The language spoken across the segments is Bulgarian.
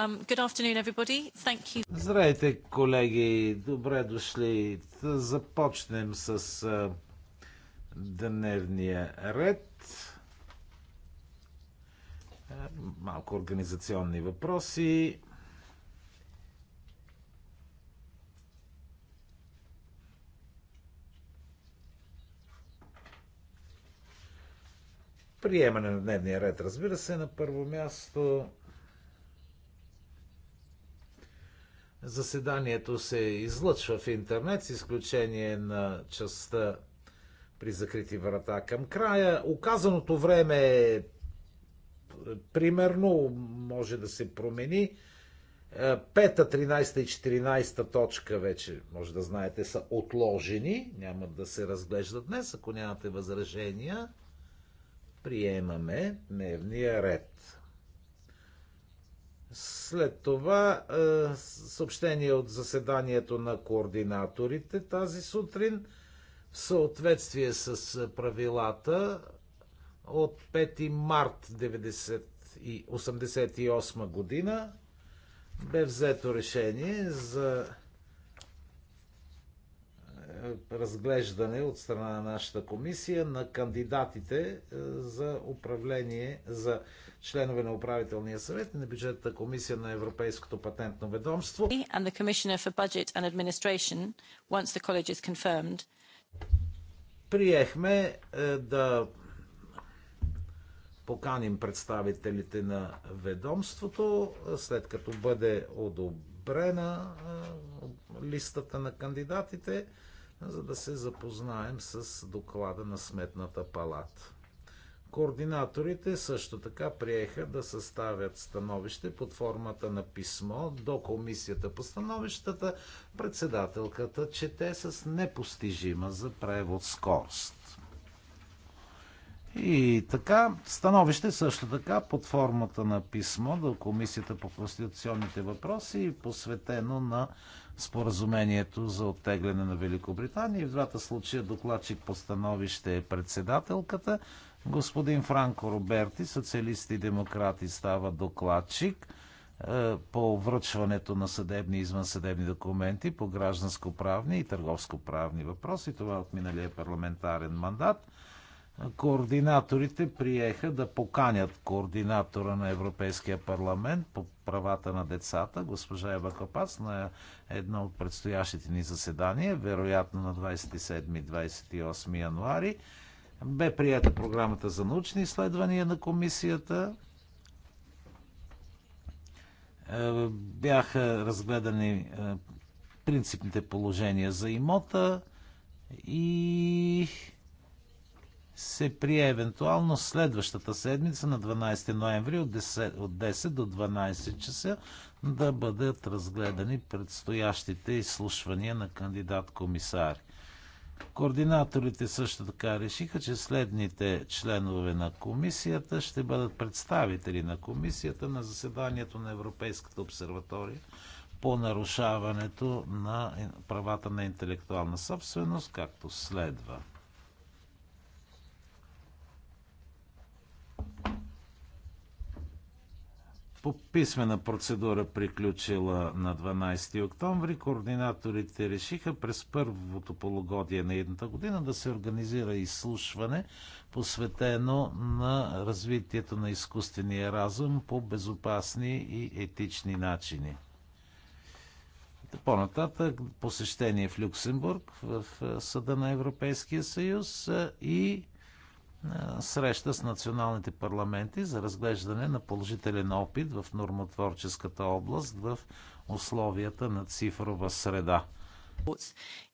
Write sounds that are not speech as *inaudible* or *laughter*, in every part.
Um, Здравейте, колеги! Добре дошли! Да започнем с дневния ред. Малко организационни въпроси. Приемане на дневния ред, разбира се, на първо място. Заседанието се излъчва в интернет с изключение на частта при закрити врата към края. Оказаното време е примерно, може да се промени. Е, пета, 13 и 14 точка вече, може да знаете, са отложени. Няма да се разглеждат днес, ако нямате възражения. Приемаме дневния ред. След това е, съобщение от заседанието на координаторите тази сутрин в съответствие с е, правилата от 5 март 1988 година бе взето решение за разглеждане от страна на нашата комисия на кандидатите е, за управление за членове на управителния съвет и на бюджетната комисия на Европейското патентно ведомство. Приехме е, да поканим представителите на ведомството, е, след като бъде одобрена листата на кандидатите за да се запознаем с доклада на Сметната палата. Координаторите също така приеха да съставят становище под формата на писмо до комисията по становищата. Председателката чете с непостижима за превод скорост. И така, становище също така под формата на писмо до Комисията по конституционните въпроси, посветено на споразумението за оттегляне на Великобритания. в двата случая докладчик по становище е председателката. Господин Франко Роберти, социалисти и демократи, става докладчик е, по връчването на съдебни и извънсъдебни документи по гражданско-правни и търговско-правни въпроси. Това е от миналия парламентарен мандат координаторите приеха да поканят координатора на Европейския парламент по правата на децата, госпожа Ева Капац, на едно от предстоящите ни заседания, вероятно на 27-28 януари. Бе прията програмата за научни изследвания на комисията. Е, бяха разгледани е, принципните положения за имота и се прие евентуално следващата седмица на 12 ноември от 10, от 10 до 12 часа да бъдат разгледани предстоящите изслушвания на кандидат-комисари. Координаторите също така решиха, че следните членове на комисията ще бъдат представители на комисията на заседанието на Европейската обсерватория по нарушаването на правата на интелектуална собственост, както следва. По писмена процедура приключила на 12 октомври, координаторите решиха през първото полугодие на едната година да се организира изслушване, посветено на развитието на изкуствения разум по безопасни и етични начини. По-нататък посещение в Люксембург, в Съда на Европейския съюз и среща с националните парламенти за разглеждане на положителен опит в нормотворческата област в условията на цифрова среда.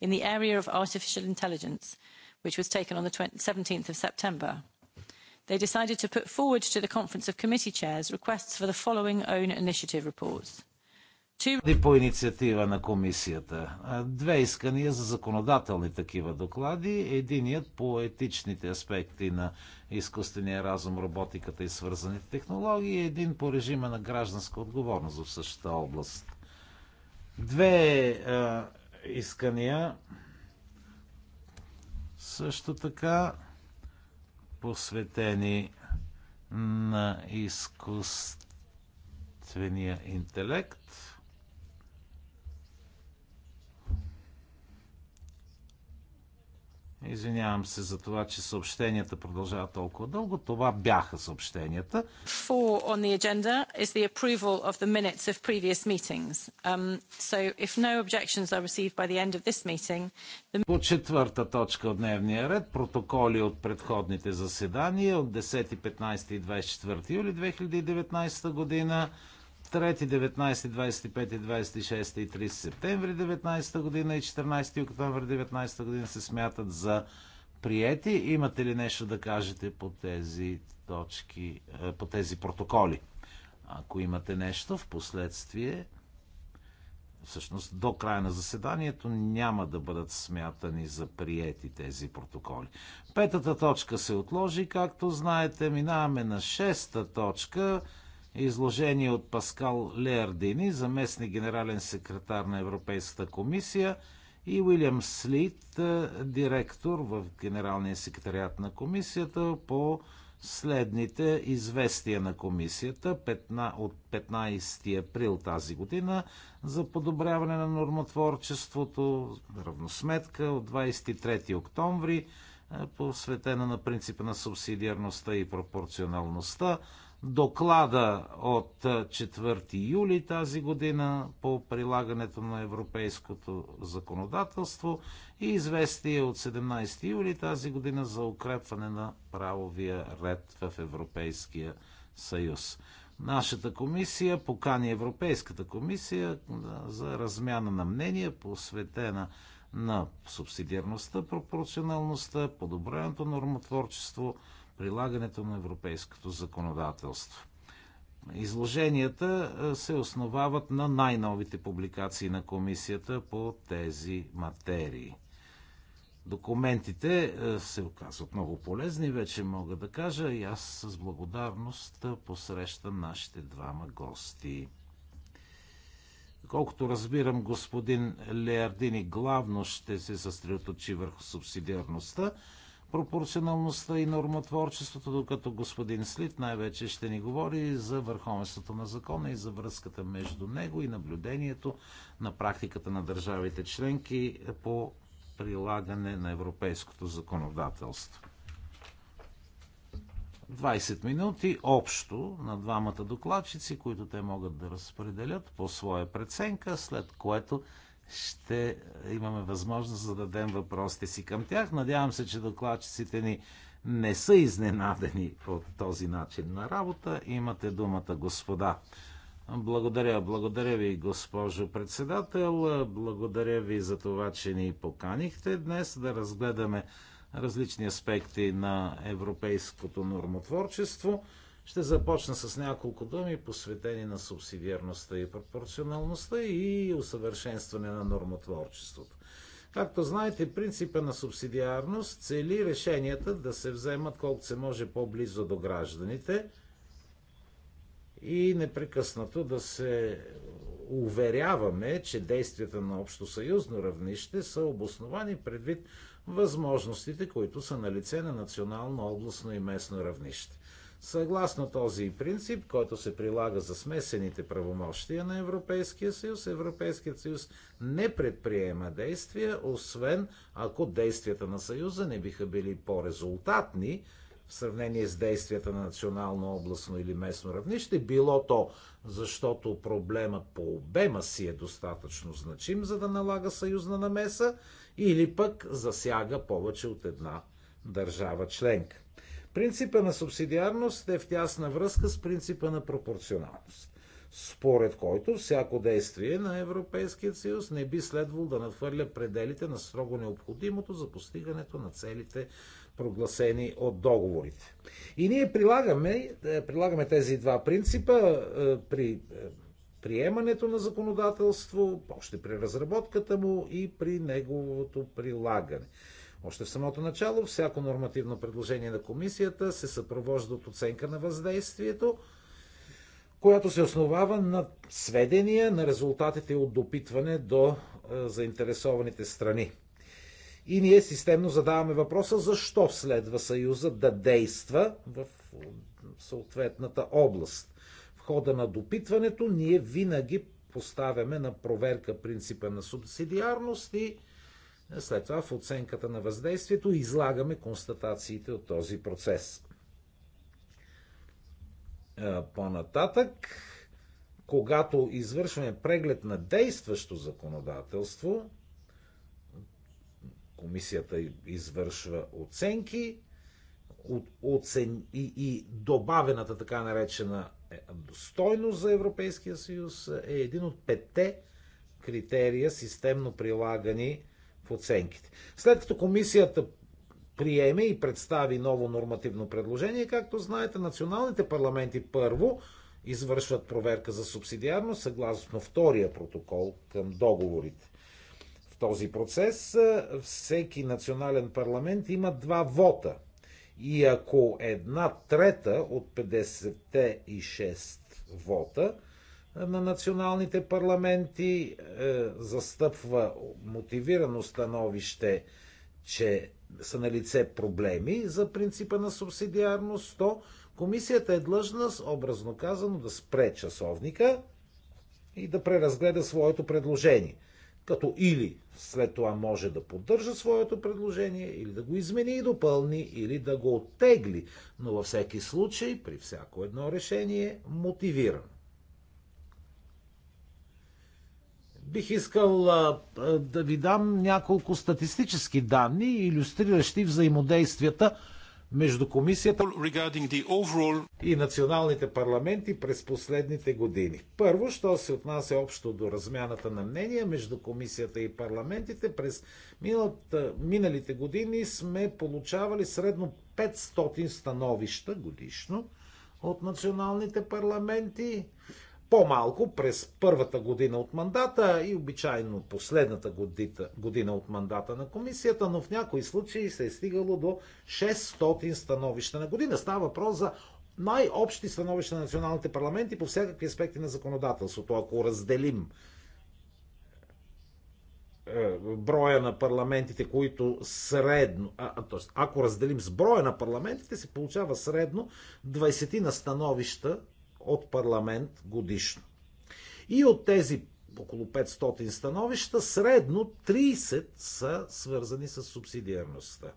In the area of artificial intelligence, which was taken on the 17th of September, they decided to put forward to the Conference of Committee Chairs requests for the following own initiative reports и по инициатива на комисията. Две искания за законодателни такива доклади. Единият по етичните аспекти на изкуствения разум, роботиката и свързаните технологии. Един по режима на гражданска отговорност в същата област. Две а, е, искания също така посветени на изкуствения интелект. Извинявам се за това, че съобщенията продължават толкова дълго. Това бяха съобщенията. Four on the agenda is the approval of the minutes of previous meetings. Um, so if no objections are received by the end of this meeting... The... По четвърта точка от дневния ред, протоколи от предходните заседания от 10, 15 и 24 юли 2019 година. 3, 19, 25 и 26 и 30 септември 19 година и 14 октомври 19 година се смятат за приети. Имате ли нещо да кажете по тези точки, е, по тези протоколи? Ако имате нещо, в последствие, всъщност до края на заседанието няма да бъдат смятани за приети тези протоколи. Петата точка се отложи, както знаете, минаваме на шеста точка – изложение от Паскал Леардини, заместник генерален секретар на Европейската комисия, и Уилям Слит, директор в Генералния секретариат на комисията по следните известия на комисията от 15 април тази година за подобряване на нормотворчеството, равносметка от 23 октомври, посветена на принципа на субсидиарността и пропорционалността, доклада от 4 юли тази година по прилагането на европейското законодателство и известие от 17 юли тази година за укрепване на правовия ред в Европейския съюз. Нашата комисия покани Европейската комисия за размяна на мнения, посветена на субсидиарността, пропорционалността, подобреното нормотворчество – прилагането на европейското законодателство. Изложенията се основават на най-новите публикации на комисията по тези материи. Документите се оказват много полезни, вече мога да кажа, и аз с благодарност посрещам нашите двама гости. Колкото разбирам, господин Леардини главно ще се съсредоточи върху субсидиарността, пропорционалността и нормотворчеството, докато господин Слит най-вече ще ни говори за върховенството на закона и за връзката между него и наблюдението на практиката на държавите членки по прилагане на европейското законодателство. 20 минути общо на двамата докладчици, които те могат да разпределят по своя преценка, след което ще имаме възможност да дадем въпросите си към тях. Надявам се, че докладчиците ни не са изненадени от този начин на работа. Имате думата, господа. Благодаря, благодаря ви, госпожо председател. Благодаря ви за това, че ни поканихте днес да разгледаме различни аспекти на европейското нормотворчество. Ще започна с няколко думи, посветени на субсидиарността и пропорционалността и усъвършенстване на нормотворчеството. Както знаете, принципа на субсидиарност цели решенията да се вземат колкото се може по-близо до гражданите и непрекъснато да се уверяваме, че действията на общосъюзно равнище са обосновани предвид възможностите, които са на лице на национално, областно и местно равнище. Съгласно този принцип, който се прилага за смесените правомощия на Европейския съюз, Европейският съюз не предприема действия, освен ако действията на съюза не биха били по-резултатни в сравнение с действията на национално, областно или местно равнище, било то защото проблемът по обема си е достатъчно значим, за да налага съюзна намеса, или пък засяга повече от една държава членка. Принципа на субсидиарност е в тясна връзка с принципа на пропорционалност, според който всяко действие на Европейския съюз не би следвало да надхвърля пределите на строго необходимото за постигането на целите прогласени от договорите. И ние прилагаме, е, прилагаме тези два принципа е, при е, приемането на законодателство, още при разработката му и при неговото прилагане. Още в самото начало всяко нормативно предложение на комисията се съпровожда от оценка на въздействието, която се основава на сведения на резултатите от допитване до е, заинтересованите страни. И ние системно задаваме въпроса защо следва Съюза да действа в е, съответната област. В хода на допитването ние винаги поставяме на проверка принципа на субсидиарност и след това в оценката на въздействието излагаме констатациите от този процес. По-нататък, когато извършваме преглед на действащо законодателство, комисията извършва оценки от, оцен, и, и добавената така наречена е, стойност за Европейския съюз е един от петте критерия, системно прилагани в оценките. След като комисията приеме и представи ново нормативно предложение, както знаете, националните парламенти първо извършват проверка за субсидиарност съгласно втория протокол към договорите. В този процес всеки национален парламент има два вота. И ако една трета от 56 вота на националните парламенти, е, застъпва мотивирано становище, че са на лице проблеми за принципа на субсидиарност, то комисията е длъжна, образно казано, да спре часовника и да преразгледа своето предложение. Като или след това може да поддържа своето предложение, или да го измени и допълни, или да го оттегли, но във всеки случай, при всяко едно решение, мотивирано. Бих искал а, да ви дам няколко статистически данни, иллюстриращи взаимодействията между комисията и националните парламенти през последните години. Първо, що се отнася общо до размяната на мнения между комисията и парламентите, през миналата, миналите години сме получавали средно 500 становища годишно от националните парламенти по-малко през първата година от мандата и обичайно последната година от мандата на комисията, но в някои случаи се е стигало до 600 становища на година. Става въпрос за най-общи становища на националните парламенти по всякакви аспекти на законодателството. Ако разделим е, броя на парламентите, които средно, а, т.е. ако разделим с броя на парламентите, се получава средно 20 на становища от парламент годишно. И от тези около 500 становища, средно 30 са свързани с субсидиарността.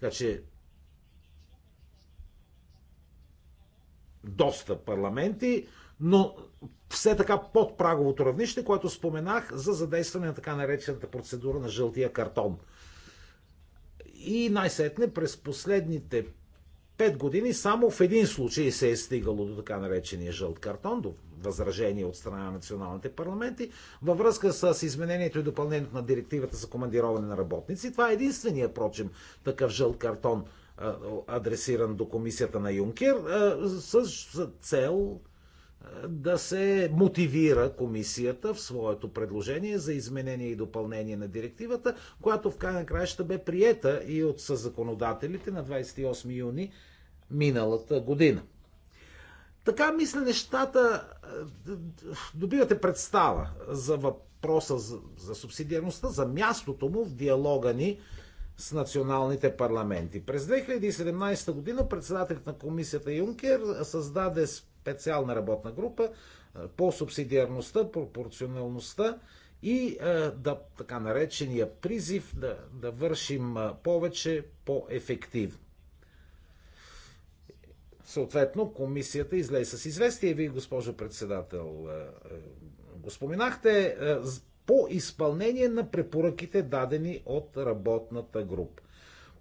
Така че доста парламенти, но все така под праговото равнище, което споменах за задействане на така наречената процедура на жълтия картон. И най-сетне през последните пет години само в един случай се е стигало до така наречения жълт картон, до възражение от страна на националните парламенти, във връзка с изменението и допълнението на директивата за командироване на работници. Това е единствения, прочим, такъв жълт картон, адресиран до комисията на Юнкер, с цел да се мотивира комисията в своето предложение за изменение и допълнение на директивата, която в край на краища бе приета и от съзаконодателите на 28 юни миналата година. Така мисля нещата, е, добивате представа за въпроса за субсидиарността, за мястото му в диалога ни с националните парламенти. През 2017 година председателят на комисията Юнкер създаде специална работна група е, по субсидиарността, пропорционалността и е, да, така наречения призив да, да вършим повече по-ефективно. Съответно, комисията излезе с известие. Вие, госпожо председател, е, е, го споменахте е, по изпълнение на препоръките, дадени от работната група.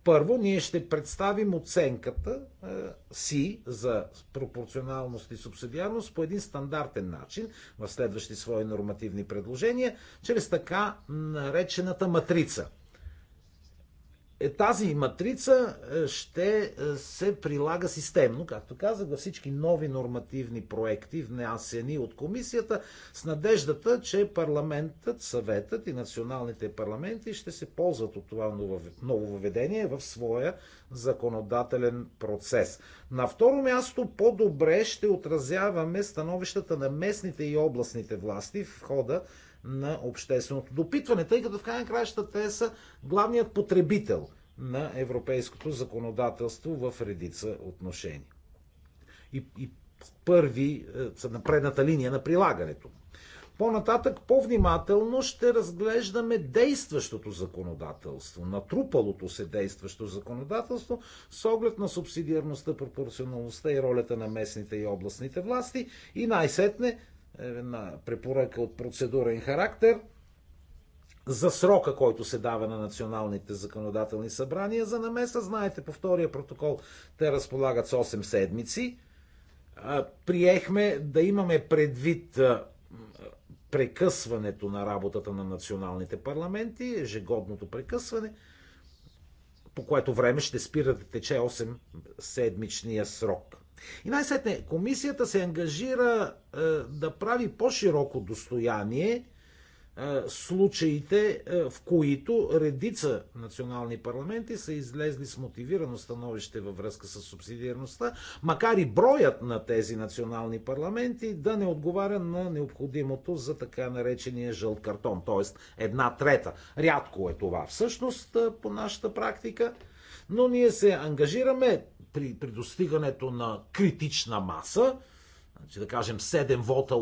Първо, ние ще представим оценката е, си за пропорционалност и субсидиарност по един стандартен начин в следващи свои нормативни предложения, чрез така наречената матрица. Е, тази матрица е, ще е, се прилага системно, както казах, във всички нови нормативни проекти, внесени от комисията, с надеждата, че парламентът, съветът и националните парламенти ще се ползват от това нововведение в своя законодателен процес. На второ място, по-добре ще отразяваме становищата на местните и областните власти в хода на общественото допитване, тъй като в крайна краща те са главният потребител на европейското законодателство в редица отношения. И, и първи е, са на предната линия на прилагането. По-нататък по-внимателно ще разглеждаме действащото законодателство, натрупалото се действащо законодателство с оглед на субсидиарността, пропорционалността и ролята на местните и областните власти и най-сетне една препоръка от процедурен характер за срока, който се дава на националните законодателни събрания за намеса. Знаете, по втория протокол те разполагат с 8 седмици. Приехме да имаме предвид прекъсването на работата на националните парламенти, ежегодното прекъсване, по което време ще спира да тече 8 седмичния срок. И най-сетне, комисията се ангажира е, да прави по-широко достояние е, случаите, е, в които редица национални парламенти са излезли с мотивирано становище във връзка с субсидиарността, макар и броят на тези национални парламенти да не отговаря на необходимото за така наречения жълт картон, т.е. една трета. Рядко е това всъщност е, по нашата практика, но ние се ангажираме при, при достигането на критична маса, значи да кажем 7 вота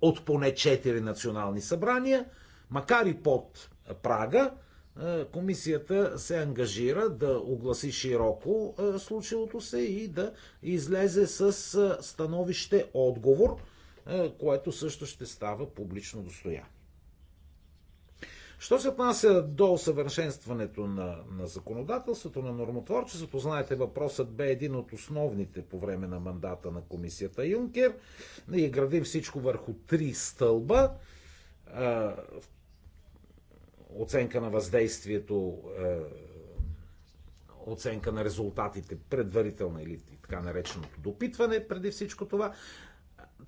от поне 4 национални събрания, макар и под прага, е, комисията се ангажира да огласи широко е, случилото се и да излезе с е, становище отговор, което също ще става публично достояние. Що се отнася до усъвършенстването на, на законодателството, на нормотворчеството, знаете, въпросът бе един от основните по време на мандата на комисията Юнкер. Ние градим всичко върху три стълба. А, оценка на въздействието, а, оценка на резултатите, предварителна или така нареченото допитване преди всичко това,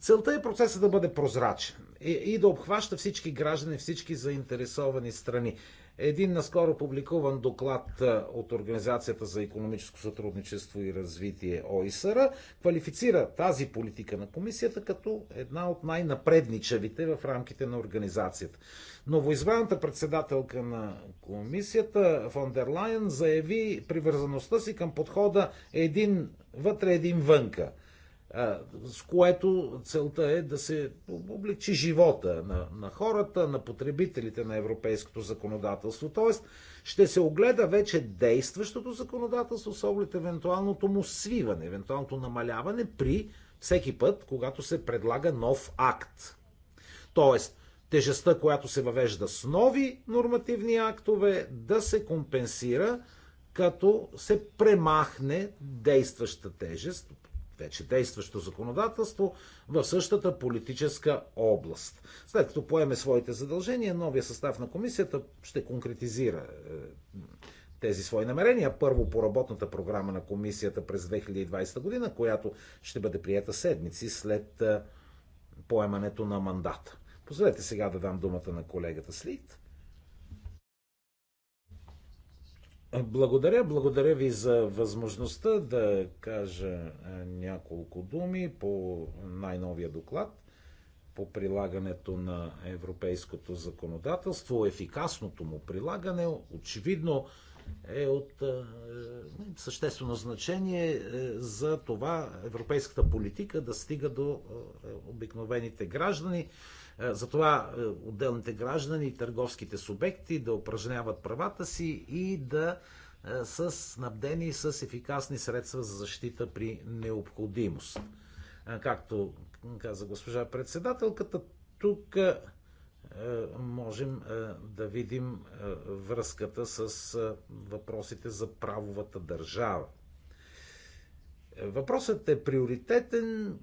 Целта е процесът да бъде прозрачен и, и да обхваща всички граждани, всички заинтересовани страни. Един наскоро публикуван доклад от Организацията за економическо сътрудничество и развитие ОИСР квалифицира тази политика на комисията като една от най-напредничавите в рамките на организацията. Новоизбраната председателка на комисията Фон дер Лайен заяви привързаността си към подхода един вътре, един вънка – с което целта е да се облегчи живота на, на хората, на потребителите на европейското законодателство. Тоест, ще се огледа вече действащото законодателство с оглед евентуалното му свиване, евентуалното намаляване при всеки път, когато се предлага нов акт. Тоест, тежестта, която се въвежда с нови нормативни актове, да се компенсира като се премахне действаща тежест, вече действащо законодателство в същата политическа област. След като поеме своите задължения, новия състав на комисията ще конкретизира е, тези свои намерения. Първо по работната програма на комисията през 2020 година, която ще бъде прията седмици след е, поемането на мандата. Позволете сега да дам думата на колегата Слит Благодаря, благодаря ви за възможността да кажа е, няколко думи по най-новия доклад по прилагането на европейското законодателство, ефикасното му прилагане, очевидно е от е, съществено значение е, за това европейската политика да стига до е, обикновените граждани. Е, затова е, отделните граждани и търговските субекти да упражняват правата си и да е, са снабдени с ефикасни средства за защита при необходимост. Както каза госпожа председателката, тук можем да видим връзката с въпросите за правовата държава. Въпросът е приоритетен,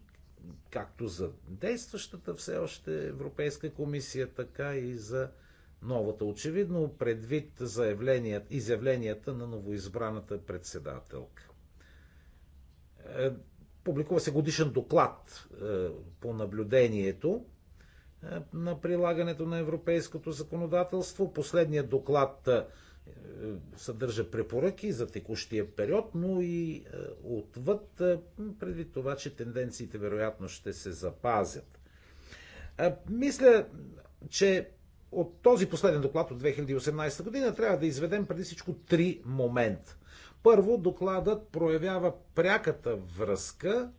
както за действащата все още Европейска комисия, така и за новата. Очевидно предвид заявленият, изявленията на новоизбраната председателка. Е, публикува се годишен доклад е, по наблюдението е, на прилагането на европейското законодателство. Последният доклад съдържа препоръки за текущия период, но и е, отвъд, е, преди това, че тенденциите вероятно ще се запазят. Е, мисля, че от този последен доклад от 2018 година трябва да изведем преди всичко три момента. Първо, докладът проявява пряката връзка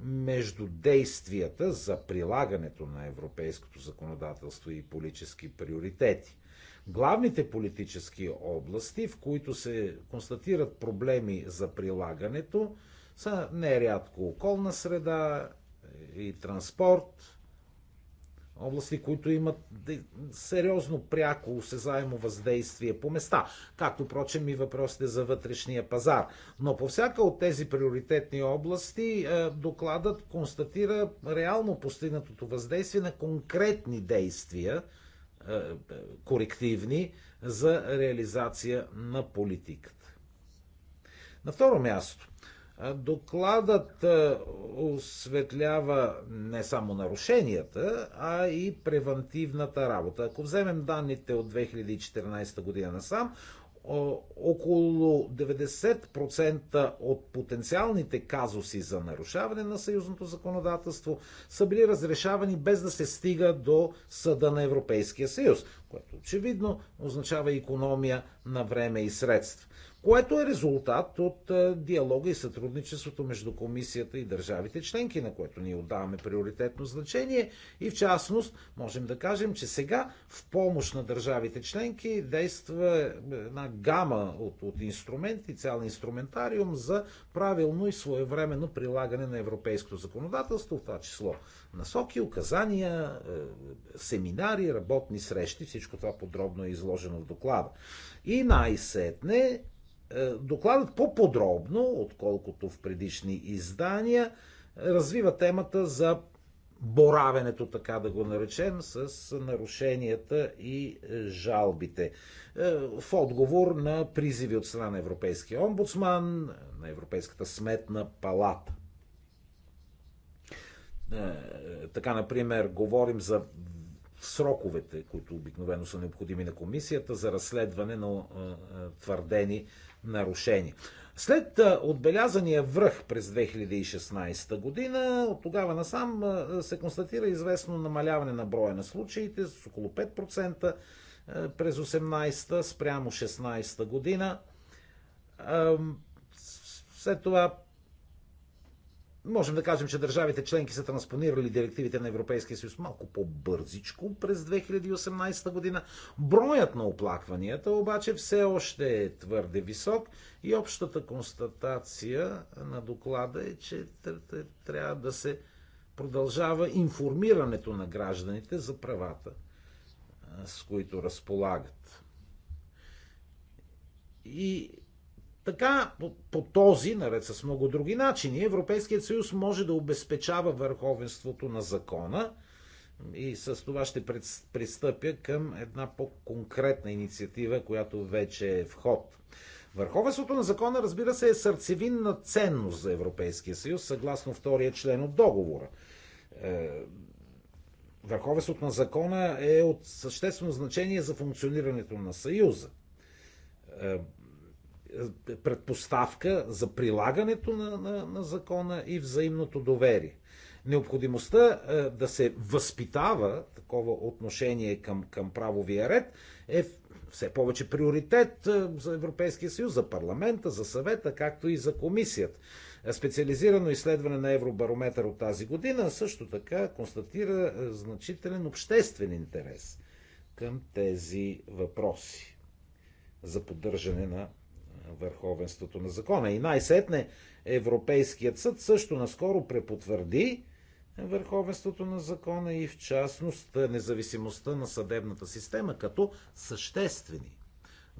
между действията за прилагането на европейското законодателство и политически приоритети – Главните политически области, в които се констатират проблеми за прилагането, са нерядко околна среда и транспорт, области, които имат сериозно пряко усезаемо въздействие по места, както прочем и въпросите за вътрешния пазар. Но по всяка от тези приоритетни области е, докладът констатира реално постигнатото въздействие на конкретни действия – е, корективни за реализация на политиката. На второ място, е, докладът е, осветлява не само нарушенията, а и превантивната работа. Ако вземем данните от 2014 година насам, около 90% от потенциалните казуси за нарушаване на съюзното законодателство са били разрешавани без да се стига до съда на Европейския съюз, което очевидно означава економия на време и средства което е резултат от е, диалога и сътрудничеството между комисията и държавите членки, на което ние отдаваме приоритетно значение и в частност можем да кажем, че сега в помощ на държавите членки действа е, една гама от, от инструменти, цял инструментариум за правилно и своевременно прилагане на европейското законодателство, в това число насоки, указания, е, семинари, работни срещи, всичко това подробно е изложено в доклада. И най-сетне е, докладът по-подробно, отколкото в предишни издания, развива темата за боравенето, така да го наречем, с нарушенията и е, жалбите. Е, в отговор на призиви от страна на Европейския омбудсман, на Европейската сметна палата. Така, например, говорим за сроковете, които обикновено са необходими на комисията за разследване на твърдени нарушени. След отбелязания връх през 2016 година, от тогава насам се констатира известно намаляване на броя на случаите с около 5% през 18-та спрямо 16-та година. След това можем да кажем, че държавите членки са транспонирали директивите на Европейския съюз малко по-бързичко през 2018 година. Броят на оплакванията обаче все още е твърде висок и общата констатация на доклада е, че трябва да се продължава информирането на гражданите за правата, с които разполагат. И така, по, по този, наред с много други начини, Европейският съюз може да обезпечава върховенството на закона и с това ще пристъпя към една по-конкретна инициатива, която вече е в ход. Върховенството на закона, разбира се, е сърцевинна ценност за Европейския съюз, съгласно втория член от договора. Е, върховенството на закона е от съществено значение за функционирането на Съюза. Е, е, предпоставка за прилагането на, на, на закона и взаимното доверие. Необходимостта е, да се възпитава такова отношение към, към правовия ред е все повече приоритет е, за Европейския съюз, за парламента, за съвета, както и за комисията. Е, специализирано изследване на Евробарометър от тази година също така констатира значителен обществен интерес към тези въпроси за поддържане на върховенството на закона. И най-сетне Европейският съд също наскоро препотвърди върховенството на закона и в частност е, независимостта на съдебната система като съществени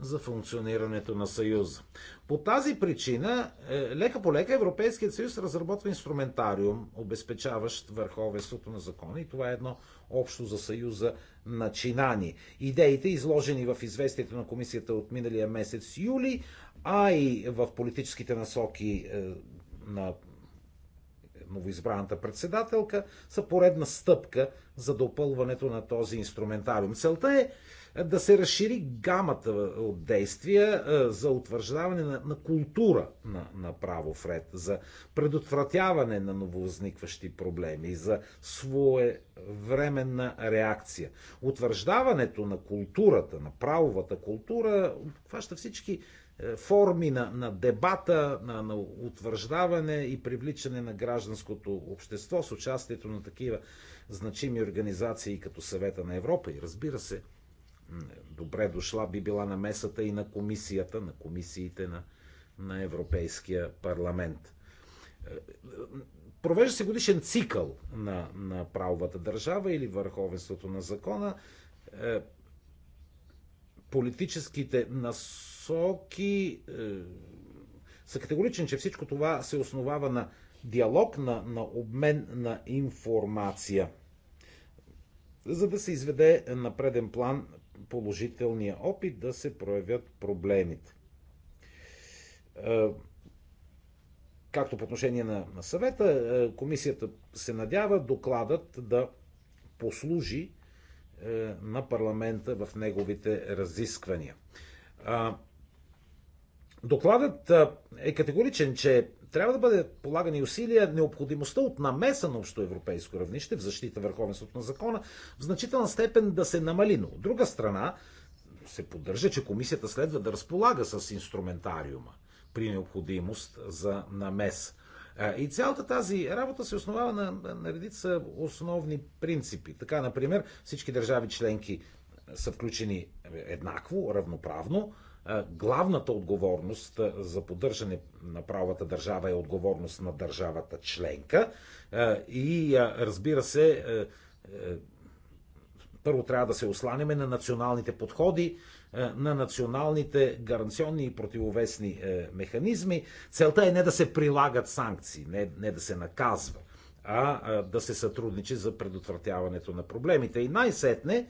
за функционирането на Съюза. По тази причина, е, лека по лека Европейският съюз разработва инструментариум, обезпечаващ върховенството на закона и това е едно общо за Съюза начинание. Идеите, изложени в известието на комисията от миналия месец юли, а и в политическите насоки е, на новоизбраната председателка са поредна стъпка за допълването на този инструментариум. Целта е да се разшири гамата от действия е, за утвърждаване на, на култура на, на правов ред, за предотвратяване на нововъзникващи проблеми, за своевременна реакция. Утвърждаването на културата, на правовата култура, обхваща всички е, форми на, на дебата, на, на утвърждаване и привличане на гражданското общество с участието на такива значими организации като Съвета на Европа и разбира се, добре дошла би била на месата и на комисията, на комисиите на, на Европейския парламент. Е, провежда се годишен цикъл на, на правовата държава или върховенството на закона. Е, политическите нас е, са категоричен, че всичко това се основава на диалог, на, на обмен на информация, за да се изведе на преден план положителния опит да се проявят проблемите. Е, както по отношение на, на съвета, е, комисията се надява докладът да послужи е, на парламента в неговите разисквания. Докладът е категоричен, че трябва да бъде полагани усилия необходимостта от намеса на общоевропейско равнище в защита върховенството на закона в значителна степен да се намали. Но от друга страна се поддържа, че комисията следва да разполага с инструментариума при необходимост за намес. И цялата тази работа се основава на, на редица основни принципи. Така, например, всички държави членки са включени еднакво, равноправно е, главната отговорност е, за поддържане на правовата държава е отговорност на държавата членка. Е, и разбира се, първо трябва да се осланеме на националните подходи, на националните гаранционни и противовесни механизми. Целта е не да се прилагат санкции, не, не да се наказва, а да се сътрудничи за предотвратяването на проблемите. И най-сетне,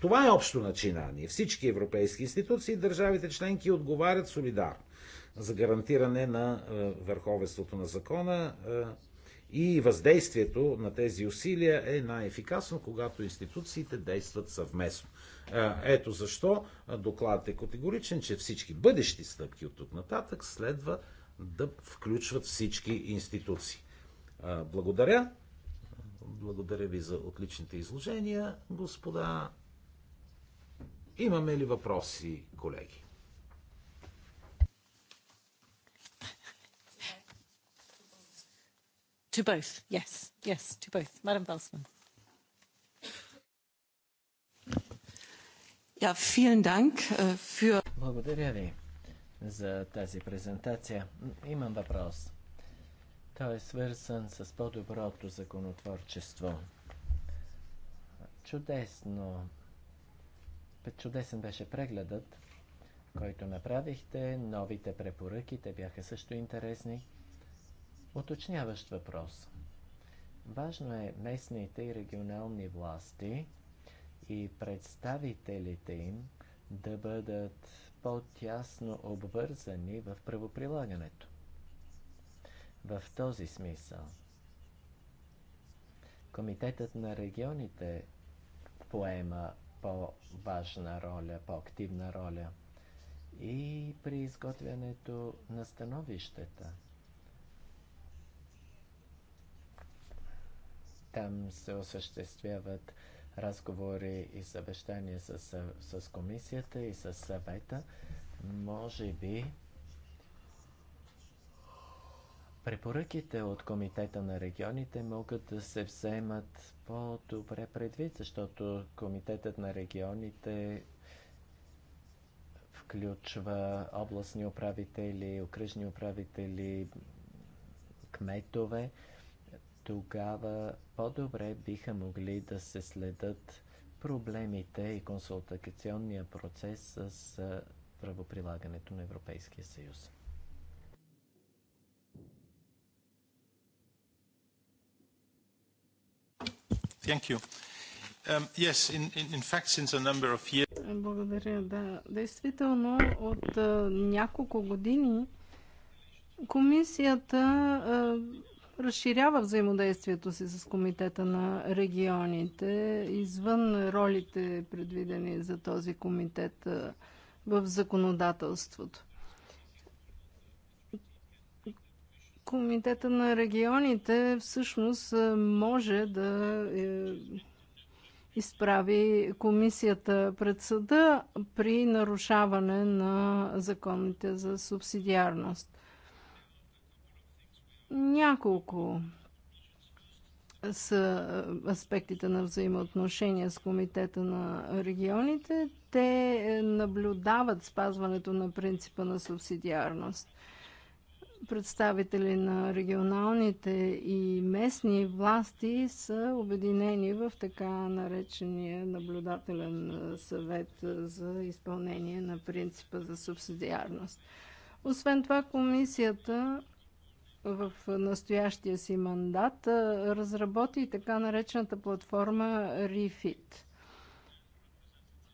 това е общо начинание. Всички европейски институции и държавите членки отговарят солидарно за гарантиране на е, върховенството на закона е, и въздействието на тези усилия е най-ефикасно, когато институциите действат съвместно. Е, ето защо докладът е категоричен, че всички бъдещи стъпки от тук нататък следва да включват всички институции. Благодаря. Благодаря ви за отличните изложения, господа Имаме ли въпроси, колеги? To both, yes, yes, to both. Madam Ja, vielen Dank äh, für... Благодаря ви за тази презентация. Имам въпрос. Той е свързан с по-доброто законотворчество. Чудесно Чудесен беше прегледът, който направихте. Новите препоръки, те бяха също интересни. Уточняващ въпрос. Важно е местните и регионални власти и представителите им да бъдат по-тясно обвързани в правоприлагането. В този смисъл, Комитетът на регионите поема по-важна роля, по-активна роля и при изготвянето на становищата. Там се осъществяват разговори и съвещания с, с комисията и с съвета. Може би Препоръките от Комитета на регионите могат да се вземат по-добре предвид, защото Комитетът на регионите включва областни управители, окръжни управители, кметове. Тогава по-добре биха могли да се следят проблемите и консултационния процес с правоприлагането на Европейския съюз. Thank you. Um, yes, in, in, in fact, since a number of years... Благодаря, да. Действително, от а, няколко години комисията а, разширява взаимодействието си с Комитета на регионите, извън ролите, предвидени за този комитет а, в законодателството. Комитета на регионите всъщност е, може да е, изправи комисията пред съда при нарушаване на законите за субсидиарност. Няколко са аспектите на взаимоотношения с Комитета на регионите. Те е, наблюдават спазването на принципа на субсидиарност – представители на регионалните и местни власти са обединени в така наречения наблюдателен съвет за изпълнение на принципа за субсидиарност. Освен това, комисията в настоящия си мандат разработи така наречената платформа REFIT –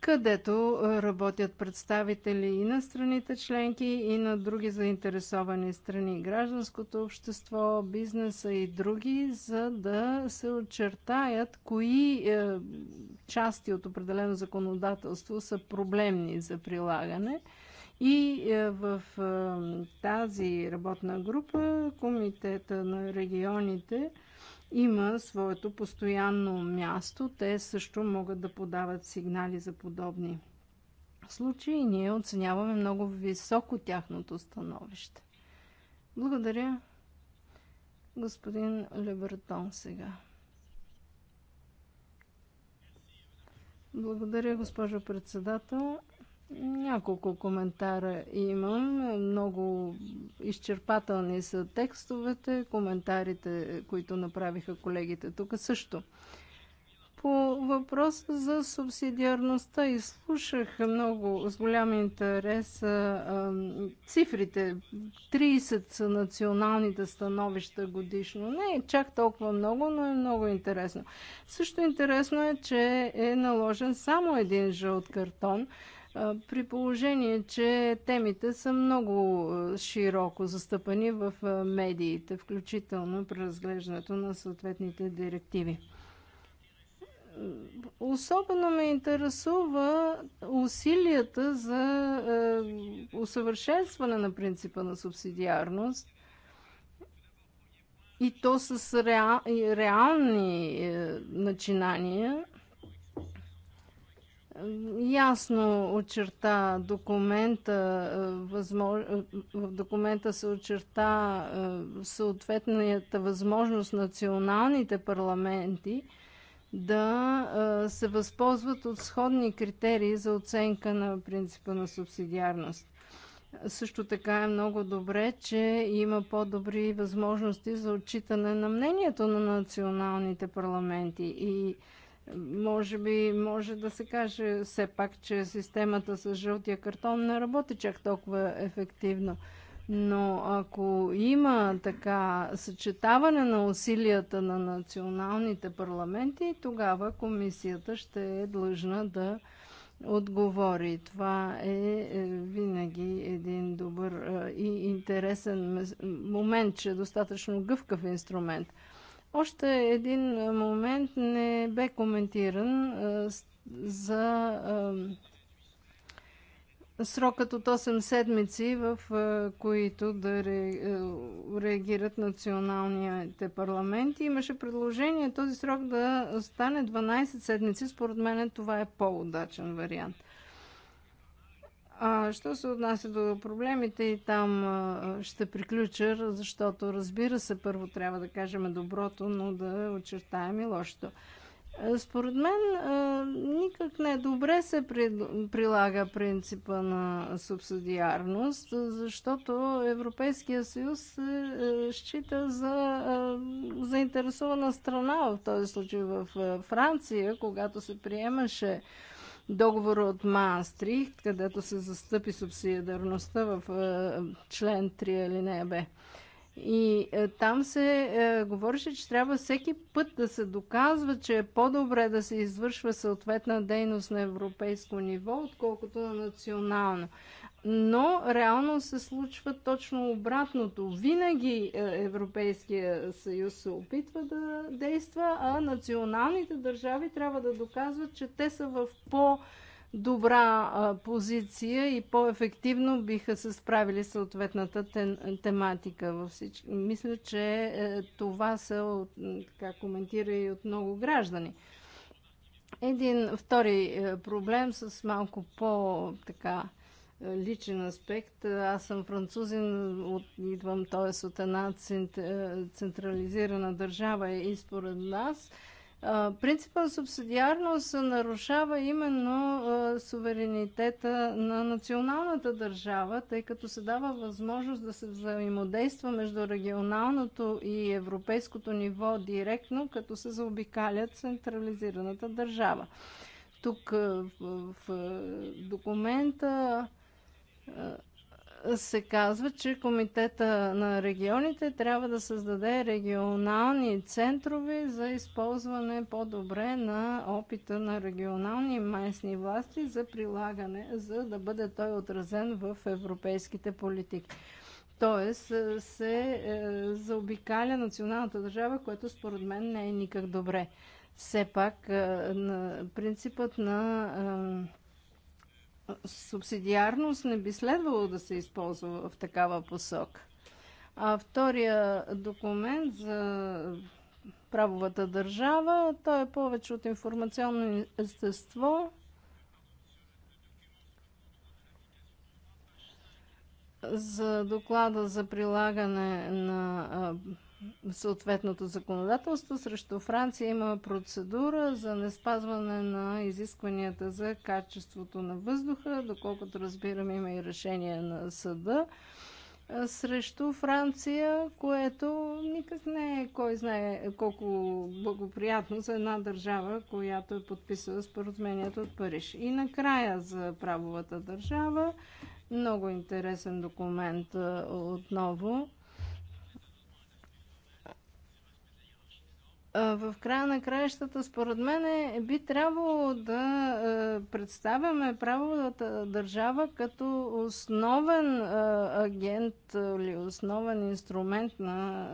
където работят представители и на страните членки, и на други заинтересовани страни, гражданското общество, бизнеса и други, за да се очертаят кои е, части от определено законодателство са проблемни за прилагане. И е, в е, тази работна група, Комитета на регионите, има своето постоянно място. Те също могат да подават сигнали за подобни случаи и ние оценяваме много високо тяхното становище. Благодаря, господин Лебертон, сега. Благодаря, госпожо председател. Няколко коментара имам. Много изчерпателни са текстовете, коментарите, които направиха колегите тук също. По въпроса за субсидиарността изслушах много с голям интерес а, цифрите. 30 са националните становища годишно. Не е чак толкова много, но е много интересно. Също интересно е, че е наложен само един жълт картон – при положение, че темите са много широко застъпани в медиите, включително при разглеждането на съответните директиви. Особено ме интересува усилията за усъвършенстване на принципа на субсидиарност и то с реални е, начинания – ясно очерта документа, е, е, в документа се очерта е, съответната възможност националните парламенти да се възползват от сходни критерии за оценка на принципа на субсидиарност. Също така е много добре, че има по-добри възможности за отчитане на мнението на националните парламенти и може би може да се каже все пак, че системата с жълтия картон не работи чак толкова ефективно. Но ако има така съчетаване на усилията на националните парламенти, тогава комисията ще е длъжна да отговори. Това е, е винаги един добър е, и интересен момент, че е достатъчно гъвкав инструмент. Още един е, момент не бе коментиран е, за е, срокът от 8 седмици, в които да реагират националните парламенти. Имаше предложение този срок да стане 12 седмици. Според мен това е по-удачен вариант. А, що се отнася до проблемите и там а, ще приключа, защото разбира се, първо трябва да кажем доброто, но да очертаем и лошото. Е, според мен а, никак не добре се при, прилага принципа на субсидиарност, защото Европейския съюз се е, счита за е, заинтересована страна в този случай в Франция, когато се приемаше договора от Маастрихт, където се застъпи субсидиарността в е, член 3 алинея Б. И е, там се е, говореше, че трябва всеки път да се доказва, че е по-добре да се извършва съответна дейност на европейско ниво, отколкото на национално. Но реално се случва точно обратното. Винаги е, Европейския съюз се опитва да действа, а националните държави трябва да доказват, че те са в по- добра а, позиция и по-ефективно биха се справили съответната тен, тематика. Във всички. Мисля, че е, това се от, така, коментира и от много граждани. Един втори е, проблем с малко по-така личен аспект. Аз съм французин, от, идвам т.е. от една е, централизирана държава и според нас принципът на субсидиарност нарушава именно суверенитета на националната държава, тъй като се дава възможност да се взаимодейства между регионалното и европейското ниво директно, като се заобикаля централизираната държава. Тук в документа е, се казва, че Комитета на регионите трябва да създаде регионални центрове за използване по-добре на опита на регионални и местни власти за прилагане, за да бъде той отразен в европейските политики. Тоест е, се е, заобикаля националната държава, което според мен не е никак добре. Все пак принципът на субсидиарност не би следвало да се използва в такава посока. А втория документ за правовата държава, той е повече от информационно естество. За доклада за прилагане на съответното законодателство. Срещу Франция има процедура за не спазване на изискванията за качеството на въздуха. Доколкото разбирам, има и решение на съда срещу Франция, което никак не е кой знае колко благоприятно за една държава, която е подписала споразумението от Париж. И накрая за правовата държава, много интересен документ отново в края на краищата, според мен, е, би трябвало да представяме правовата държава като основен агент или основен инструмент на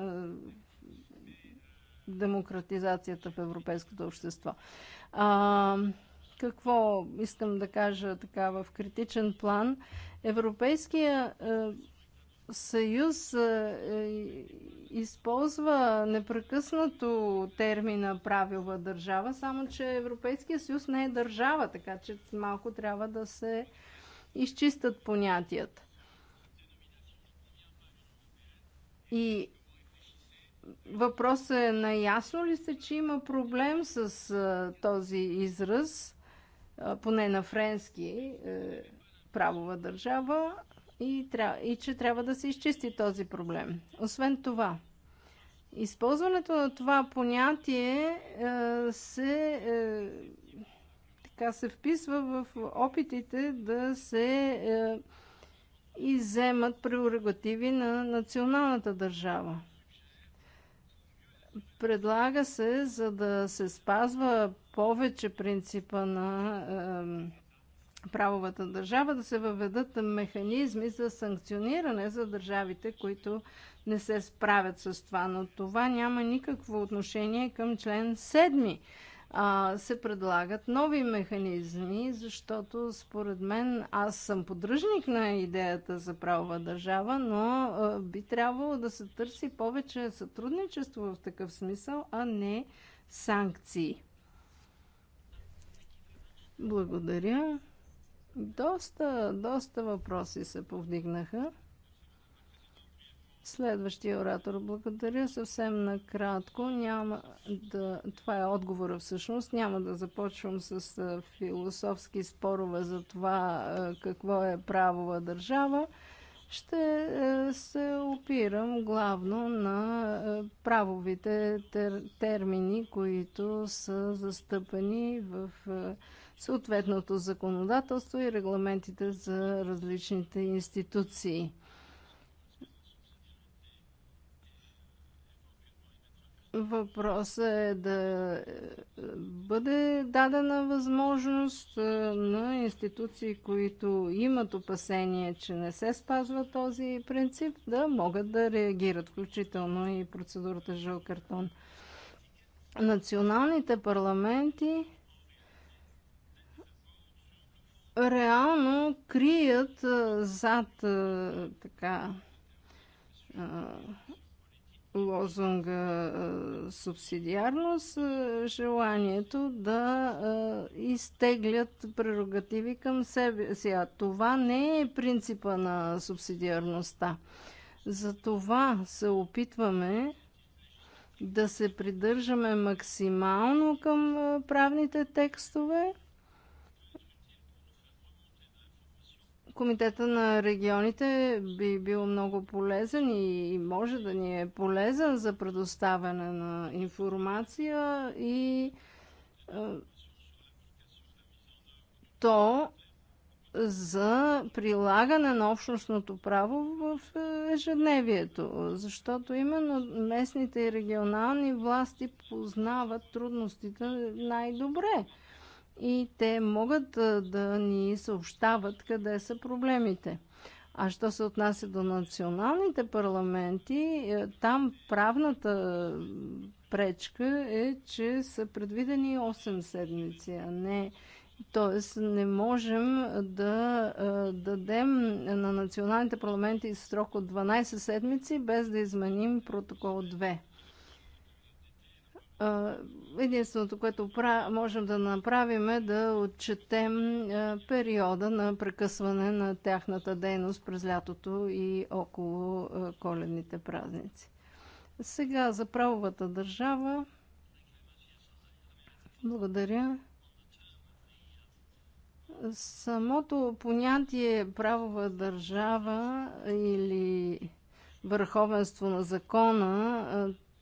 демократизацията в европейското общество. А, какво искам да кажа така в критичен план? Европейския съюз е, е, използва непрекъснато термина правила държава, само че Европейския съюз не е държава, така че малко трябва да се изчистят понятията. И въпросът е наясно ли сте, че има проблем с а, е, този израз, а, поне на френски е, правова държава, и, и че трябва да се изчисти този проблем. Освен това, използването на това понятие е, се, е, така се вписва в опитите да се е, иземат прерогативи на националната държава. Предлага се, за да се спазва повече принципа на правовата държава, да се въведат механизми за санкциониране за държавите, които не се справят с това. Но това няма никакво отношение към член 7. А, се предлагат нови механизми, защото според мен аз съм поддръжник на идеята за правова държава, но а, би трябвало да се търси повече сътрудничество в такъв смисъл, а не санкции. Благодаря. Доста, доста въпроси се повдигнаха. Следващия оратор. Благодаря съвсем накратко. Няма да... Това е отговора всъщност. Няма да започвам с философски спорове за това какво е правова държава. Ще е, се опирам главно на е, правовите термини, които са застъпени в е, съответното законодателство и регламентите за различните институции. Въпросът е да бъде дадена възможност е, на институции, които имат опасение, че не се спазва този принцип, да могат да реагират, включително и процедурата Жълкартон. Националните парламенти реално крият зад така лозунга субсидиарност желанието да изтеглят прерогативи към себе си. А това не е принципа на субсидиарността. Затова се опитваме да се придържаме максимално към правните текстове – Комитета на регионите би бил много полезен и може да ни е полезен за предоставяне на информация и то за прилагане на общностното право в ежедневието, защото именно местните и регионални власти познават трудностите най-добре и те могат да ни съобщават къде са проблемите. А що се отнася до националните парламенти, е, там правната пречка е, че са предвидени 8 седмици, а не. Тоест, не можем да дадем на националните парламенти срок от 12 седмици, без да изменим протокол 2. Единственото, което можем да направим е да отчетем периода на прекъсване на тяхната дейност през лятото и около коледните празници. Сега за правовата държава. Благодаря. Самото понятие правова държава или върховенство на закона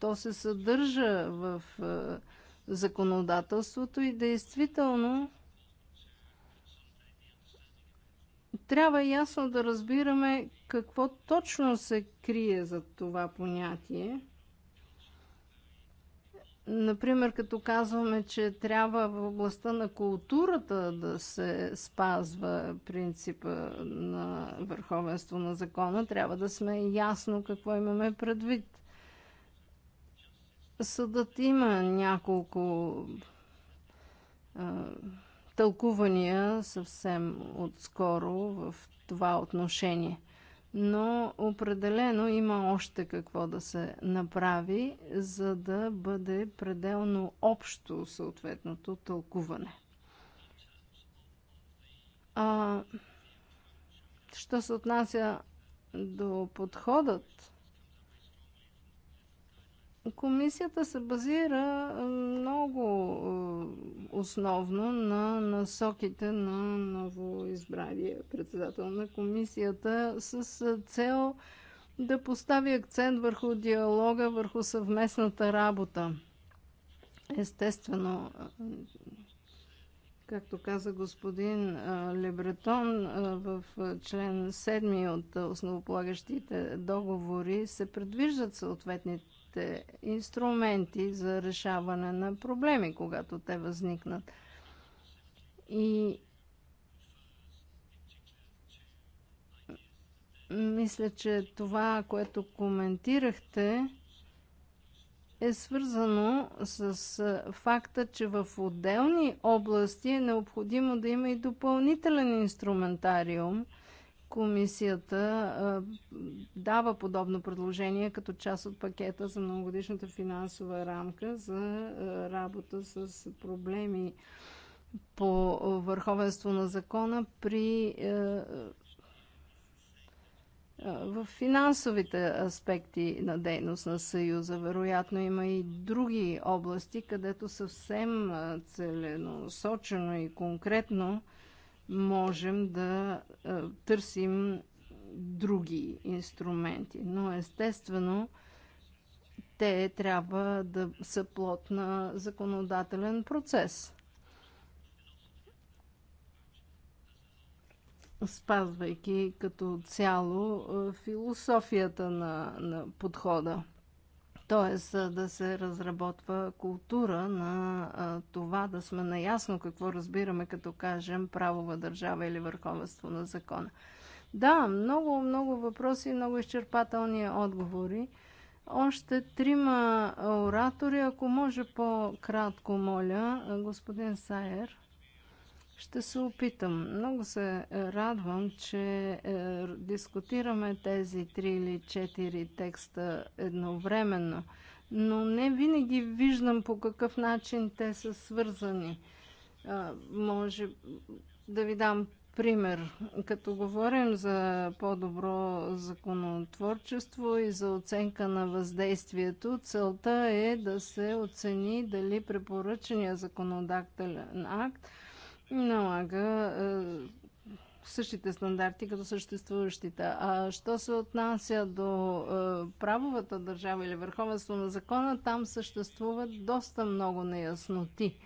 то се съдържа в е, законодателството и действително трябва ясно да разбираме какво точно се крие за това понятие. Например, като казваме, че трябва в областта на културата да се спазва принципа на върховенство на закона, трябва да сме ясно какво имаме предвид. Съдът има няколко а, тълкувания съвсем отскоро в това отношение. Но определено има още какво да се направи, за да бъде пределно общо съответното тълкуване. А, що се отнася до подходът Комисията се базира много основно на насоките на новоизбрания председател на комисията с цел да постави акцент върху диалога, върху съвместната работа. Естествено, както каза господин Лебретон, в член 7 от основополагащите договори се предвиждат съответните новите инструменти за решаване на проблеми, когато те възникнат. И мисля, че това, което коментирахте, е свързано с факта, че в отделни области е необходимо да има и допълнителен инструментариум – Комисията дава подобно предложение като част от пакета за многогодишната финансова рамка за работа с проблеми по върховенство на закона при в финансовите аспекти на дейност на Съюза. Вероятно има и други области, където съвсем целенасочено и конкретно можем да е, търсим други инструменти. Но естествено, те трябва да са плод на законодателен процес. Спазвайки като цяло е, философията на, на подхода т.е. да се разработва култура на това да сме наясно какво разбираме, като кажем правова държава или върховенство на закона. Да, много, много въпроси, много изчерпателни отговори. Още трима оратори, ако може по-кратко, моля, господин Сайер. Ще се опитам. Много се е, радвам, че е, дискутираме тези три или четири текста едновременно, но не винаги виждам по какъв начин те са свързани. Е, може да ви дам пример. Като говорим за по-добро законотворчество и за оценка на въздействието, целта е да се оцени дали препоръчения законодателен акт – налага е, същите стандарти като съществуващите. А що се отнася до е, правовата държава или върховенство на закона, там съществуват доста много неясноти.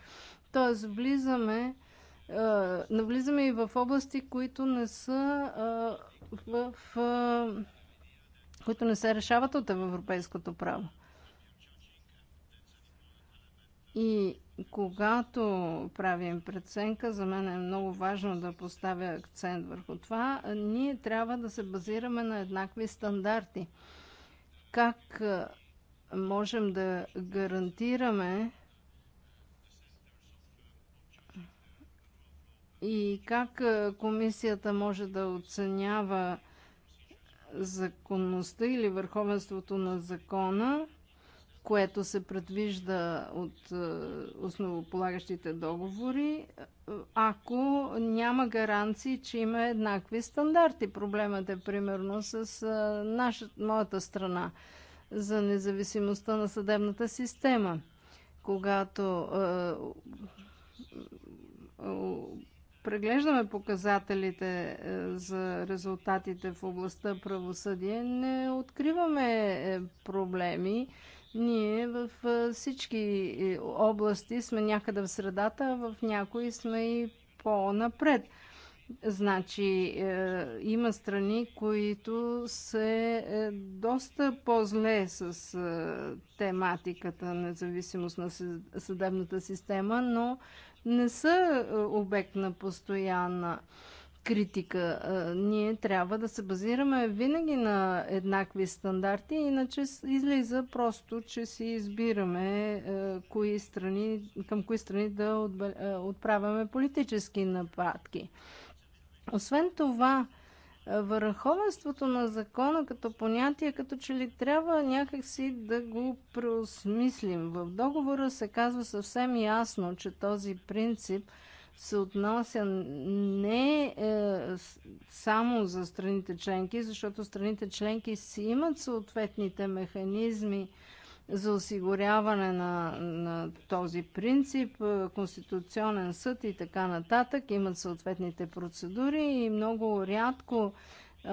Тоест, влизаме, е, навлизаме и в области, които не са е, в, в. които не се решават от европейското право. И когато правим преценка, за мен е много важно да поставя акцент върху това, ние трябва да се базираме на еднакви стандарти. Как можем да гарантираме и как комисията може да оценява законността или върховенството на закона което се предвижда от е, основополагащите договори, е, ако няма гаранции, че има еднакви стандарти. Проблемът е примерно с е, наша, моята страна за независимостта на съдебната система. Когато преглеждаме показателите за резултатите в областта правосъдие, не откриваме проблеми ние в всички е, области сме някъде в средата, а в някои сме и по-напред. Значи, е, има страни, които се е, доста по-зле с е, тематиката независимост на съдебната система, но не са е, обект на постоянна е, критика. Ние трябва да се базираме винаги на еднакви стандарти, иначе излиза просто, че си избираме кои страни, към кои страни да отправяме политически нападки. Освен това, върховенството на закона като понятие, като че ли трябва някакси да го преосмислим. В договора се казва съвсем ясно, че този принцип – се отнася не е, само за страните членки, защото страните членки си имат съответните механизми за осигуряване на, на този принцип, е, Конституционен съд и така нататък, имат съответните процедури и много рядко е,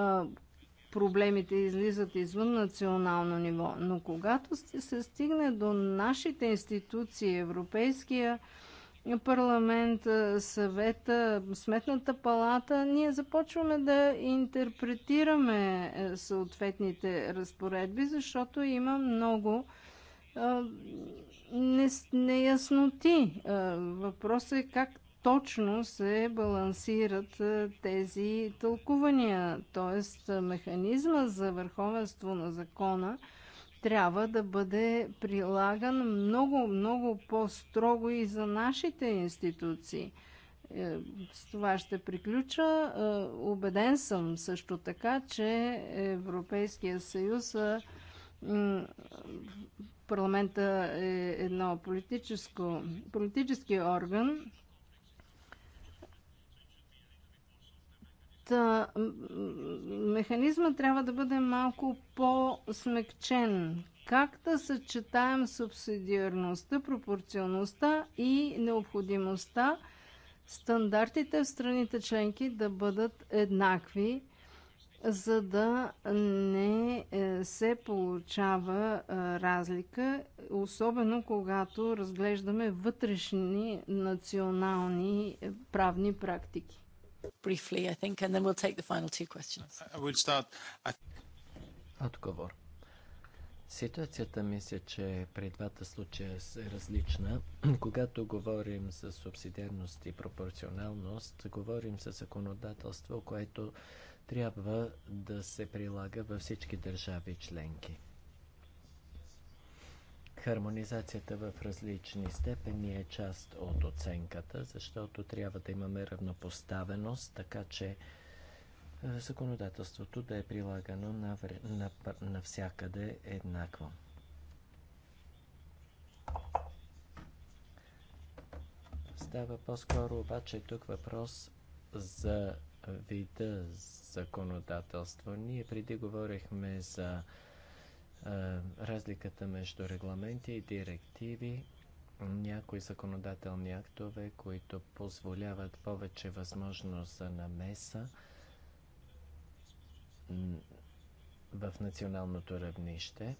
проблемите излизат извън национално ниво. Но когато се стигне до нашите институции, Европейския парламент, съвета, сметната палата, ние започваме да интерпретираме е, съответните разпоредби, защото има много неясноти. Въпросът е как точно се балансират тези тълкувания, т.е. механизма за върховенство на закона – трябва да бъде прилаган много, много по-строго и за нашите институции. Е, с това ще приключа. Обеден е, съм също така, че Европейския съюз е, парламента е едно политическо, политически орган, Та, механизма трябва да бъде малко по-смекчен. Как да съчетаем субсидиарността, пропорционалността и необходимостта стандартите в страните членки да бъдат еднакви, за да не е, се получава е, разлика, особено когато разглеждаме вътрешни национални е, правни практики. Briefly, I think, and then we'll take the final two questions. I will start. Отговор. Ситуацията мисля, че при двата случая е, е различна. *clears throat* Когато говорим за субсидиарност и пропорционалност, говорим за законодателство, което трябва да се прилага във всички държави членки. Хармонизацията в различни степени е част от оценката, защото трябва да имаме равнопоставеност, така че е, законодателството да е прилагано навсякъде еднакво. Става по-скоро обаче тук въпрос за вида законодателство. Ние преди говорихме за е, разликата между регламенти и директиви, някои законодателни актове, които позволяват повече възможност за намеса в националното равнище.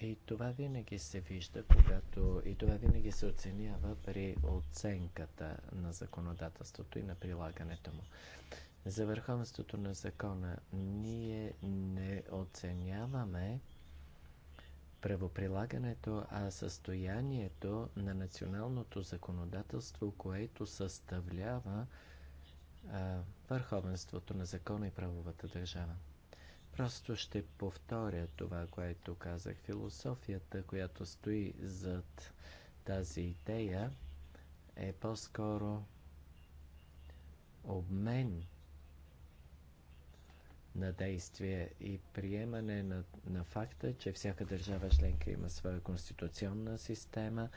И това винаги се вижда, когато и това винаги се оценява при оценката на законодателството и на прилагането му. За върховенството на закона ние не оценяваме правоприлагането, а състоянието на националното законодателство, което съставлява а, върховенството на закона и правовата държава. Просто ще повторя това, което казах. Философията, която стои зад тази идея, е по-скоро обмен на действие и приемане на, на факта, че всяка държава членка има своя конституционна система.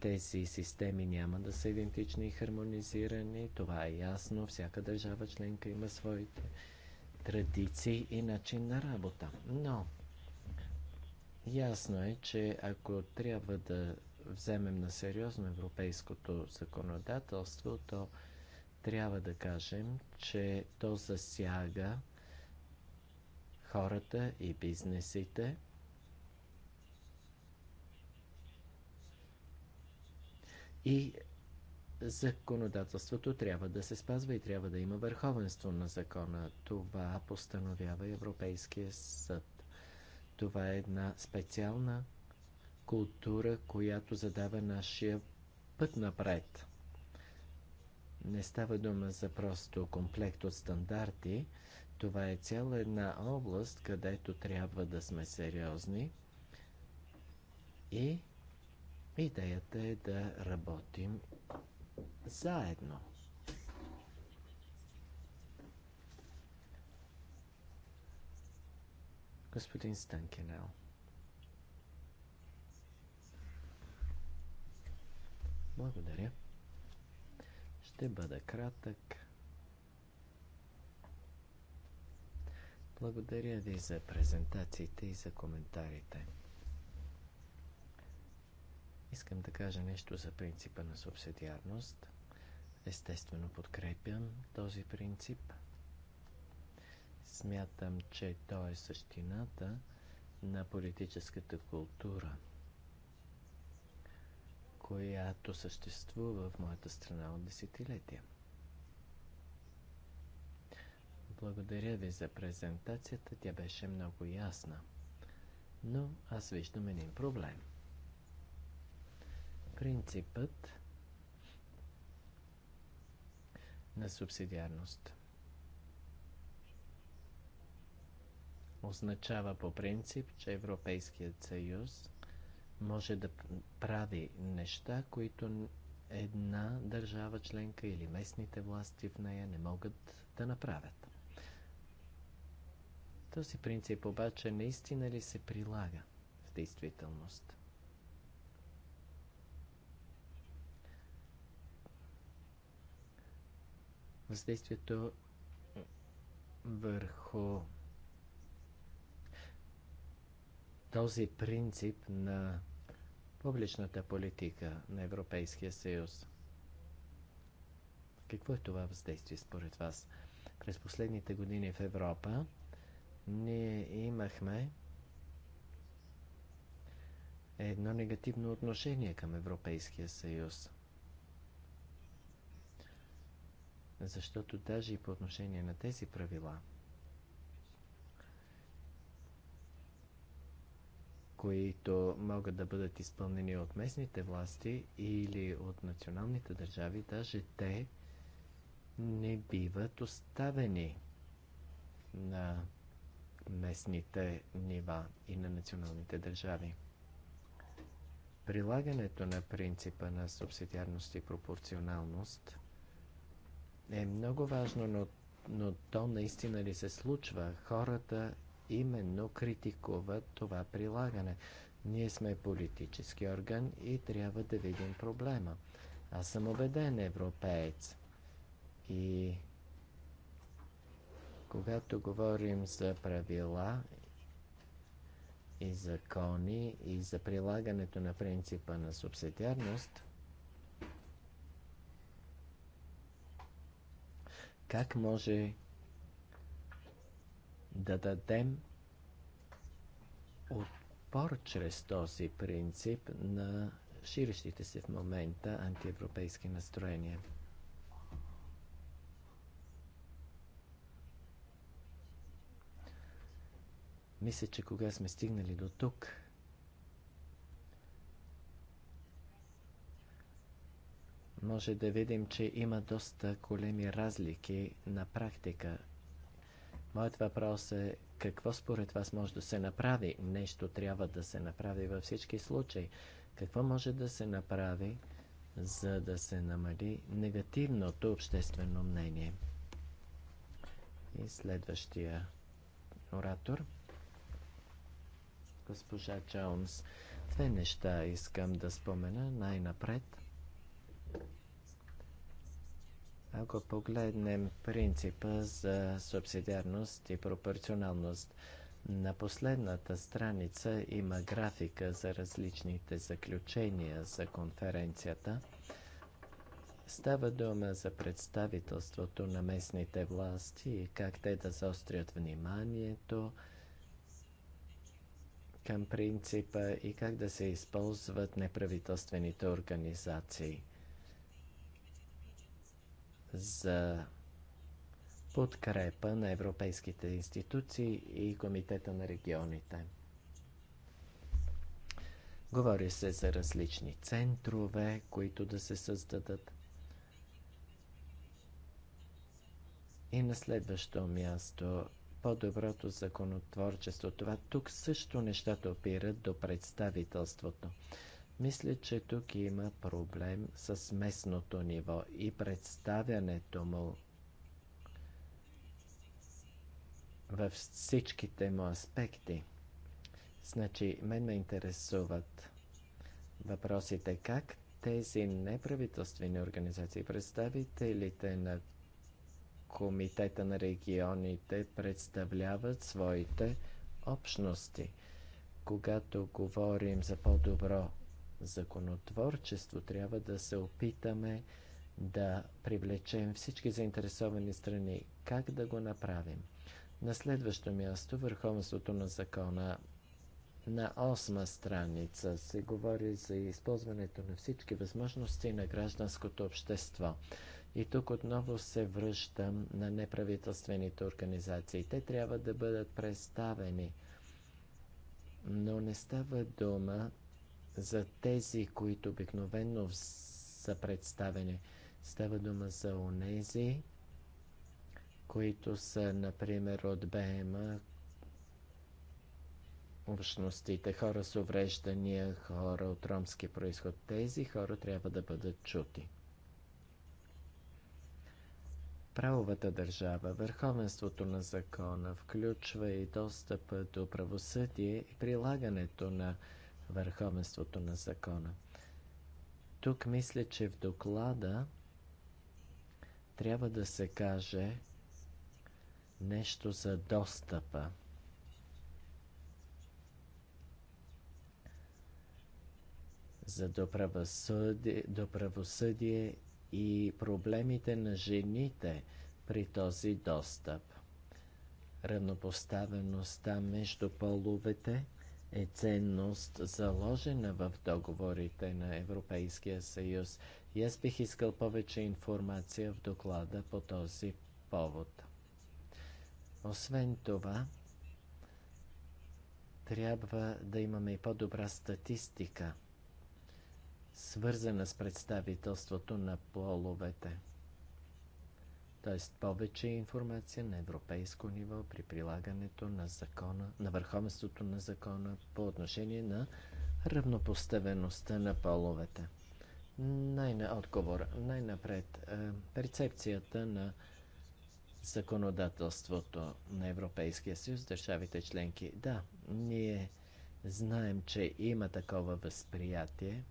Тези системи няма да са идентични и хармонизирани. Това е ясно. Всяка държава членка има своите традиции и начин на работа. Но ясно е, че ако трябва да вземем на сериозно европейското законодателство, то трябва да кажем, че то засяга хората и бизнесите. И законодателството трябва да се спазва и трябва да има върховенство на закона. Това постановява Европейския съд. Това е една специална култура, която задава нашия път напред. Не става дума за просто комплект от стандарти, това е цяла една област, където трябва да сме сериозни и идеята е да работим заедно. Господин Станкинел. Благодаря. Ще бъда кратък. Благодаря ви за презентациите и за коментарите. Искам да кажа нещо за принципа на субсидиарност. Естествено подкрепям този принцип. Смятам, че то е същината на политическата култура, която съществува в моята страна от десетилетия. Благодаря ви за презентацията, тя беше много ясна. Но аз виждам един проблем. Принципът на субсидиарност означава по принцип, че Европейският съюз може да прави неща, които една държава членка или местните власти в нея не могат да направят. Този принцип обаче наистина ли се прилага в действителност? Въздействието върху този принцип на публичната политика на Европейския съюз. Какво е това въздействие според вас? През последните години в Европа ние имахме едно негативно отношение към Европейския съюз. Защото даже и по отношение на тези правила, които могат да бъдат изпълнени от местните власти или от националните държави, даже те не биват оставени на местните нива и на националните държави. Прилагането на принципа на субсидиарност и пропорционалност е много важно, но, но то наистина ли се случва? Хората именно критикуват това прилагане. Ние сме политически орган и трябва да видим проблема. Аз съм убеден европеец и когато говорим за правила и закони и за прилагането на принципа на субсидиарност, как може да дадем отпор чрез този принцип на ширещите се в момента антиевропейски настроения. Мисля, че кога сме стигнали до тук, може да видим, че има доста големи разлики на практика. Моят въпрос е какво според вас може да се направи? Нещо трябва да се направи във всички случаи. Какво може да се направи, за да се намали негативното обществено мнение? И следващия оратор – госпожа Джонс. Две неща искам да спомена най-напред. Ако погледнем принципа за субсидиарност и пропорционалност, на последната страница има графика за различните заключения за конференцията. Става дума за представителството на местните власти и как те да заострят вниманието, към принципа и как да се използват неправителствените организации за подкрепа на европейските институции и Комитета на регионите. Говори се за различни центрове, които да се създадат. И на следващо място по-доброто законотворчество. Това тук също нещата опират до представителството. Мисля, че тук има проблем с местното ниво и представянето му във всичките му аспекти. Значи, мен ме интересуват въпросите как тези неправителствени организации, представителите на Комитета на регионите представляват своите общности. Когато говорим за по-добро законотворчество, трябва да се опитаме да привлечем всички заинтересовани страни. Как да го направим? На следващо място, върховенството на закона. На осма страница се говори за използването на всички възможности на гражданското общество. И тук отново се връщам на неправителствените организации. Те трябва да бъдат представени. Но не става дума за тези, които обикновено са представени. Става дума за онези, които са, например, от БМА, общностите, хора с увреждания, хора от ромски происход. Тези хора трябва да бъдат чути. Правовата държава, върховенството на закона включва и достъпа до правосъдие и прилагането на върховенството на закона. Тук мисля, че в доклада трябва да се каже нещо за достъпа. За до правосъдие, до правосъдие и проблемите на жените при този достъп. Равнопоставеността между половете е ценност заложена в договорите на Европейския съюз и аз бих искал повече информация в доклада по този повод. Освен това, трябва да имаме и по-добра статистика – свързана с представителството на половете. Т.е. повече информация на европейско ниво при прилагането на закона, на върховенството на закона по отношение на равнопоставеността на половете. Най-на отговор, най-напред, е, перцепцията на законодателството на Европейския съюз, държавите членки. Да, ние знаем, че има такова възприятие,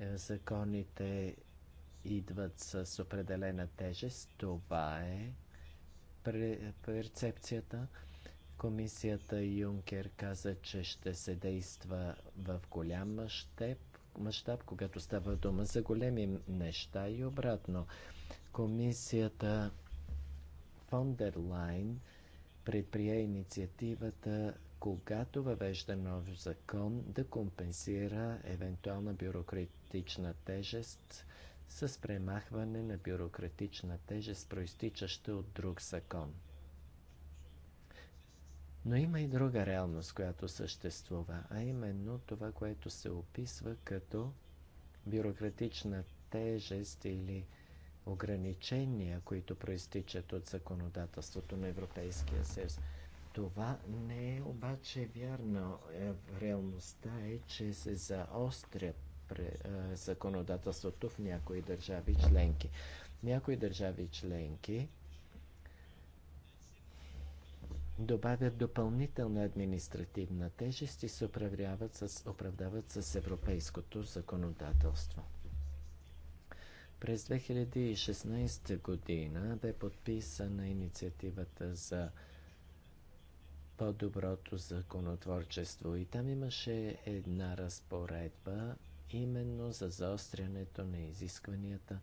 е, законите идват с определена тежест. Това е перцепцията. Комисията Юнкер каза, че ще се действа в голям мащаб, мащаб, когато става дума за големи неща и обратно. Комисията Фондерлайн предприе инициативата когато въвежда нов закон, да компенсира евентуална бюрократична тежест с премахване на бюрократична тежест, проистичаща от друг закон. Но има и друга реалност, която съществува, а именно това, което се описва като бюрократична тежест или ограничения, които проистичат от законодателството на Европейския съюз. Това не е обаче вярно. Е, реалността е, че се заостря е, законодателството в някои държави членки. Някои държави членки добавят допълнителна административна тежест и се управляват с, оправдават с европейското законодателство. През 2016 година бе подписана инициативата за по-доброто законотворчество. И там имаше една разпоредба именно за заострянето на изискванията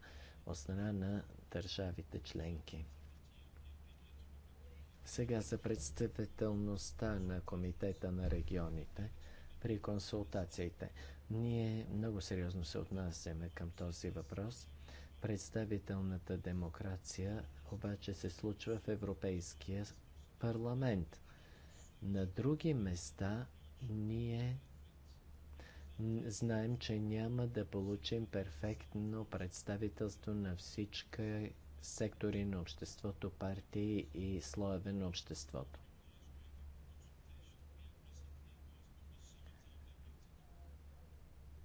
от страна на държавите членки. Сега за представителността на Комитета на регионите при консултациите. Ние много сериозно се отнасяме към този въпрос. Представителната демокрация обаче се случва в Европейския парламент. На други места ние знаем, че няма да получим перфектно представителство на всички сектори на обществото, партии и слоеве на обществото.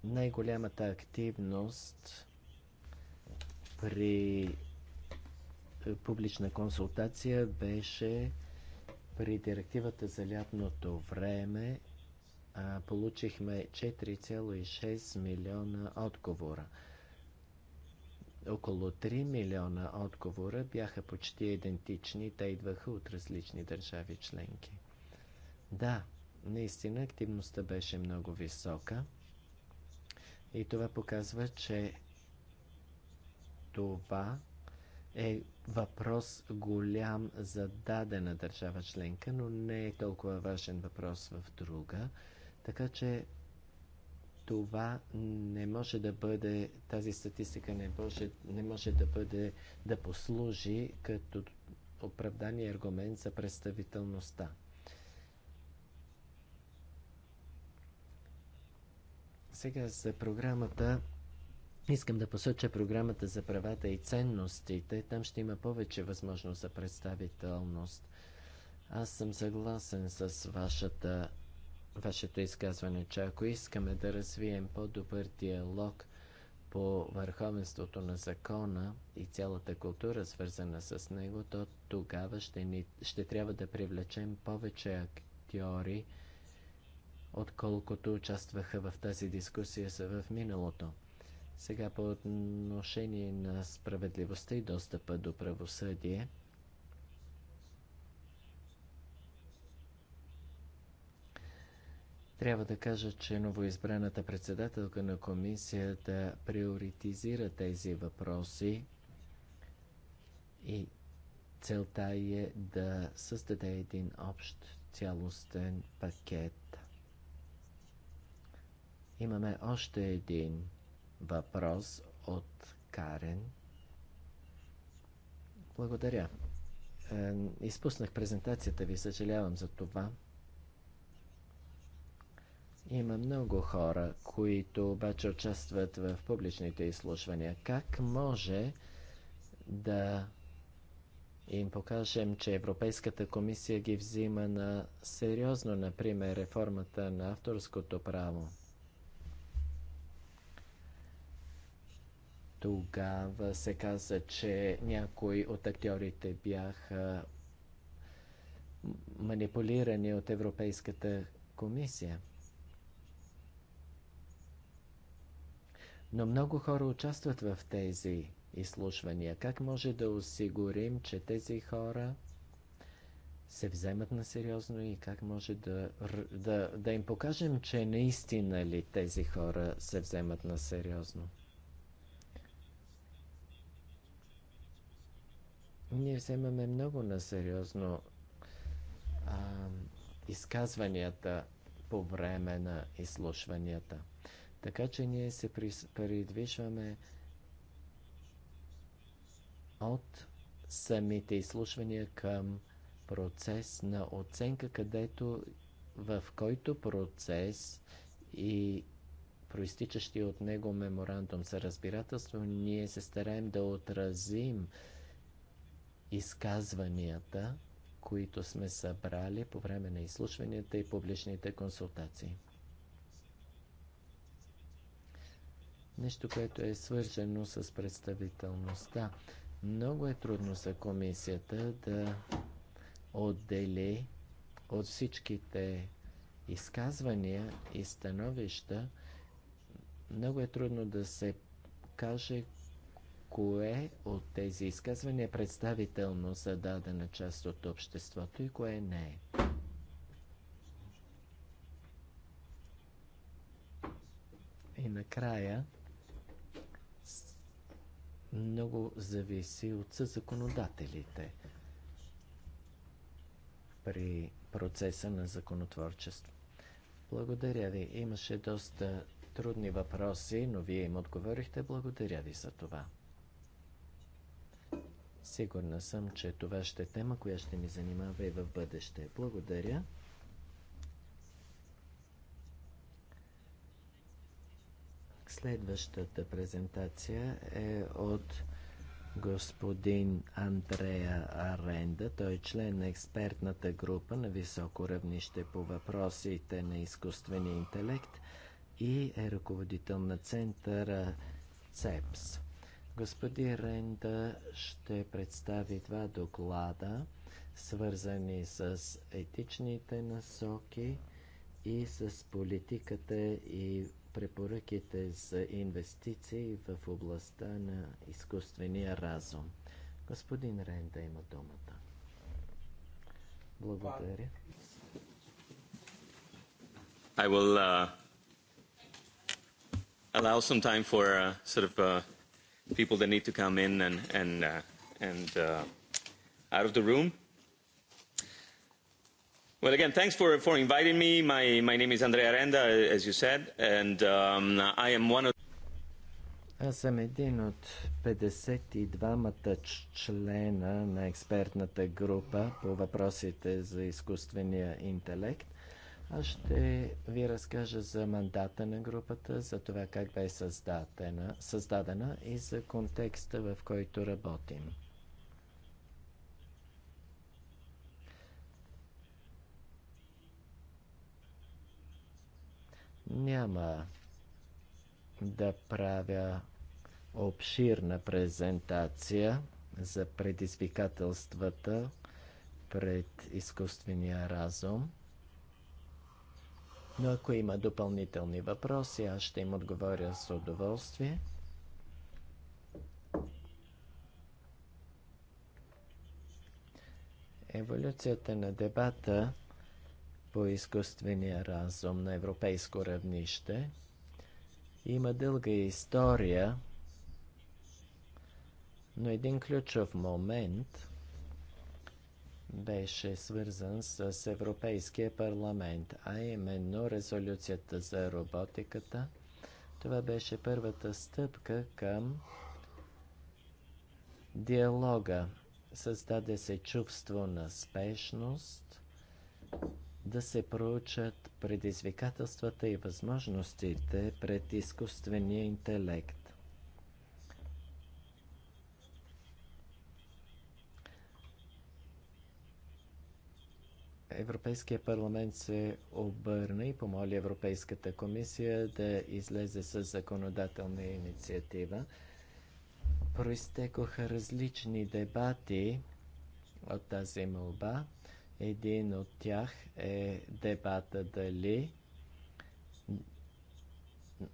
Най-голямата активност при публична консултация беше при директивата за лятното време а, получихме 4,6 милиона отговора. Около 3 милиона отговора бяха почти идентични, те идваха от различни държави членки. Да, наистина активността беше много висока и това показва, че това е въпрос голям за дадена държава членка, но не е толкова важен въпрос в друга. Така че това не може да бъде, тази статистика не може, не може да бъде, да послужи като оправдание аргумент за представителността. Сега за програмата Искам да посоча програмата за правата и ценностите. Там ще има повече възможност за представителност. Аз съм съгласен с вашата, вашето изказване, че ако искаме да развием по-добър диалог по върховенството на закона и цялата култура, свързана с него, то тогава ще, ни, ще трябва да привлечем повече актьори, отколкото участваха в тази дискусия в миналото. Сега по отношение на справедливостта и достъпа до правосъдие. Трябва да кажа, че новоизбраната председателка на комисията приоритизира тези въпроси и целта е да създаде един общ цялостен пакет. Имаме още един въпрос от Карен. Благодаря. Е, изпуснах презентацията ви, съжалявам за това. Има много хора, които обаче участват в публичните изслушвания. Как може да им покажем, че Европейската комисия ги взима на сериозно, например, реформата на авторското право? Тогава се каза, че някои от актьорите бяха манипулирани от Европейската комисия. Но много хора участват в тези изслушвания. Как може да осигурим, че тези хора се вземат на сериозно и как може да, да, да им покажем, че наистина ли тези хора се вземат на сериозно? Ние вземаме много на сериозно изказванията по време на изслушванията. Така че ние се придвижваме от самите изслушвания към процес на оценка, където в който процес и проистичащи от него меморандум за разбирателство, ние се стараем да отразим изказванията, които сме събрали по време на изслушванията и публичните консултации. Нещо, което е свържено с представителността. Много е трудно за комисията да отдели от всичките изказвания и становища. Много е трудно да се каже кое от тези изказвания е представително за дадена част от обществото и кое не е. И накрая много зависи от законодателите при процеса на законотворчество. Благодаря ви. Имаше доста трудни въпроси, но вие им отговорихте. Благодаря ви за това. Сигурна съм, че това ще е тема, която ще ни занимава и в бъдеще. Благодаря. Следващата презентация е от господин Андрея Аренда. Той е член на експертната група на високо равнище по въпросите на изкуствения интелект и е ръководител на центъра ЦЕПС. Господин Ренда ще представи два доклада, свързани с етичните насоки и с политиката и препоръките за инвестиции в областта на изкуствения разум. Господин Ренда има думата. Благодаря. I will uh, allow some time for uh, sort of uh, people that need to come in and and uh, and uh, out of the room. Well, again, thanks for for inviting me. My my name is Andrea Renda, as you said, and um, I am one of. Аз съм един от 52-мата члена на експертната група по въпросите за изкуствения интелект. Аз ще ви разкажа за мандата на групата, за това как бе създадена, създадена и за контекста, в който работим. Няма да правя обширна презентация за предизвикателствата пред изкуствения разум – но ако има допълнителни въпроси, аз ще им отговоря с удоволствие. Еволюцията на дебата по изкуствения разум на европейско равнище има дълга история, но един ключов момент – беше свързан с Европейския парламент, а именно резолюцията за роботиката. Това беше първата стъпка към диалога. Създаде се чувство на спешност да се проучат предизвикателствата и възможностите пред изкуствения интелект. Европейския парламент се обърна и помоли Европейската комисия да излезе с законодателна инициатива. Проистекоха различни дебати от тази молба. Един от тях е дебата дали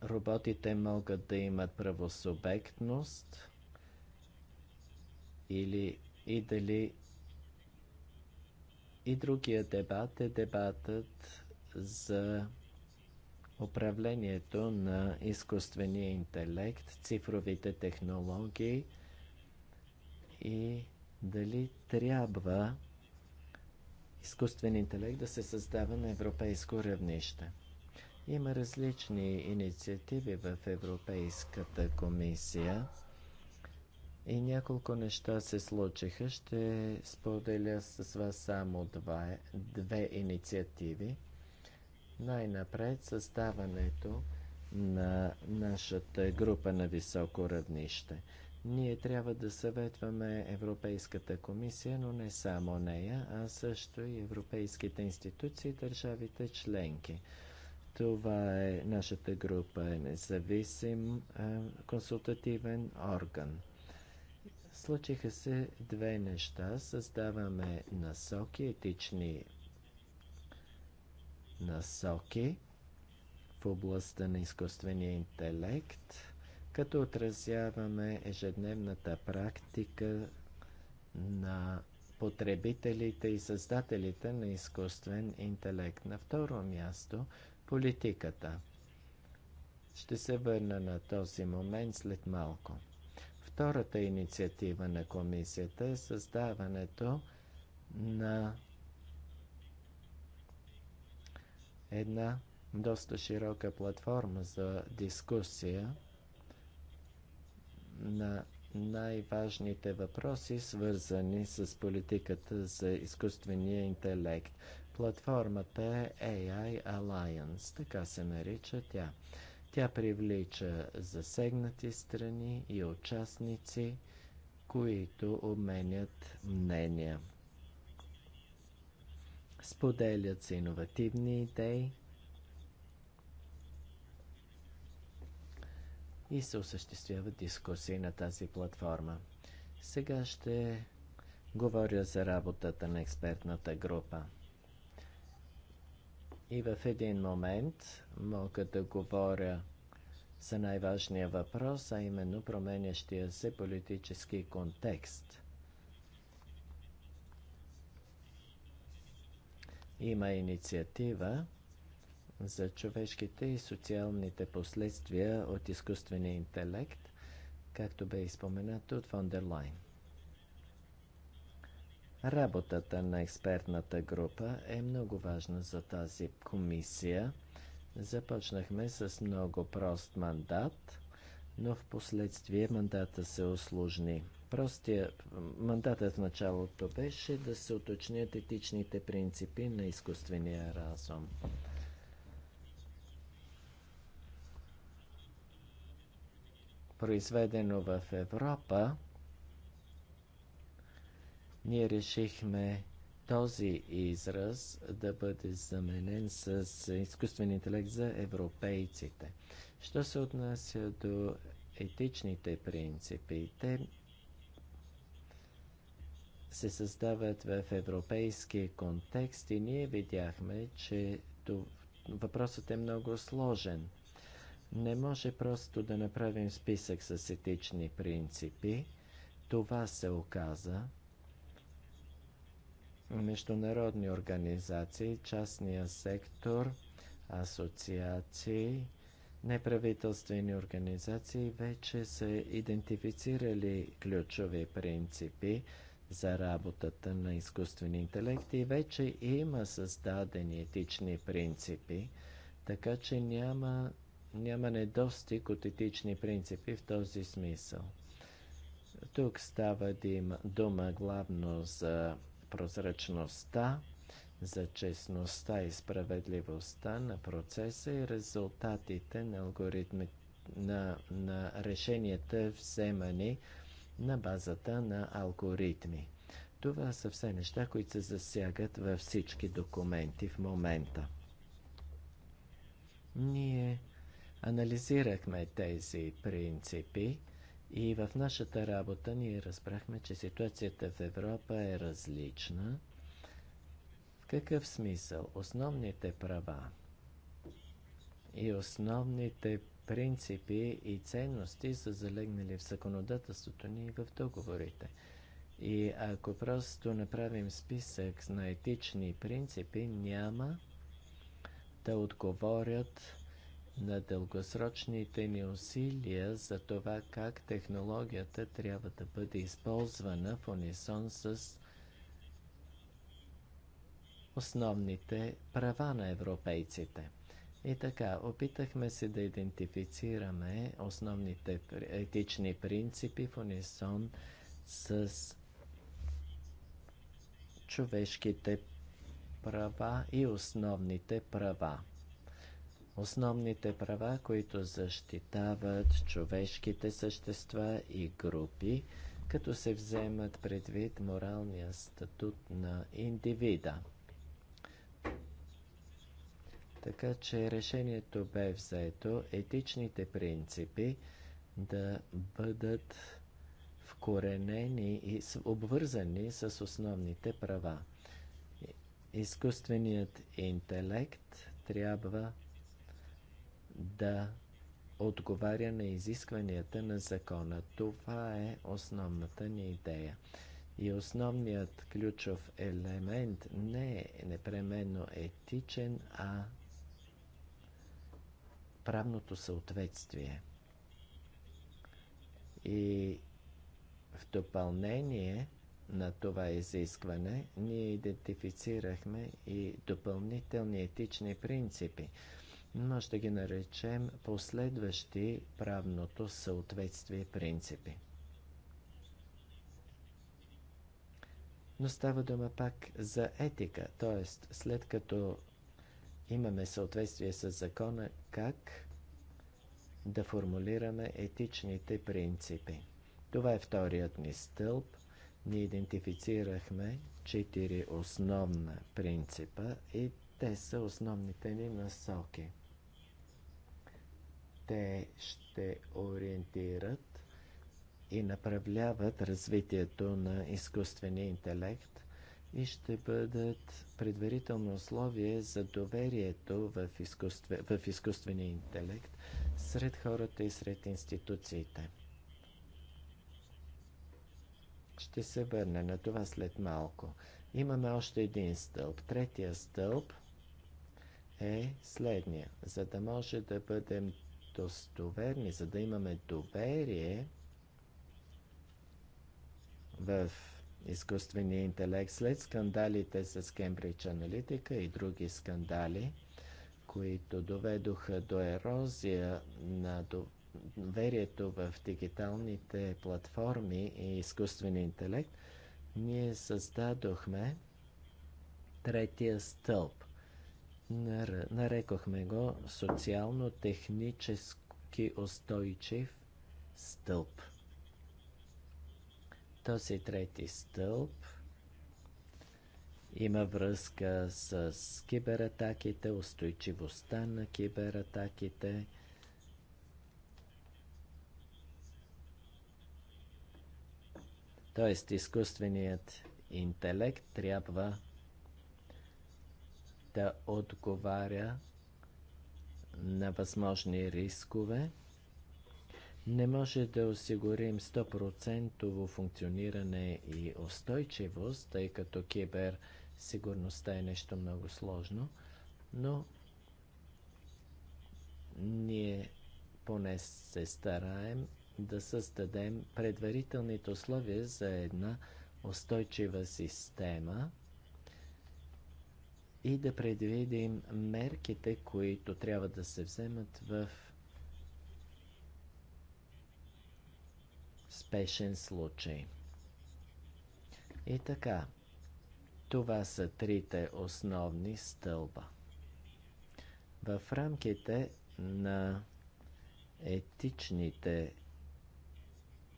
роботите могат да имат правосубектност или и дали и другия дебат е дебатът за управлението на изкуствения интелект, цифровите технологии и дали трябва изкуствен интелект да се създава на европейско равнище. Има различни инициативи в Европейската комисия – и няколко неща се случиха. Ще споделя с вас само два, две инициативи. Най-напред съставането на нашата група на високо равнище. Ние трябва да съветваме Европейската комисия, но не само нея, а също и европейските институции и държавите членки. Това е нашата група, е независим консултативен орган. Случиха се две неща. Създаваме насоки, етични насоки в областта на изкуствения интелект, като отразяваме ежедневната практика на потребителите и създателите на изкуствен интелект. На второ място политиката. Ще се върна на този момент след малко. Втората инициатива на комисията е създаването на една доста широка платформа за дискусия на най-важните въпроси, свързани с политиката за изкуствения интелект. Платформата е AI Alliance, така се нарича тя. Тя привлича засегнати страни и участници, които обменят мнения. Споделят се иновативни идеи и се осъществяват дискусии на тази платформа. Сега ще говоря за работата на експертната група и в един момент мога да говоря за най-важния въпрос, а именно променящия се политически контекст. Има инициатива за човешките и социалните последствия от изкуствения интелект, както бе изпоменато от Фондерлайн. Работата на експертната група е много важна за тази комисия. Започнахме с много прост мандат, но в последствие мандата се осложни. Простия мандатът в началото беше да се уточнят етичните принципи на изкуствения разум. Произведено в Европа, ние решихме този израз да бъде заменен с изкуствен интелект за европейците. Що се отнася до етичните принципи, те се създават в европейски контекст и ние видяхме, че въпросът е много сложен. Не може просто да направим списък с етични принципи. Това се оказа международни организации, частния сектор, асоциации, неправителствени организации вече са идентифицирали ключови принципи за работата на изкуствения интелект и вече има създадени етични принципи, така че няма, няма недостиг от етични принципи в този смисъл. Тук става дума главно за прозрачността, за честността и справедливостта на процеса и резултатите на, алгоритми, на, на решенията вземани на базата на алгоритми. Това са все неща, които се засягат във всички документи в момента. Ние анализирахме тези принципи и в нашата работа ние разбрахме, че ситуацията в Европа е различна. В какъв смисъл? Основните права и основните принципи и ценности са залегнали в законодателството ни и в договорите. И ако просто направим списък на етични принципи, няма да отговорят на дългосрочните ни усилия за това как технологията трябва да бъде използвана в унисон с основните права на европейците. И така, опитахме се да идентифицираме основните етични принципи в унисон с човешките права и основните права. Основните права, които защитават човешките същества и групи, като се вземат предвид моралния статут на индивида. Така че решението бе взето етичните принципи да бъдат вкоренени и обвързани с основните права. Изкуственият интелект трябва да отговаря на изискванията на закона. Това е основната ни идея. И основният ключов елемент не е непременно етичен, а правното съответствие. И в допълнение на това изискване ние идентифицирахме и допълнителни етични принципи – но ще ги наречем последващи правното съответствие принципи. Но става дума пак за етика, т.е. след като имаме съответствие с закона, как да формулираме етичните принципи. Това е вторият ни стълб. Ние идентифицирахме четири основна принципа и те са основните ни насоки. Те ще ориентират и направляват развитието на изкуствения интелект и ще бъдат предварително условие за доверието в, изкустве, в изкуствения интелект сред хората и сред институциите. Ще се върна на това след малко. Имаме още един стълб. Третия стълб е следния. За да може да бъдем достоверни, за да имаме доверие в изкуствения интелект след скандалите с Кембридж Аналитика и други скандали, които доведоха до ерозия на доверието в дигиталните платформи и изкуствения интелект, ние създадохме третия стълб. Нарекохме го социално-технически устойчив стълб. Този трети стълб има връзка с кибератаките, устойчивостта на кибератаките. Тоест, изкуственият интелект трябва да отговаря на възможни рискове. Не може да осигурим 100% функциониране и устойчивост, тъй като киберсигурността е нещо много сложно, но ние поне се стараем да създадем предварителните условия за една устойчива система, и да предвидим мерките, които трябва да се вземат в спешен случай. И така, това са трите основни стълба. В рамките на етичните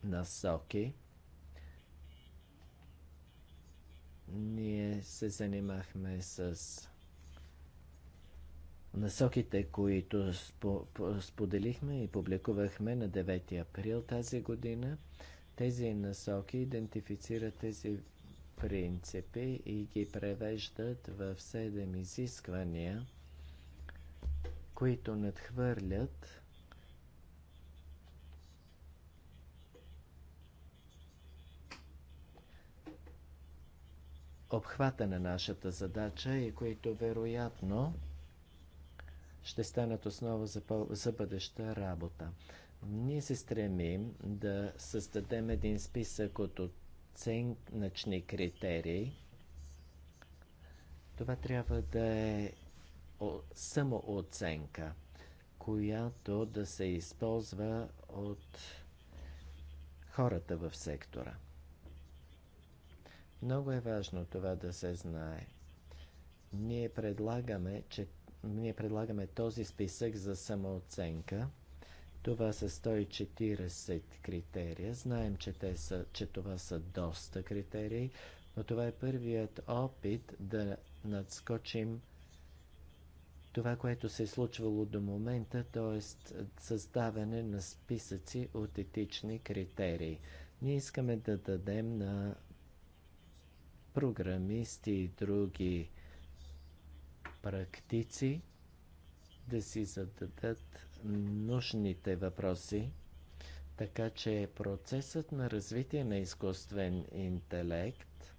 насоки Ние се занимахме с насоките, които споделихме и публикувахме на 9 април тази година. Тези насоки идентифицират тези принципи и ги превеждат в 7 изисквания, които надхвърлят обхвата на нашата задача и които вероятно ще станат основа за, по- за бъдеща работа. Ние се стремим да създадем един списък от оценъчни критерии. Това трябва да е самооценка, която да се използва от хората в сектора. Много е важно това да се знае. Ние предлагаме, че, ние предлагаме този списък за самооценка. Това са 140 критерия. Знаем, че, те са, че това са доста критерии, но това е първият опит да надскочим това, което се е случвало до момента, т.е. създаване на списъци от етични критерии. Ние искаме да дадем на програмисти и други практици да си зададат нужните въпроси, така че процесът на развитие на изкуствен интелект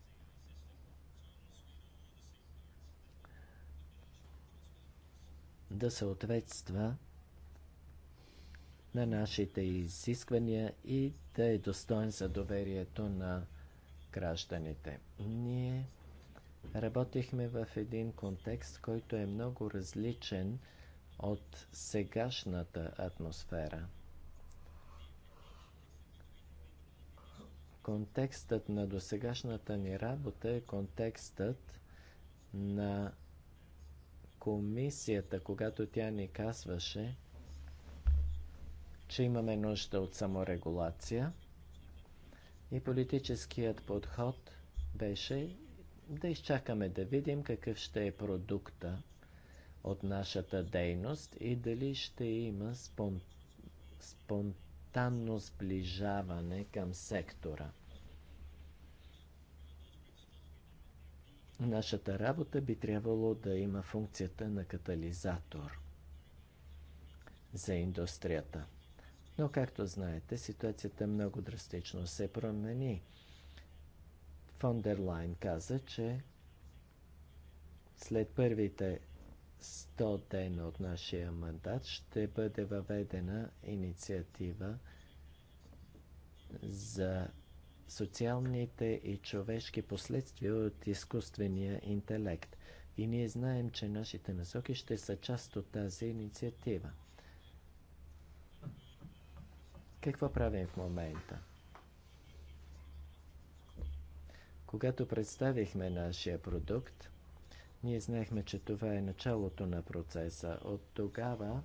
да съответства на нашите изисквания и да е достоен за доверието на гражданите. Ние работихме в един контекст, който е много различен от сегашната атмосфера. Контекстът на досегашната ни работа е контекстът на комисията, когато тя ни казваше, че имаме нужда от саморегулация – и политическият подход беше да изчакаме да видим какъв ще е продукта от нашата дейност и дали ще има спон... спонтанно сближаване към сектора. Нашата работа би трябвало да има функцията на катализатор за индустрията. Но, както знаете, ситуацията много драстично се промени. Фондерлайн каза, че след първите 100 дена от нашия мандат ще бъде въведена инициатива за социалните и човешки последствия от изкуствения интелект. И ние знаем, че нашите насоки ще са част от тази инициатива. Какво правим в момента? Когато представихме нашия продукт, ние знаехме, че това е началото на процеса. От тогава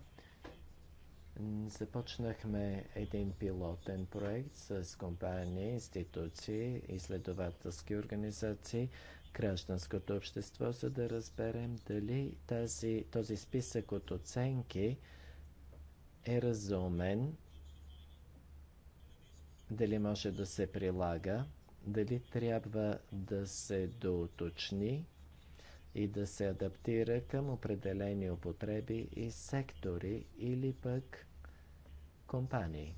започнахме един пилотен проект с компании, институции, изследователски организации, гражданското общество, за да разберем дали тази, този списък от оценки е разумен дали може да се прилага, дали трябва да се доуточни и да се адаптира към определени употреби и сектори или пък компании.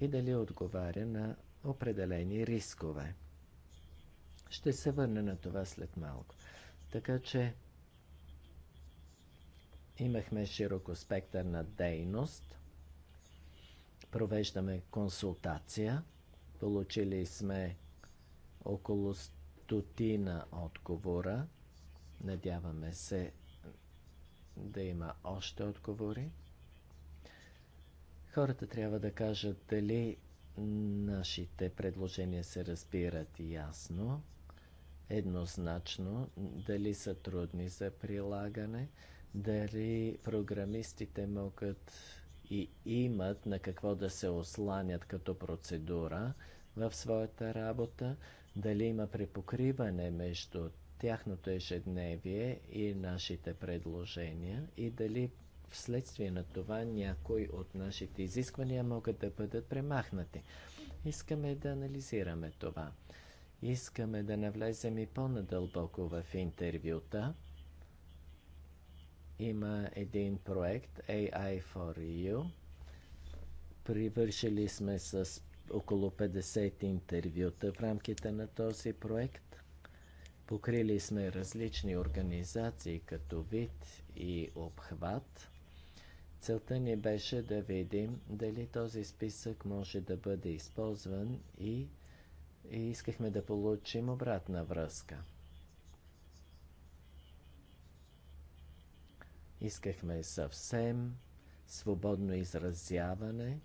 И дали отговаря на определени рискове. Ще се върна на това след малко. Така че имахме широко спектър на дейност, провеждаме консултация. Получили сме около стотина отговора. Надяваме се да има още отговори. Хората трябва да кажат дали нашите предложения се разбират ясно, еднозначно, дали са трудни за прилагане, дали програмистите могат и имат на какво да се осланят като процедура в своята работа, дали има препокриване между тяхното ежедневие и нашите предложения и дали вследствие на това някои от нашите изисквания могат да бъдат премахнати. Искаме да анализираме това. Искаме да навлезем и по-надълбоко в интервюта има един проект AI for You. Привършили сме с около 50 интервюта в рамките на този проект. Покрили сме различни организации като вид и обхват. Целта ни беше да видим дали този списък може да бъде използван и, и искахме да получим обратна връзка. Искахме съвсем свободно изразяване,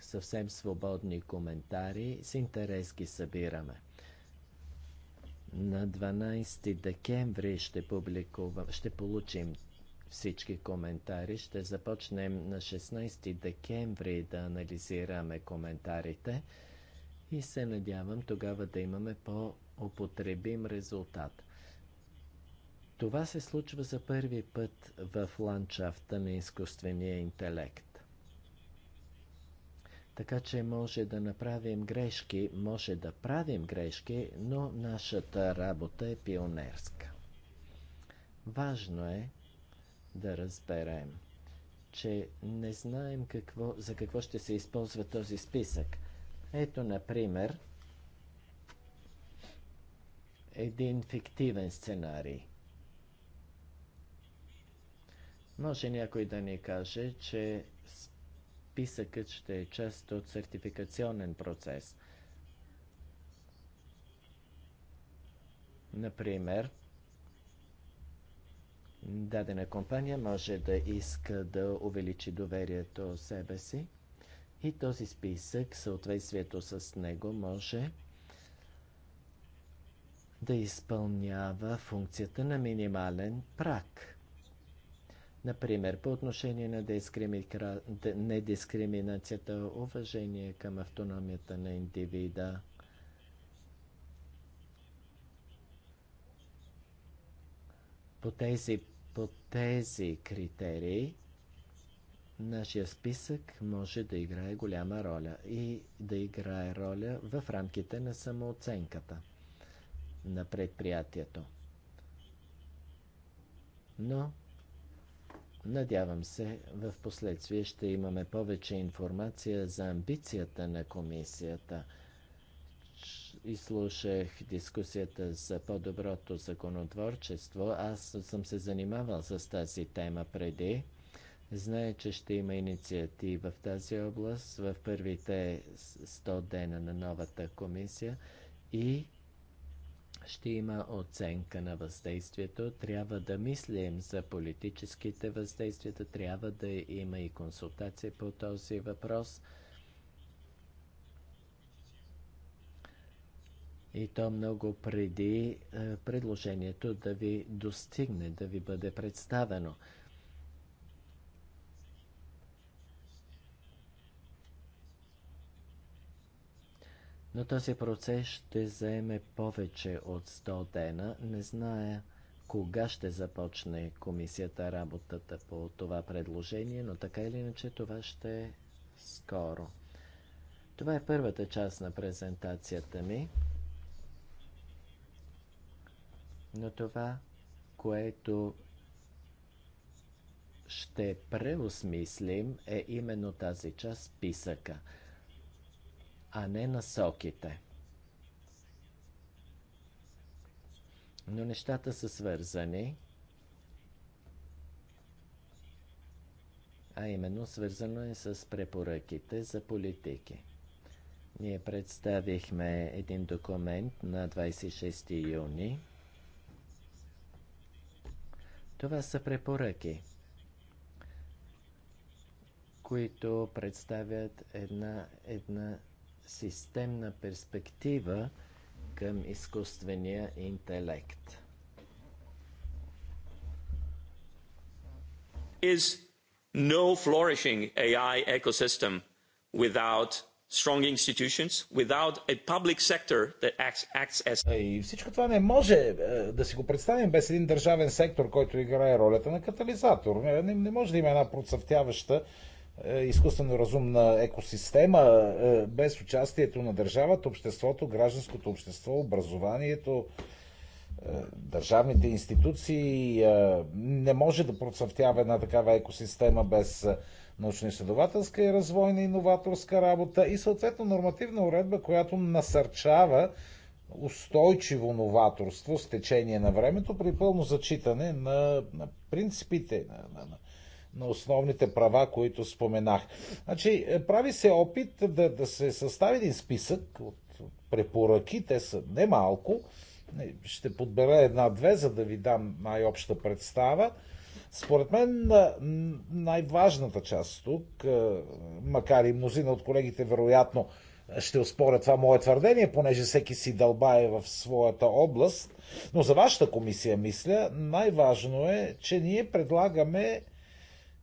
съвсем свободни коментари. С интерес ги събираме. На 12 декември ще, публикувам, ще получим всички коментари. Ще започнем на 16 декември да анализираме коментарите и се надявам тогава да имаме по-употребим резултат. Това се случва за първи път в ландшафта на изкуствения интелект. Така че може да направим грешки, може да правим грешки, но нашата работа е пионерска. Важно е да разберем, че не знаем какво, за какво ще се използва този списък. Ето, например, един фиктивен сценарий – Може някой да ни каже, че списъкът ще е част от сертификационен процес. Например, дадена компания може да иска да увеличи доверието себе си и този списък, съответствието с него може да изпълнява функцията на минимален прак – Например, по отношение на недискриминацията, уважение към автономията на индивида, по тези, по тези критерии нашия списък може да играе голяма роля и да играе роля в рамките на самооценката на предприятието. Но Надявам се, в последствие ще имаме повече информация за амбицията на комисията. Изслушах дискусията за по-доброто законотворчество. Аз съм се занимавал с тази тема преди. Знае, че ще има инициатива в тази област в първите 100 дена на новата комисия и ще има оценка на въздействието, трябва да мислим за политическите въздействията, трябва да има и консултации по този въпрос. И то много преди е, предложението да ви достигне, да ви бъде представено. Но този процес ще заеме повече от 100 дена. Не зная кога ще започне комисията работата по това предложение, но така или иначе това ще е скоро. Това е първата част на презентацията ми. Но това, което ще преосмислим е именно тази част списъка – а не насоките. Но нещата са свързани, а именно свързано е с препоръките за политики. Ние представихме един документ на 26 юни. Това са препоръки, които представят една, една системна перспектива към изкуствения интелект. Is no flourishing AI ecosystem without strong institutions without a public sector that acts, acts as... И всичко това не може е, да си го представим без един държавен сектор, който играе ролята на катализатор. Не, не може да има една процъфтяваща е, изкуствено разумна екосистема е, без участието на държавата, обществото, гражданското общество, образованието, е, държавните институции. Не може да процъфтява една такава екосистема без научно-изследователска и развойна иноваторска работа и съответно нормативна уредба, която насърчава устойчиво новаторство с течение на времето при пълно зачитане на, на принципите, на, на, на на основните права, които споменах. Значи, е, прави се опит да, да се състави един списък от препоръки, те са немалко, ще подбера една-две, за да ви дам най-обща представа. Според мен е, най-важната част тук, е, макар и мнозина от колегите вероятно ще оспоря това мое твърдение, понеже всеки си дълбае в своята област, но за вашата комисия, мисля, най-важно е, че ние предлагаме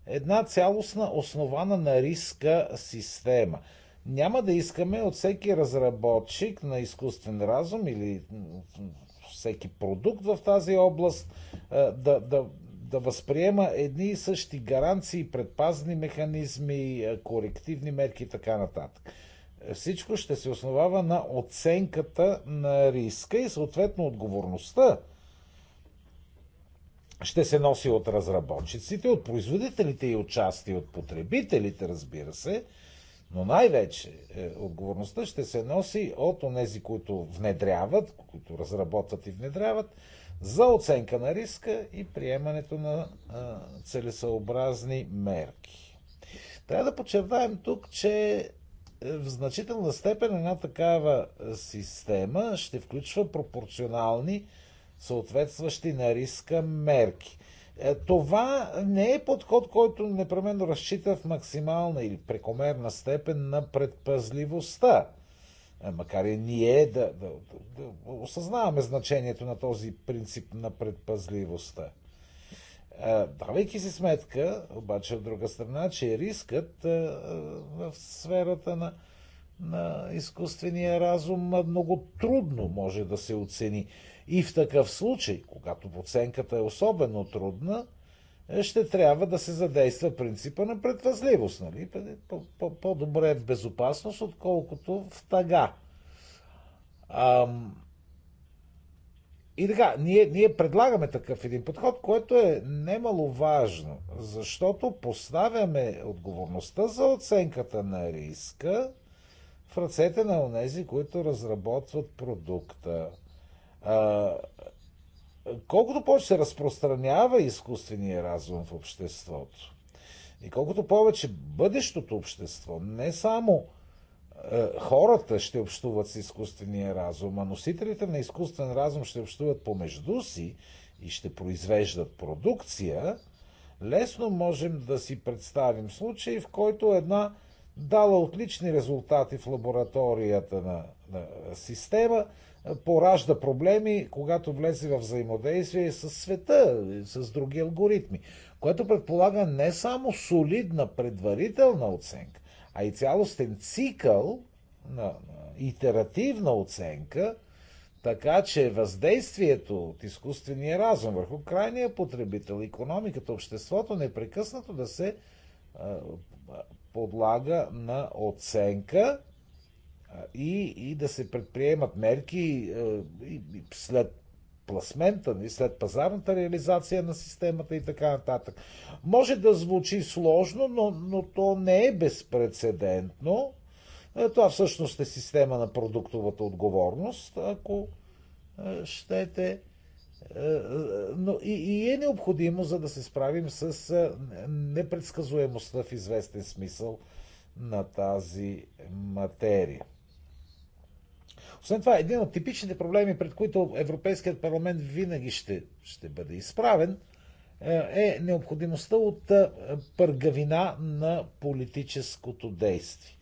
една цялостна, основана на риска система. Няма да искаме от всеки разработчик на изкуствен разум или всеки продукт в тази област да, да, да възприема едни и същи гаранции, предпазни механизми, корективни мерки и така нататък. Всичко ще се основава на оценката на риска и съответно отговорността ще се носи от разработчиците, от производителите и от части, от потребителите, разбира се, но най-вече е, отговорността ще се носи от онези, които внедряват, които разработват и внедряват, за оценка на риска и приемането на е, целесъобразни мерки. Трябва да подчертаем тук, че е, в значителна степен една такава е, система ще включва пропорционални съответстващи на риска мерки. Е, това не е подход, който непременно разчита в максимална или прекомерна степен на предпазливостта. Е, макар и ние да, да, да, осъзнаваме значението на този принцип на предпазливостта. Е, давайки си сметка, обаче от друга страна, че рискът в сферата на, на изкуствения разум много трудно може да се оцени. И в такъв случай, когато оценката е особено трудна, е, ще трябва да се задейства принципа на предвъзливост. Нали? По-добре е в безопасност, отколкото в тъга. Ам... И така, ние, ние предлагаме такъв един подход, което е немаловажно, защото поставяме отговорността за оценката на риска в ръцете на онези, които разработват продукта колкото повече се разпространява изкуствения разум в обществото и колкото повече бъдещото общество, не само хората ще общуват с изкуствения разум, а носителите на изкуствен разум ще общуват помежду си и ще произвеждат продукция, лесно можем да си представим случай, в който една дала отлични резултати в лабораторията на, на система – поражда проблеми, когато влезе в взаимодействие с света, с други алгоритми, което предполага не само солидна предварителна оценка, а и цялостен цикъл на, итеративна оценка, така че въздействието от изкуствения разум върху крайния потребител, економиката, обществото непрекъснато да се подлага на оценка, и, и да се предприемат мерки и, и след пласмента, и нали, след пазарната реализация на системата и така нататък. Може да звучи сложно, но, но то не е безпредседентно. Е, това всъщност е система на продуктовата отговорност, ако е, щете. Е, но и, и е необходимо, за да се справим с непредсказуемостта в известен смисъл на тази материя. Освен това, един от типичните проблеми, пред които Европейският парламент винаги ще, ще бъде изправен, е, е необходимостта от е, пъргавина на политическото действие.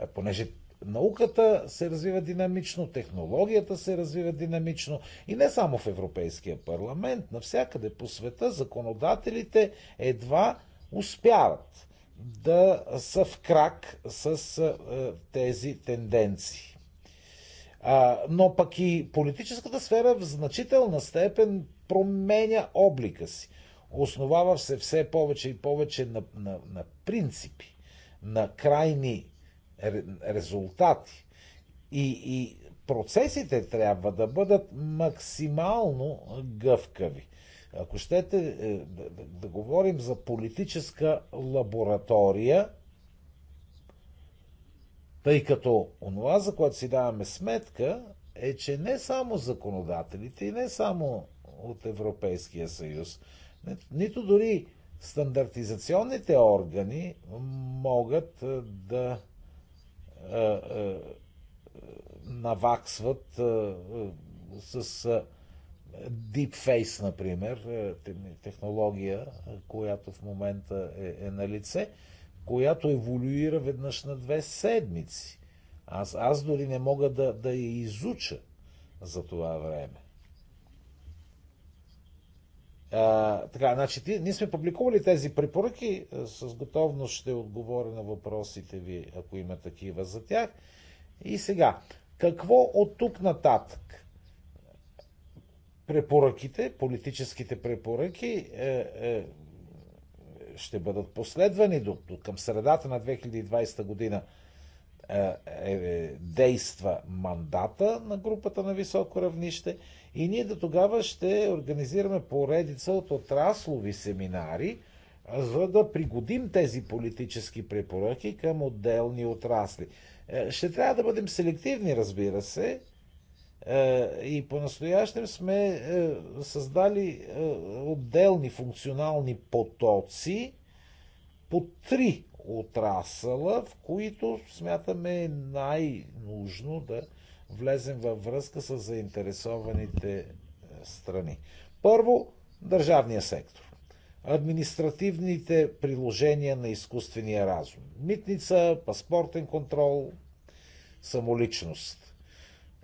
Е, понеже науката се развива динамично, технологията се развива динамично и не само в Европейския парламент, навсякъде по света законодателите едва успяват да са в крак с тези тенденции. А, но пък и политическата сфера в значителна степен променя облика си. Основава се все повече и повече на, на, на принципи, на крайни резултати. И, и процесите трябва да бъдат максимално гъвкави. Ако щете е, да, да, да говорим за политическа лаборатория, тъй като онова, за което си даваме сметка, е, че не само законодателите и не само от Европейския съюз, нито дори стандартизационните органи могат е, да е, е, наваксват с дипфейс, например, технология, която в момента е, е на лице която еволюира веднъж на две седмици. Аз, аз дори не мога да, да я изуча за това време. А, така, значи, ние сме публикували тези препоръки. С готовност ще отговоря на въпросите ви, ако има такива за тях. И сега, какво от тук нататък? Препоръките, политическите препоръки, е, е, ще бъдат последвани до, до към средата на 2020 година е, е, е, действа мандата на групата на високо равнище и ние до тогава ще организираме поредица от отраслови семинари, за да пригодим тези политически препоръки към отделни отрасли. Е, ще трябва да бъдем селективни, разбира се, е, и по-настоящем сме е, създали е, отделни функционални потоци по три отрасъла, в които смятаме най-нужно да влезем във връзка с заинтересованите страни. Първо, държавния сектор. Административните приложения на изкуствения разум. Митница, паспортен контрол, самоличност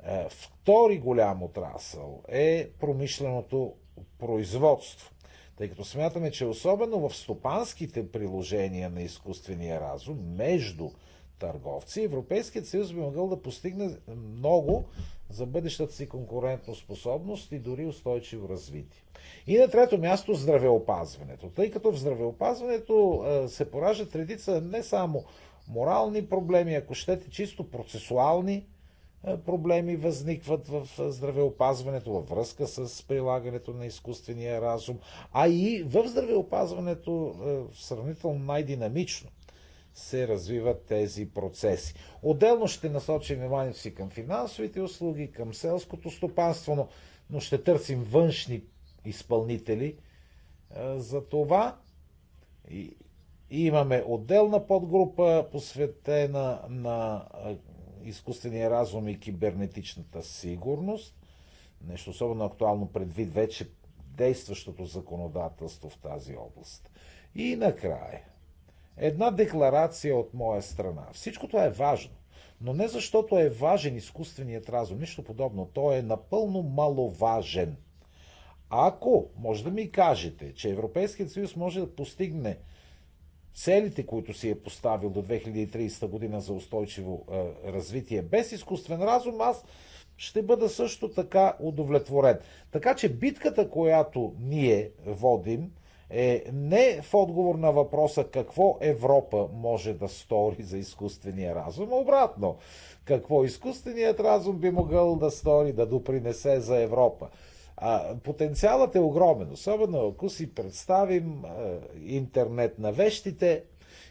е, втори голям отрасъл е промишленото производство. Тъй като смятаме, че особено в стопанските приложения на изкуствения разум, между търговци, Европейският съюз би могъл да постигне много за бъдещата си конкурентно способност и дори устойчиво развитие. И на трето място здравеопазването. Тъй като в здравеопазването е, се поражат редица не само морални проблеми, ако щете чисто процесуални е, проблеми възникват в е, здравеопазването във връзка с прилагането на изкуствения разум, а и в здравеопазването е, сравнително най-динамично се развиват тези процеси. Отделно ще насочим вниманието си към финансовите услуги, към селското стопанство, но, но ще търсим външни изпълнители за това. И, и имаме отделна подгрупа, посветена на изкуствения разум и кибернетичната сигурност. Нещо особено актуално предвид вече действащото законодателство в тази област. И накрая, една декларация от моя страна. Всичко това е важно, но не защото е важен изкуственият разум, нищо подобно. Той е напълно маловажен. Ако може да ми кажете, че Европейският съюз може да постигне целите, които си е поставил до 2030 година за устойчиво е, развитие без изкуствен разум, аз ще бъда също така удовлетворен. Така че битката, която ние водим, е не в отговор на въпроса какво Европа може да стори за изкуствения разум, а обратно, какво изкуственият разум би могъл да стори, да допринесе за Европа. А, потенциалът е огромен, особено ако си представим а, интернет на вещите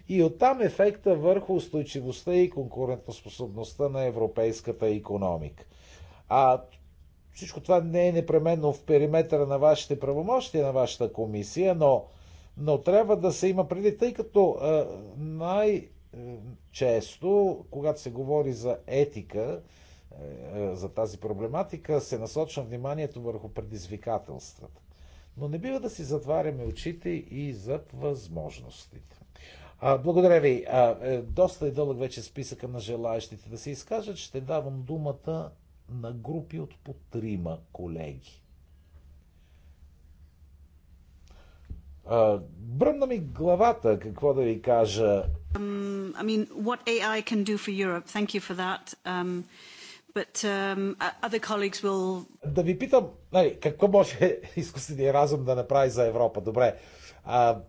и оттам ефекта върху устойчивостта и конкурентоспособността на европейската економика. А всичко това не е непременно в периметъра на вашите правомощия, на вашата комисия, но, но трябва да се има преди, тъй като най-често, е, когато се говори за етика, е, е, за тази проблематика се насочва вниманието върху предизвикателствата. Но не бива да си затваряме очите и за възможностите. А, благодаря ви. А, е, доста е дълъг вече списъка на желаящите да се изкажат. Ще давам думата на групи от по трима колеги. А, бръмна ми главата, какво да ви кажа. Um, I mean, what AI can do for Europe. Thank you for that. Um... But, um, other colleagues will... Да ви питам, нали, какво може *laughs* изкуственият разум да направи за Европа? Добре. А,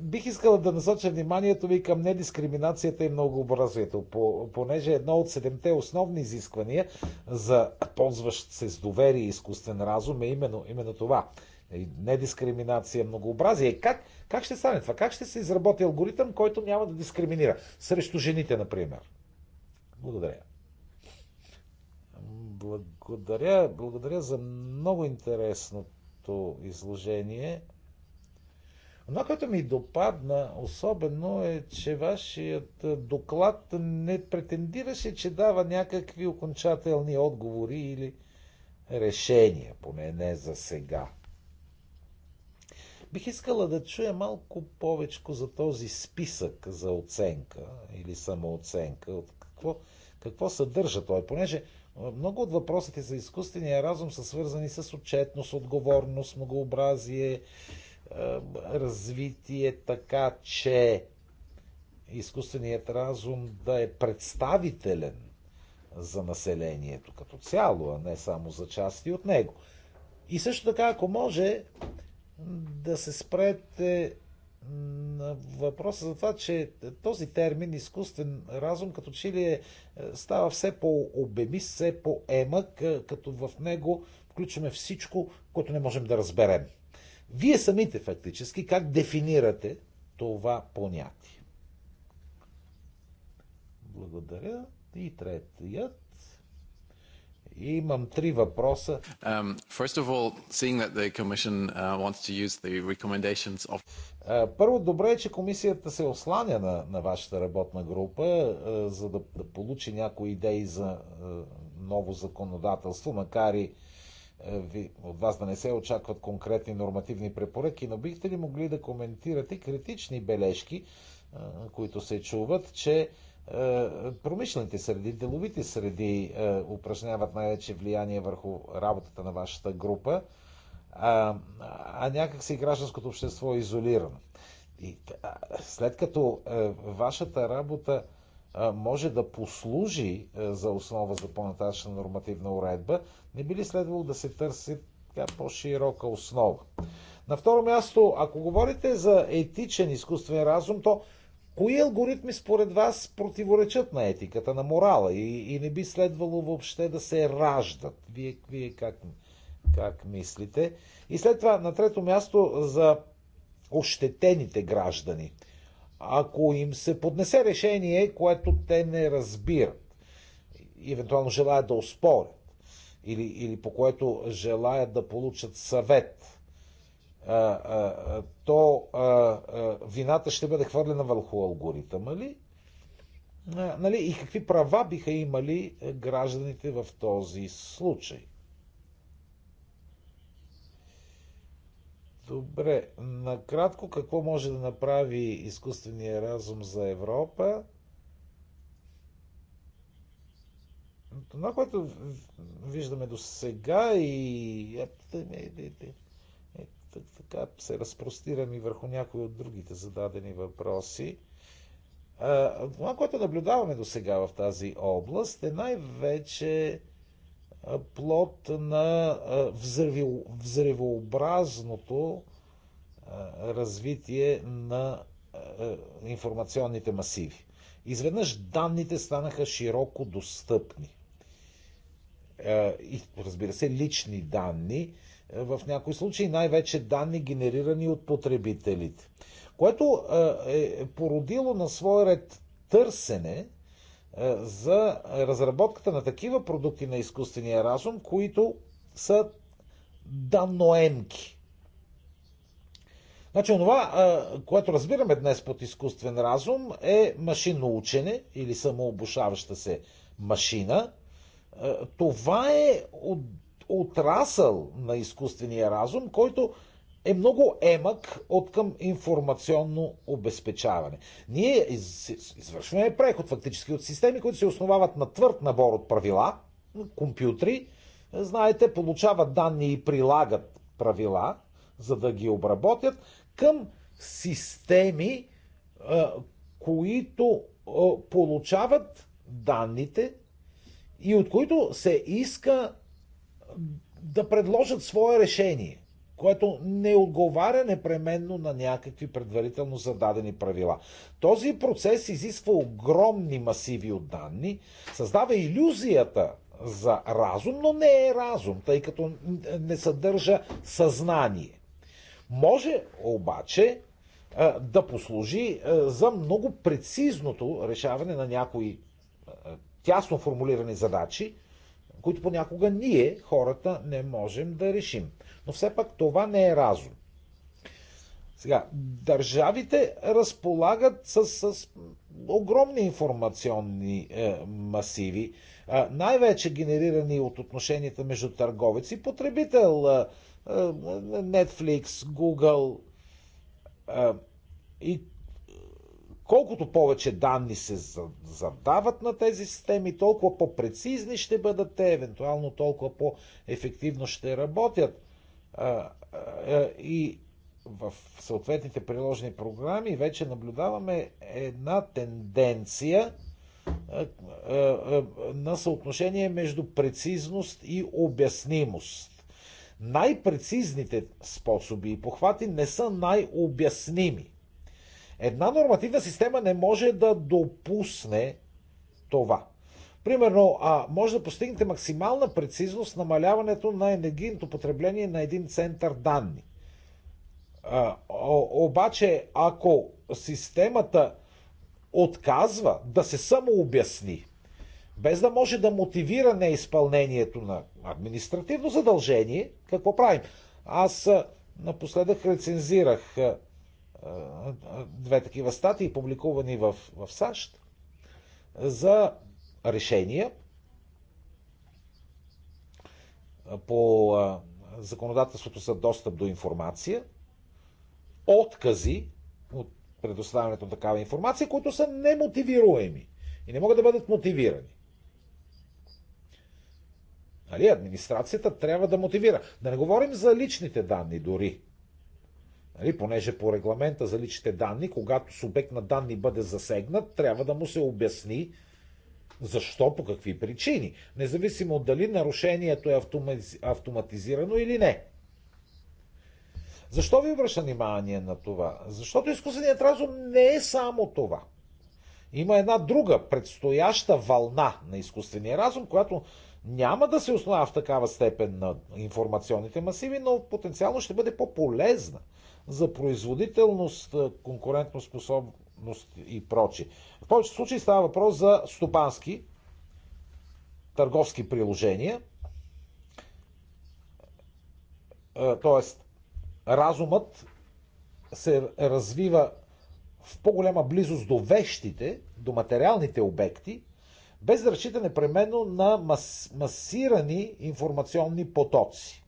бих искала да насоча вниманието ви към недискриминацията и многообразието, понеже едно от седемте основни изисквания за ползващ се с доверие и изкуствен разум е именно, именно това е, недискриминация, многообразие. Как, как ще стане това? Как ще се изработи алгоритъм, който няма да дискриминира? Срещу жените, например. Благодаря. Благодаря, благодаря за много интересното изложение. Но, което ми допадна особено е, че вашият доклад не претендираше, че дава някакви окончателни отговори или решения, поне не за сега. Бих искала да чуя малко повече за този списък за оценка или самооценка. От какво, какво съдържа той? Понеже много от въпросите за изкуствения разум са свързани с отчетност, отговорност, многообразие, развитие, така че изкуственият разум да е представителен за населението като цяло, а не само за части от него. И също така, ако може, да се спрете на въпроса за това, че този термин изкуствен разум като че ли е, е става все по-обемист, все по-емък, е, като в него включваме всичко, което не можем да разберем. Вие самите фактически как дефинирате това понятие? Благодаря. И третият Имам три въпроса. Um, first of all, seeing that the commission uh, wants to use the recommendations of... първо, добре е, че комисията се осланя на, на вашата работна група, за да, да получи някои идеи за ново законодателство, макар и ви, от вас да не се очакват конкретни нормативни препоръки, но бихте ли могли да коментирате критични бележки, които се чуват, че е, промишлените среди, деловите среди е, упражняват най-вече влияние върху работата на вашата група, а, а някакси гражданското общество е изолирано. И, след като е, вашата работа може да послужи за основа за по-нататъчна нормативна уредба, не би ли следвало да се търси така по-широка основа? На второ място, ако говорите за етичен изкуствен разум, то Кои алгоритми според вас противоречат на етиката, на морала и, и не би следвало въобще да се раждат? Вие, вие как, как мислите? И след това, на трето място, за ощетените граждани. Ако им се поднесе решение, което те не разбират, евентуално желаят да оспорят, или, или по което желаят да получат съвет – то вината ще бъде хвърлена върху алгоритъма ли? Нали? И какви права биха имали е, гражданите в този случай? Добре, накратко какво може да направи изкуственият разум за Европа? Това, което виждаме до сега и така се разпростирам и върху някои от другите зададени въпроси. Това, което наблюдаваме до сега в тази област е най-вече плод на взревообразното развитие на информационните масиви. Изведнъж данните станаха широко достъпни. И, разбира се, лични данни, е, в някои случаи, най-вече данни генерирани от потребителите. Което е, е породило на своя ред търсене е, за разработката на такива продукти на изкуствения разум, които са даноемки. Значи, това, което разбираме днес под изкуствен разум, е машинно учене или самообушаваща се машина. Това е от отрасъл на изкуствения разум, който е много емък от към информационно обезпечаване. Ние извършваме преход фактически от системи, които се основават на твърд набор от правила, компютри, знаете, получават данни и прилагат правила, за да ги обработят, към системи, които получават данните и от които се иска да предложат свое решение, което не отговаря непременно на някакви предварително зададени правила. Този процес изисква огромни масиви от данни, създава иллюзията за разум, но не е разум, тъй като не съдържа съзнание. Може обаче да послужи за много прецизното решаване на някои тясно формулирани задачи, които понякога ние, хората, не можем да решим. Но все пак това не е разум. Сега, държавите разполагат с, с огромни информационни е, масиви, е, най-вече генерирани от отношенията между търговец и потребител. Е, е, Netflix, Google. Е, и Колкото повече данни се задават на тези системи, толкова по-прецизни ще бъдат те, евентуално толкова по-ефективно ще работят. И в съответните приложени програми вече наблюдаваме една тенденция на съотношение между прецизност и обяснимост. Най-прецизните способи и похвати не са най-обясними Една нормативна система не може да допусне това. Примерно, а, може да постигнете максимална прецизност намаляването на енергийното потребление на един център данни. А, обаче, ако системата отказва да се самообясни, без да може да мотивира неизпълнението на административно задължение, какво правим? Аз напоследък рецензирах две такива статии, публикувани в, в САЩ, за решения по законодателството за достъп до информация, откази от предоставянето на такава информация, които са немотивируеми и не могат да бъдат мотивирани. Нали, администрацията трябва да мотивира. Да не говорим за личните данни дори. Нали, понеже по регламента за личните данни, когато субект на данни бъде засегнат, трябва да му се обясни защо, по какви причини, независимо дали нарушението е автоматизирано или не. Защо ви обръща внимание на това? Защото изкуственият разум не е само това. Има една друга, предстояща вълна на изкуствения разум, която няма да се основа в такава степен на информационните масиви, но потенциално ще бъде по-полезна за производителност, конкурентоспособност и прочи. В повечето случаи става въпрос за стопански, търговски приложения, т.е. разумът се развива в по-голяма близост до вещите, до материалните обекти, без да разчита непременно на мас, масирани информационни потоци.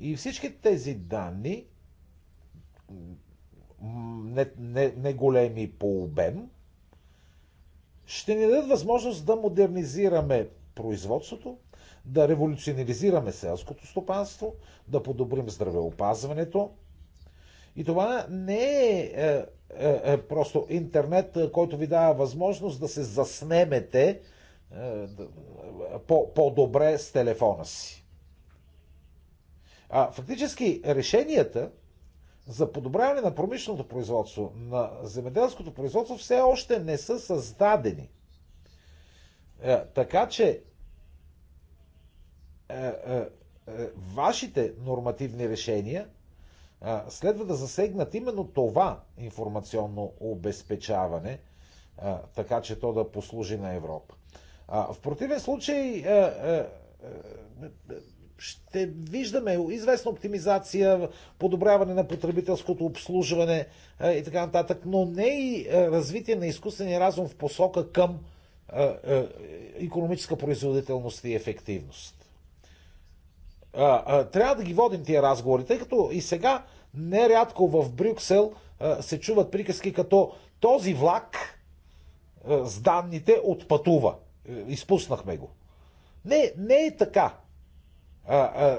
И всички тези данни, не, не, не големи по обем, ще ни дадат възможност да модернизираме производството, да революционализираме селското стопанство, да подобрим здравеопазването. И това не е, е, е, е просто интернет, е, който ви дава възможност да се заснемете е, е по, по-добре с телефона си. А, фактически решенията за подобряване на промишленото производство, на земеделското производство все още не са създадени. Е, така че е, е, е вашите нормативни решения следва да засегнат именно това информационно обезпечаване, така че то да послужи на Европа. В противен случай е, е, ще виждаме известна оптимизация, подобряване на потребителското обслужване е, и така нататък, но не и е, развитие на изкуствения разум в посока към економическа е, производителност и ефективност. Трябва да ги водим тия разговори, тъй като и сега нерядко в Брюксел се чуват приказки като този влак с данните отпътува. Изпуснахме го. Не, не е така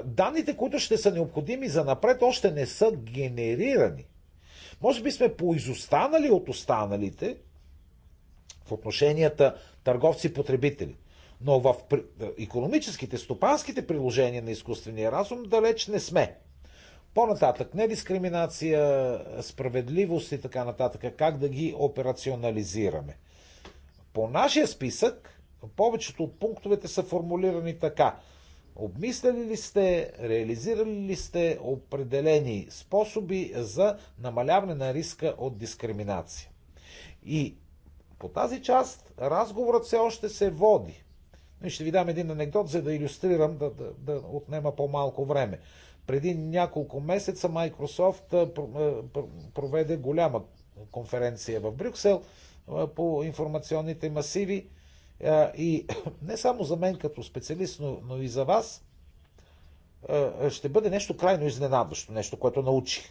данните, които ще са необходими за напред, още не са генерирани. Може би сме поизостанали от останалите в отношенията търговци-потребители. Но в економическите, стопанските приложения на изкуствения разум далеч не сме. По-нататък, недискриминация, справедливост и така нататък, как да ги операционализираме. По нашия списък, повечето от пунктовете са формулирани така – Обмисляли ли сте, реализирали ли сте определени способи за намаляване на риска от дискриминация? И по тази част разговорът все още се води. Ще ви дам един анекдот, за да иллюстрирам, да, да, да отнема по-малко време. Преди няколко месеца Microsoft проведе голяма конференция в Брюксел по информационните масиви и *coughs* не само за мен като специалист, но, но и за вас ще бъде нещо крайно изненадващо, нещо, което научих.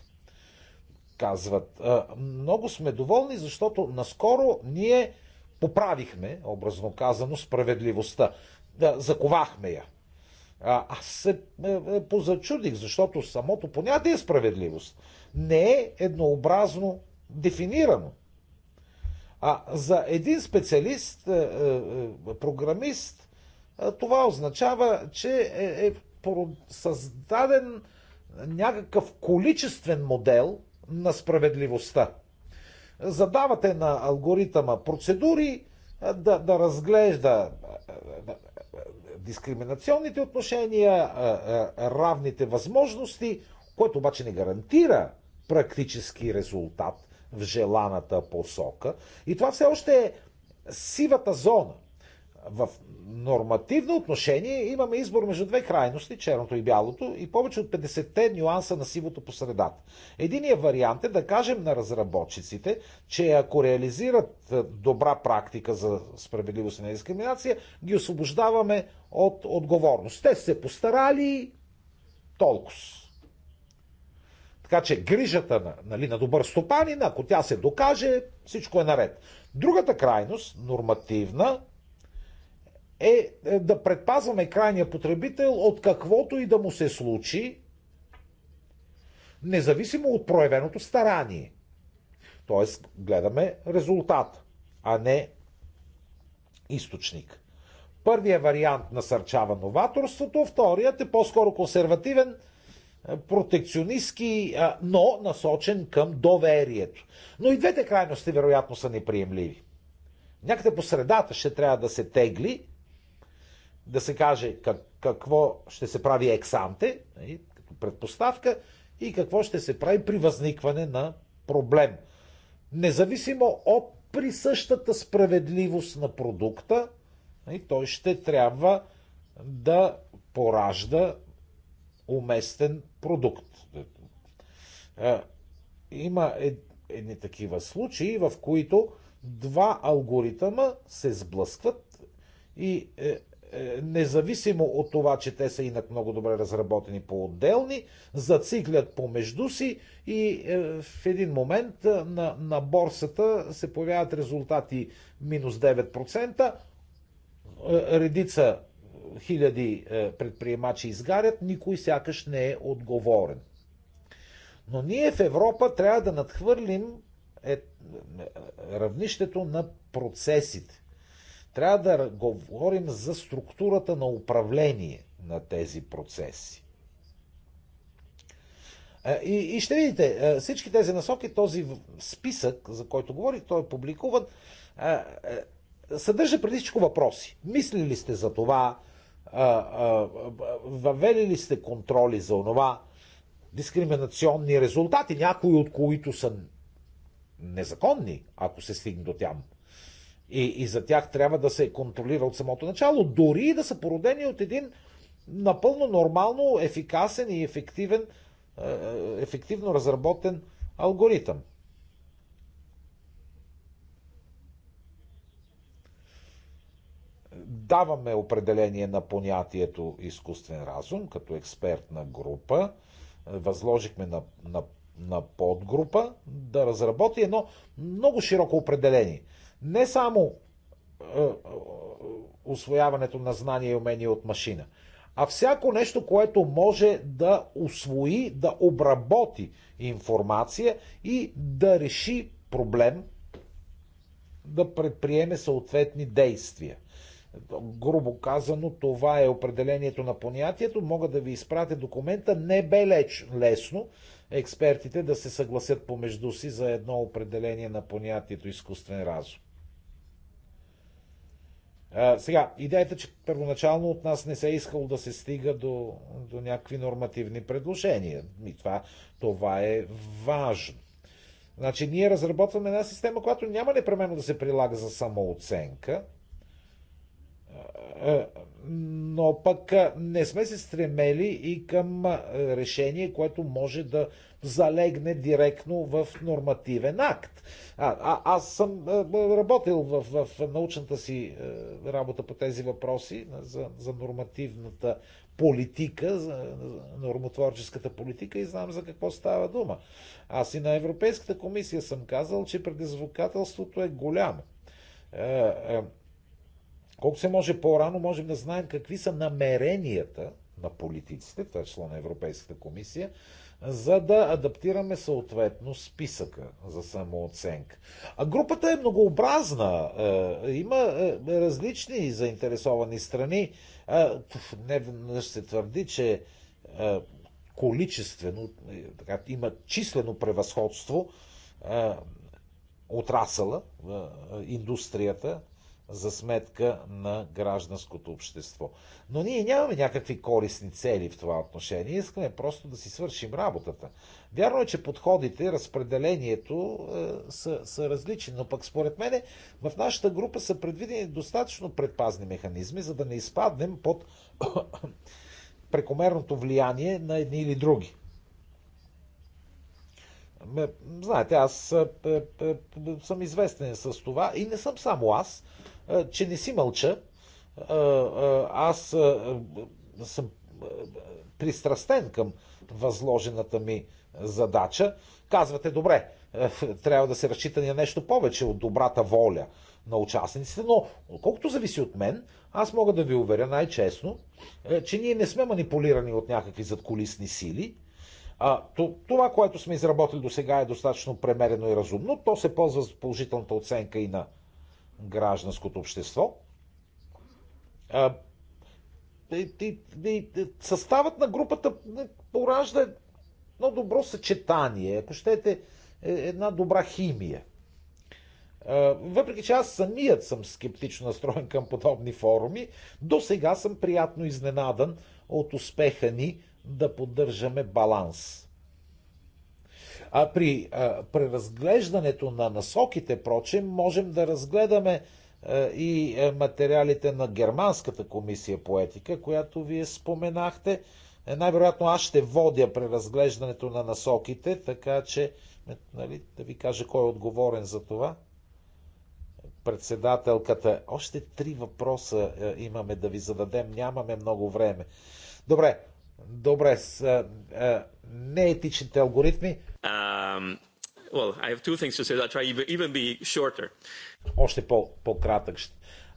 Казват, много сме доволни, защото наскоро ние поправихме, образно казано, справедливостта. Заковахме я. Аз се е, е, позачудих, защото самото понятие справедливост не е еднообразно дефинирано. А за един специалист, е, е, е, програмист, това означава, че е създаден някакъв количествен модел на справедливостта. Задавате на алгоритъма процедури да, да разглежда дискриминационните отношения, равните възможности, което обаче не гарантира практически резултат, в желаната посока. И това все още е сивата зона. В нормативно отношение имаме избор между две крайности, черното и бялото, и повече от 50-те нюанса на сивото по средата. Единият вариант е да кажем на разработчиците, че ако реализират е, добра практика за справедливост и недискриминация, ги освобождаваме от отговорност. Те се постарали толкова. Така че грижата на, нали, на добър стопанин, ако тя се докаже, всичко е наред. Другата крайност, нормативна, е, е да предпазваме крайния потребител от каквото и да му се случи, независимо от проявеното старание. Тоест, гледаме резултат, а не източник. Първият вариант насърчава новаторството, вторият е по-скоро консервативен – е, протекционистски, но насочен към доверието. Но и двете крайности вероятно са неприемливи. Някъде по средата ще трябва да се тегли, да се каже как, какво ще се прави ексанте, нали, като предпоставка, и какво ще се прави при възникване на проблем. Независимо от присъщата справедливост на продукта, нали, той ще трябва да поражда уместен продукт. Има едни такива случаи, в които два алгоритъма се сблъскват и е, е, независимо от това, че те са инак много добре разработени по-отделни, зациклят помежду си и е, в един момент на, на борсата се появяват резултати минус 9%, редица хиляди е, предприемачи изгарят, никой сякаш не е отговорен. Но ние в Европа трябва да надхвърлим е, е равнището на процесите. Трябва да говорим за структурата на управление на тези процеси. Е, и, и ще видите, всички тези насоки, този списък, за който говорих, той е публикуван, съдържа преди всичко въпроси. Мислили сте за това, въведели сте контроли за онова дискриминационни резултати, някои от които са незаконни, ако се стигне до тям. И, и за тях трябва да се контролира от самото начало, дори и да са породени от един напълно нормално, ефикасен и ефективен, е, е, ефективно разработен алгоритъм. даваме определение на понятието изкуствен разум като експертна група. Възложихме на, на, на подгрупа да разработи едно много широко определение. Не само е, е, освояването на знания и умения от машина, а всяко нещо, което може да освои, да обработи информация и да реши проблем, да предприеме съответни действия грубо казано, това е определението на понятието. Мога да ви изпратя документа. Не бе леч, лесно експертите да се съгласят помежду си за едно определение на понятието изкуствен разум. А, сега, идеята, че първоначално от нас не се е искало да се стига до, до някакви нормативни предложения. И това, това е важно. Значи, ние разработваме една система, която няма непременно да се прилага за самооценка, е, но пък е, не сме се стремели и към е, решение, което може да залегне директно в нормативен акт. А, а, аз съм работил в, в научната си работа по тези въпроси за, за нормативната политика, за нормотворческата политика и знам за какво става дума. Аз и на Европейската комисия съм казал, че предизвикателството е голямо колко се може по-рано, можем да знаем какви са намеренията на политиците, това число на Европейската комисия, за да адаптираме съответно списъка за самооценка. А групата е многообразна. Е, има е, различни заинтересовани страни. Е, не се твърди, че количествено, така, има числено превъзходство отрасъла, индустрията за сметка на гражданското общество. Но ние нямаме някакви корисни цели в това отношение. Искаме просто да си свършим работата. Вярно е, че подходите, разпределението е, са, са различни, но пък според мен в нашата група са предвидени достатъчно предпазни механизми, за да не изпаднем под *coughs* прекомерното влияние на едни или други. Знаете, аз е, е, е, съм известен с това и не съм само аз че не си мълча. Аз съм пристрастен към възложената ми задача. Казвате, добре, трябва да се разчита на нещо повече от добрата воля на участниците, но колкото зависи от мен, аз мога да ви уверя най-честно, че ние не сме манипулирани от някакви задколисни сили. това, което сме изработили до сега е достатъчно премерено и разумно. То се ползва с положителната оценка и на гражданското общество. Съставът на групата е, поражда едно добро съчетание, ако щете, е, една добра химия. Въпреки че аз самият съм скептично настроен към подобни форуми, до сега съм приятно изненадан от успеха ни да поддържаме баланс а при а, преразглеждането на насоките, прочим, можем да разгледаме а, и материалите на Германската комисия по етика, която вие споменахте. Е, най-вероятно аз ще водя преразглеждането на насоките, така че нали, да ви кажа кой е отговорен за това. Председателката. Още три въпроса е, имаме да ви зададем. Нямаме много време. Добре, добре, с е, неетичните алгоритми. Um, well, I have two things to say. I'll try even be shorter. Още по, по-кратък.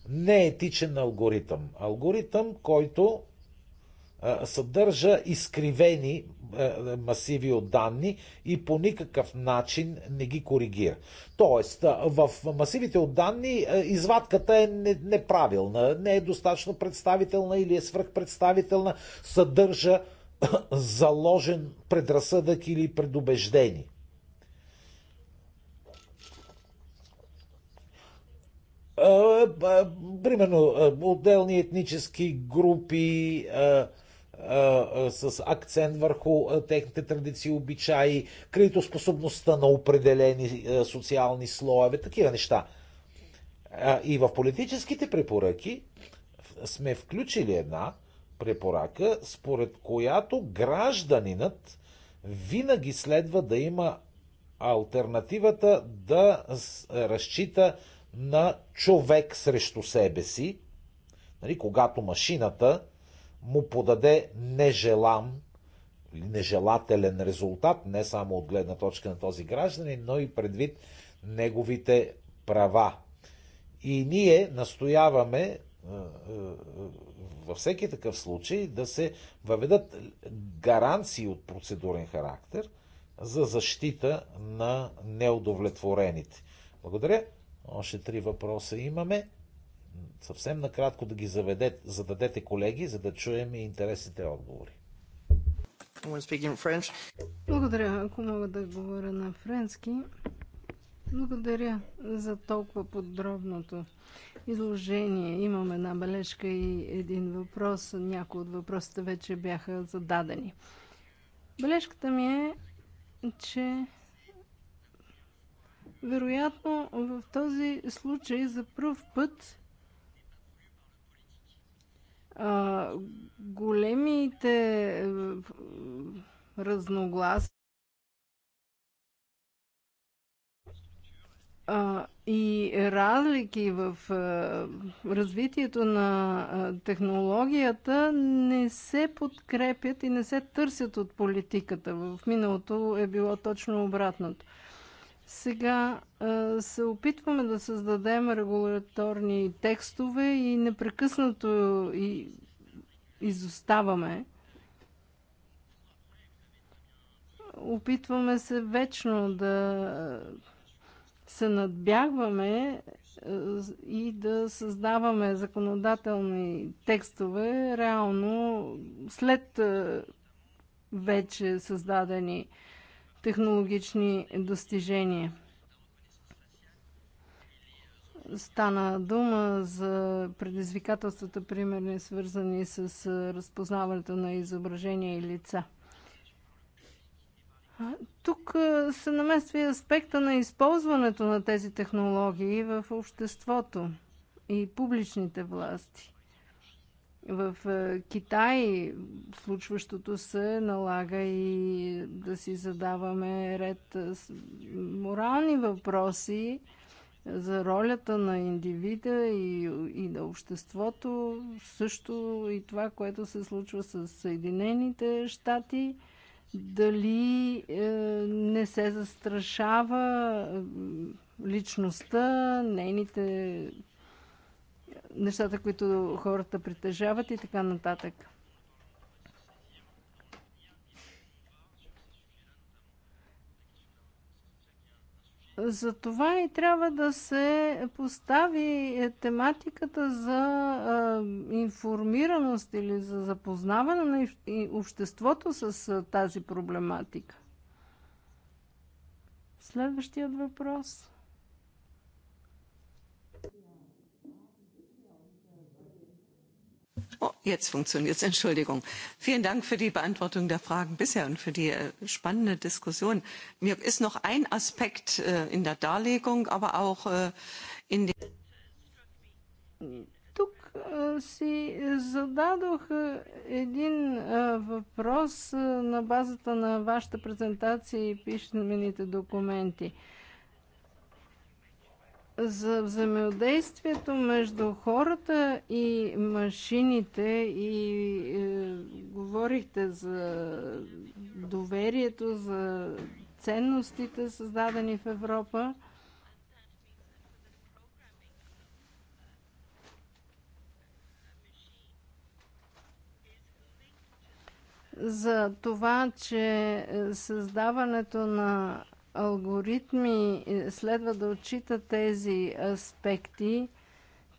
Не е етичен алгоритъм. Алгоритъм, който а, съдържа изкривени а, масиви от данни и по никакъв начин не ги коригира. Тоест, а, в масивите от данни а, извадката е не, неправилна, не е достатъчно представителна или е свръхпредставителна, съдържа *coughs* заложен предразсъдък или предубеждение. Примерно, отделни етнически групи с акцент върху техните традиции, обичаи, кредитоспособността на определени социални слоеве, такива неща. И в политическите препоръки сме включили една, препоръка, според която гражданинът винаги следва да има альтернативата да разчита на човек срещу себе си, нали, когато машината му подаде нежелан нежелателен резултат, не само от гледна точка на този гражданин, но и предвид неговите права. И ние настояваме във всеки такъв случай да се въведат гаранции от процедурен характер за защита на неудовлетворените. Благодаря. Още три въпроса имаме. Съвсем накратко да ги заведете, зададете колеги, за да чуем и интересните отговори. Благодаря, ако мога да говоря на френски. Благодаря за толкова подробното изложение. Имам една бележка и един въпрос. Някои от въпросите вече бяха зададени. Бележката ми е, че вероятно в този случай за първ път а, големите а, разногласия и разлики в развитието на технологията не се подкрепят и не се търсят от политиката. В миналото е било точно обратното. Сега се опитваме да създадем регуляторни текстове и непрекъснато и изоставаме. Опитваме се вечно да се надбягваме е, и да създаваме законодателни текстове, реално след е, вече създадени технологични достижения. Стана дума за предизвикателствата, примерно свързани с е, разпознаването на изображения и лица – тук се намества и аспекта на използването на тези технологии в обществото и публичните власти. В Китай случващото се налага и да си задаваме ред морални въпроси за ролята на индивида и, и на обществото, също и това, което се случва с Съединените щати – дали е, не се застрашава личността, нейните нещата, които хората притежават и така нататък. Затова и трябва да се постави е, тематиката за информираност или за запознаване на обществото с тази проблематика. Следващият въпрос. Oh, jetzt funktioniert es. Entschuldigung. Vielen Dank für die Beantwortung der Fragen bisher und für die spannende Diskussion. Mir ist noch ein Aspekt in der Darlegung, aber auch in den. Тук си зададох един въпрос на базата на вашата презентация и писмените документи за взаимодействието между хората и машините и е, говорихте за доверието, за ценностите създадени в Европа. За това, че е, създаването на алгоритми е, следва да отчита тези аспекти,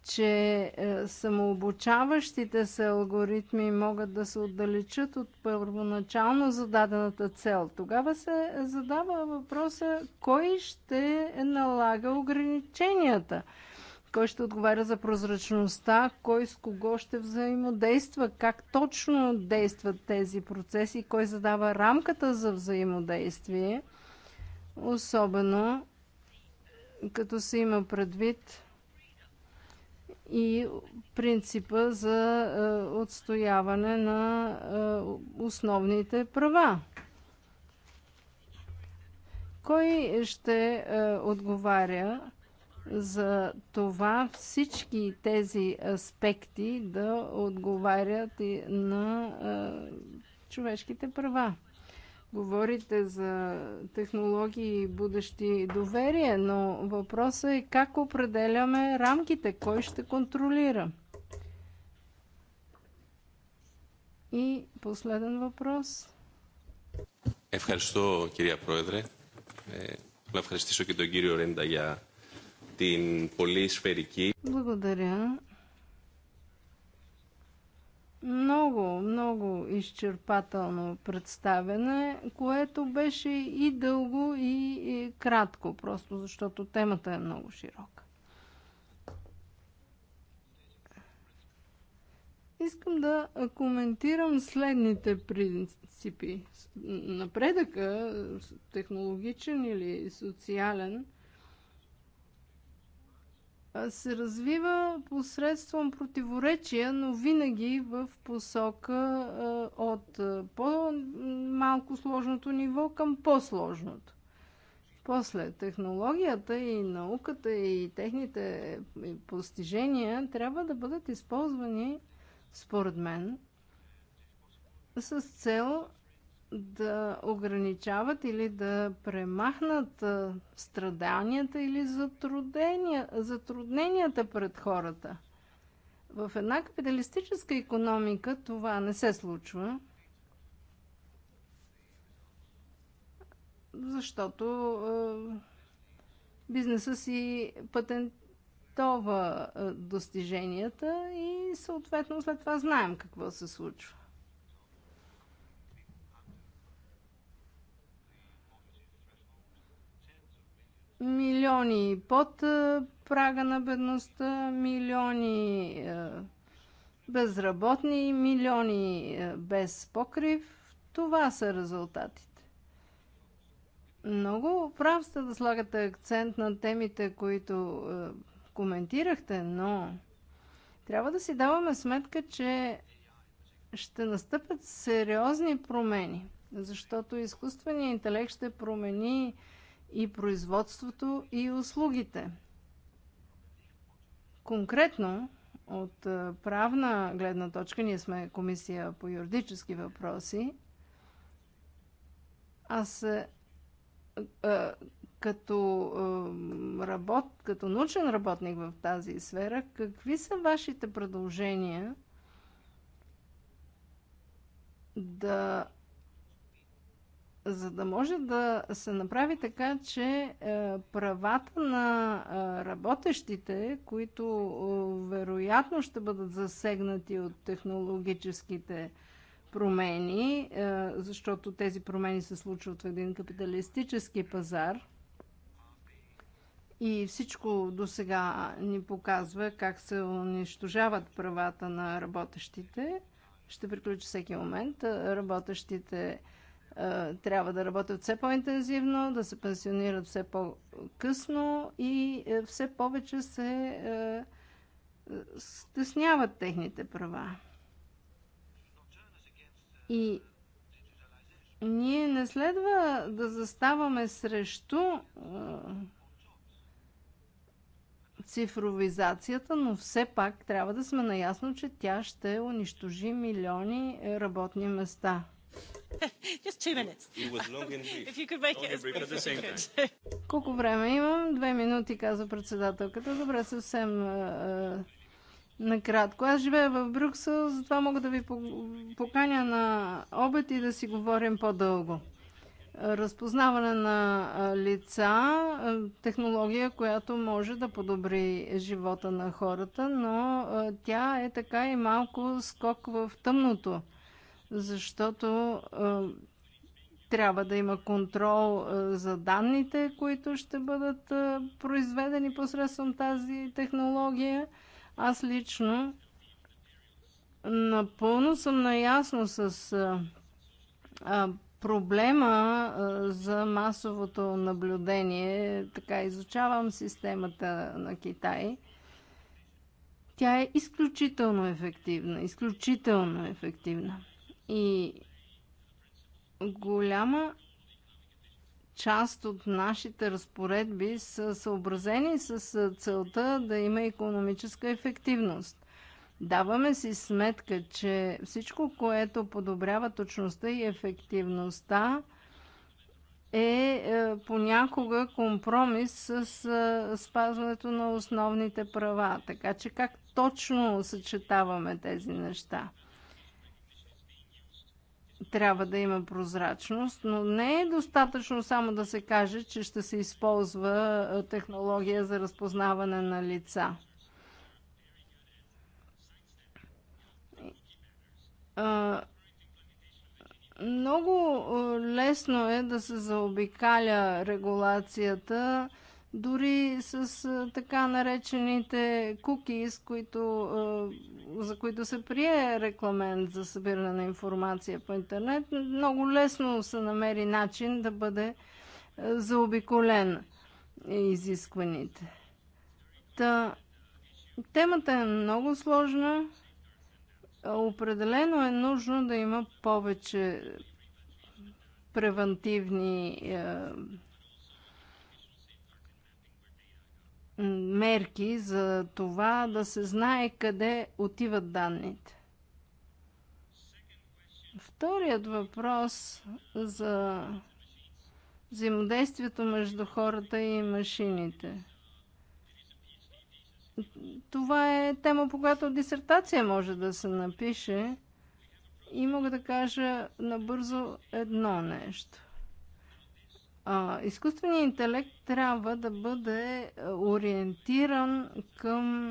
че е, самообучаващите се алгоритми могат да се отдалечат от първоначално зададената цел. Тогава се задава въпроса кой ще налага ограниченията, кой ще отговаря за прозрачността, кой с кого ще взаимодейства, как точно действат тези процеси, кой задава рамката за взаимодействие особено като се има предвид и принципа за е, отстояване на е, основните права. Кой ще е, отговаря за това всички тези аспекти да отговарят и на човешките права? Говорите за технологии и будещи доверие, но въпросът е как определяме рамките, кой ще контролира. И последен въпрос. Ευχαριστώ κυρία Πρόεδρε. Ε, να ευχαριστήσω και τον κύριο Ρέντα για την πολύ σφαιρική. Благодаря много, много изчерпателно представене, което беше и дълго, и, и кратко, просто защото темата е много широка. Искам да коментирам следните принципи. Напредъка, технологичен или социален, се развива посредством противоречия, но винаги в посока от по-малко сложното ниво към по-сложното. После технологията и науката и техните постижения трябва да бъдат използвани, според мен, с цел да ограничават или да премахнат страданията или затрудненията пред хората. В една капиталистическа економика това не се случва, защото е, бизнеса си патентова достиженията и съответно след това знаем какво се случва. милиони под прага на бедността, милиони безработни, милиони без покрив. Това са резултатите. Много прав сте да слагате акцент на темите, които коментирахте, но трябва да си даваме сметка, че ще настъпят сериозни промени, защото изкуственият интелект ще промени и производството и услугите. Конкретно, от правна гледна точка, ние сме комисия по юридически въпроси, аз като работ, като научен работник в тази сфера, какви са вашите предложения да за да може да се направи така, че е, правата на е, работещите, които е, вероятно ще бъдат засегнати от технологическите промени, защото тези промени се случват в един капиталистически пазар, и всичко до сега ни показва как се унищожават правата на работещите. Ще приключи всеки момент. Работещите е, трябва да работят все по-интензивно, да се пенсионират все по-късно и е, все повече се е, стесняват техните права. И ние не следва да заставаме срещу цифровизацията, но все пак трябва да сме наясно, че тя ще унищожи милиони работни места – *laughs* Колко време имам? Две минути, каза председателката. Добре, съвсем накратко. Аз живея в Брюксел, затова мога да ви поканя на обед и да си говорим по-дълго. Разпознаване на лица, технология, която може да подобри живота на хората, но тя е така и малко скок в тъмното защото трябва да има контрол за данните, които ще бъдат произведени посредством тази технология. Аз лично напълно съм наясно с проблема за масовото наблюдение. Така изучавам системата на Китай. Тя е изключително ефективна. Изключително ефективна. И голяма част от нашите разпоредби са съобразени с целта да има економическа ефективност. Даваме си сметка, че всичко, което подобрява точността и ефективността, е, е понякога компромис с спазването на основните права. Така че как точно съчетаваме тези неща? Трябва да има прозрачност, но не е достатъчно само да се каже, че ще се използва технология за разпознаване на лица. много лесно е да се заобикаля регулацията дори с така наречените кукис, които, за които се прие рекламент за събиране на информация по интернет, много лесно се намери начин да бъде заобиколен изискваните. Та, темата е много сложна. Определено е нужно да има повече превентивни А, мерки за това да се знае къде отиват данните. Вторият въпрос за взаимодействието между хората и машините. Това е тема, по която дисертация може да се напише и мога да кажа набързо едно нещо изкуственият интелект трябва да бъде ориентиран към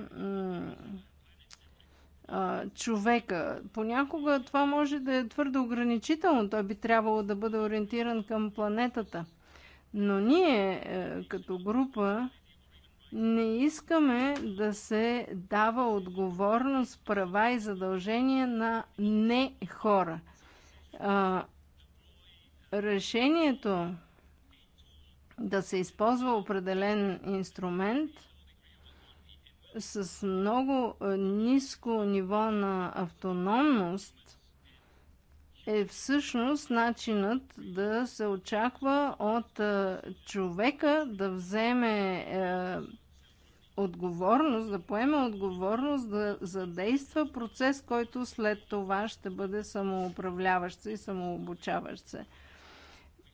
а, човека. Понякога това може да е твърде ограничително. Той би трябвало да бъде ориентиран към планетата. Но ние е, като група не искаме да се дава отговорност, права и задължения на не хора. А, решението да се използва определен инструмент с много е, ниско ниво на автономност е всъщност начинът да се очаква от е, човека да вземе е, отговорност, да поеме отговорност, да задейства процес, който след това ще бъде самоуправляващ се и самообучаващ се.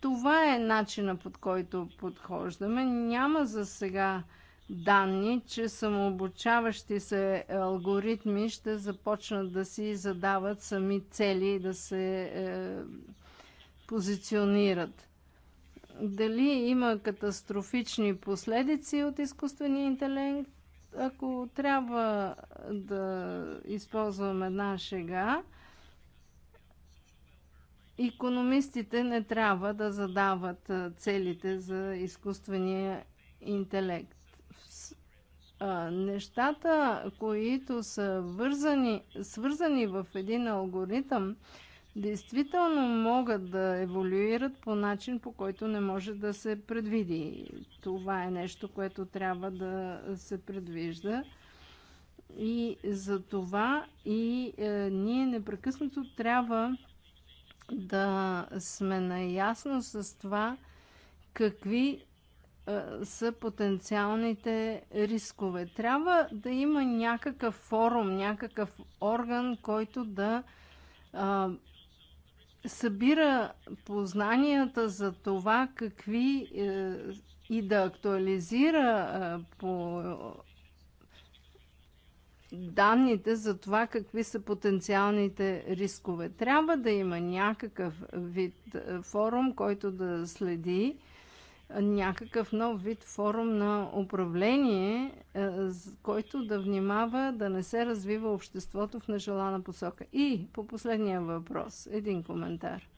Това е начина под който подхождаме. Няма за сега данни, че самообучаващи се алгоритми ще започнат да си задават сами цели и да се е, позиционират. Дали има катастрофични последици от изкуствения интелект? Ако трябва да използвам една шега, Икономистите не трябва да задават целите за изкуствения интелект. Нещата, които са вързани, свързани в един алгоритъм, действително могат да еволюират по начин, по който не може да се предвиди. Това е нещо, което трябва да се предвижда. И за това и е, ние непрекъснато трябва да сме наясно с това какви са потенциалните рискове. Трябва да има някакъв форум, някакъв орган, който да а, събира познанията за това какви а, е, и да актуализира а, е, по данните за това какви са потенциалните рискове. Трябва да има някакъв вид е, форум, който да следи е, някакъв нов вид форум на управление, е, който да внимава да не се развива обществото в нежелана посока. И по последния въпрос, един коментар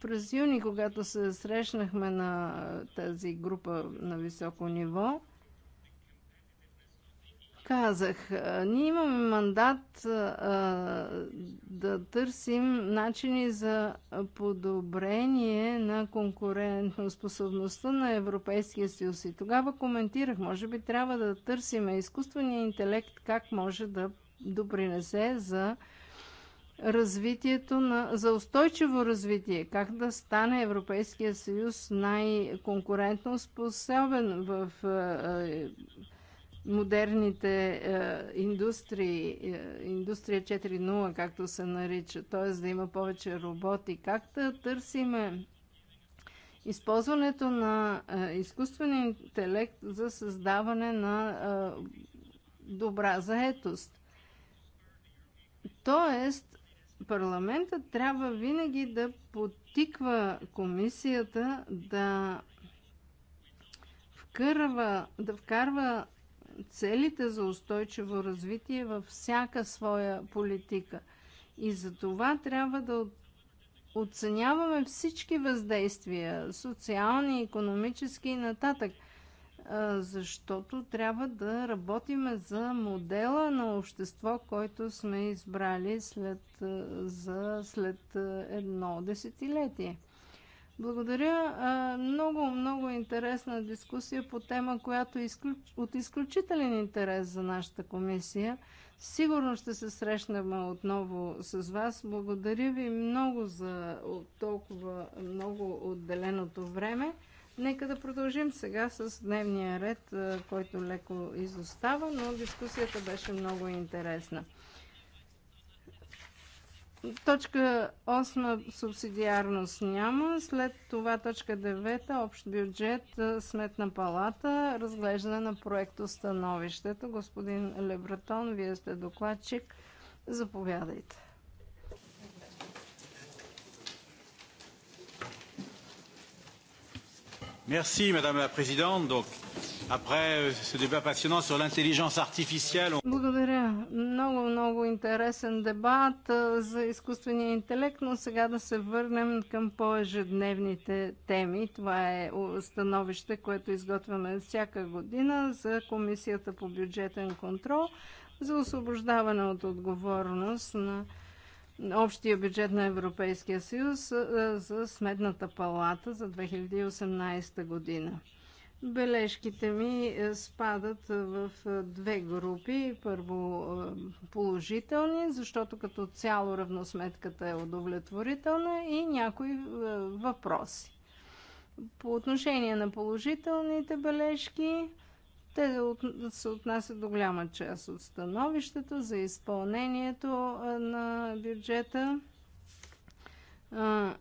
през юни, когато се срещнахме на тази група на високо ниво, казах, ние имаме мандат а, да търсим начини за подобрение на конкурентоспособността на Европейския съюз. И тогава коментирах, може би трябва да търсим изкуствения интелект как може да допринесе за развитието на, за устойчиво развитие, как да стане Европейския съюз най-конкурентно способен в е, модерните е, индустрии, е, индустрия 4.0, както се нарича, т.е. да има повече роботи, как да търсиме използването на е, изкуствен интелект за създаване на е, добра заетост. Тоест, парламентът трябва винаги да потиква комисията да вкърва, да вкарва целите за устойчиво развитие във всяка своя политика. И за това трябва да оценяваме всички въздействия, социални, економически и нататък – защото трябва да работим за модела на общество, който сме избрали след, за, след едно десетилетие. Благодаря. Много, много интересна дискусия по тема, която е от изключителен интерес за нашата комисия. Сигурно ще се срещнем отново с вас. Благодаря ви много за толкова много отделеното време. Нека да продължим сега с дневния ред, който леко изостава, но дискусията беше много интересна. Точка 8 субсидиарност няма. След това точка 9 общ бюджет, сметна палата, разглеждане на проекто становището. Господин Лебратон, вие сте докладчик. Заповядайте. Merci, Madame la Présidente. Donc, après euh, ce débat passionnant sur l'intelligence artificielle... On... Благодаря. Много, много интересен дебат за изкуствения интелект, но сега да се върнем към по-ежедневните теми. Това е становище, което изготвяме всяка година за Комисията по бюджетен контрол за освобождаване от отговорност на общия бюджет на Европейския съюз за Сметната палата за 2018 година. Бележките ми е, спадат в е, две групи. Първо е, положителни, защото като цяло равносметката е удовлетворителна и някои въпроси. По отношение на положителните бележки, те се отнасят до голяма част от становищата за изпълнението на бюджета. А,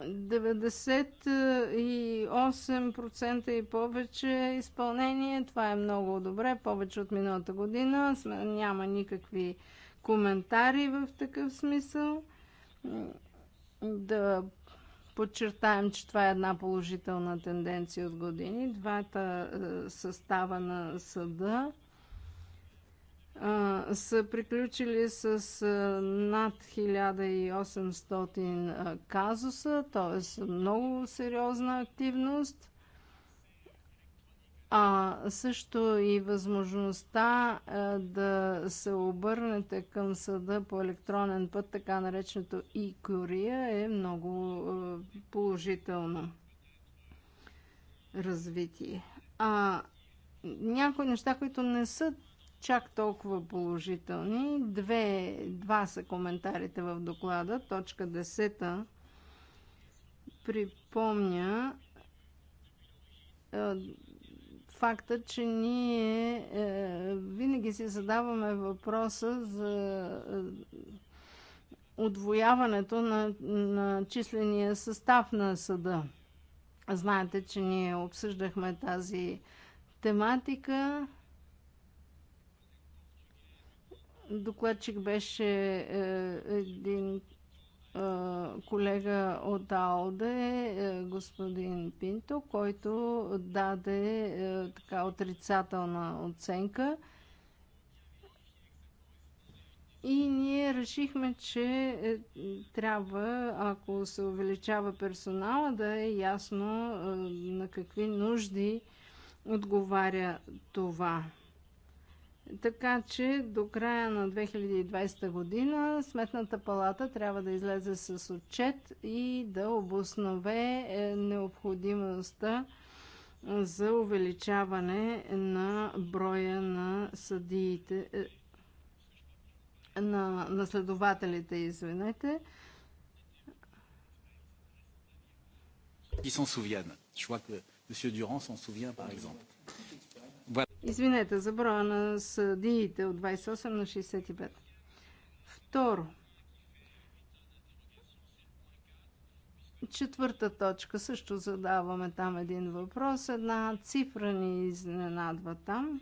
98% и повече изпълнение. Това е много добре, повече от миналата година. Няма никакви коментари в такъв смисъл. Да подчертаем, че това е една положителна тенденция от години. Двата е, състава на съда е, са приключили с е, над 1800 казуса, т.е. много сериозна активност а също и възможността да се обърнете към съда по електронен път, така нареченото e-курия, е много положително развитие. А някои неща, които не са чак толкова положителни, две, два са коментарите в доклада, точка 10 припомня факта, че ние е, винаги си задаваме въпроса за е, отвояването на, на числения състав на съда. Знаете, че ние обсъждахме тази тематика. Докладчик беше е, един колега от АОДЕ, е, господин Пинто, който даде е, така отрицателна оценка. И ние решихме, че е, трябва, ако се увеличава персонала, да е ясно на какви нужди отговаря това. Така че до края на 2020 година Сметната палата трябва да излезе с отчет и да обоснове е, необходимостта за увеличаване на броя на съдиите, е, на наследователите, извинете. Qui s'en souviennent. Je vois que M. Durand s'en souvient, par exemple. Извинете за броя на съдиите от 28 на 65. Второ. Четвърта точка. Също задаваме там един въпрос. Една цифра ни изненадва там.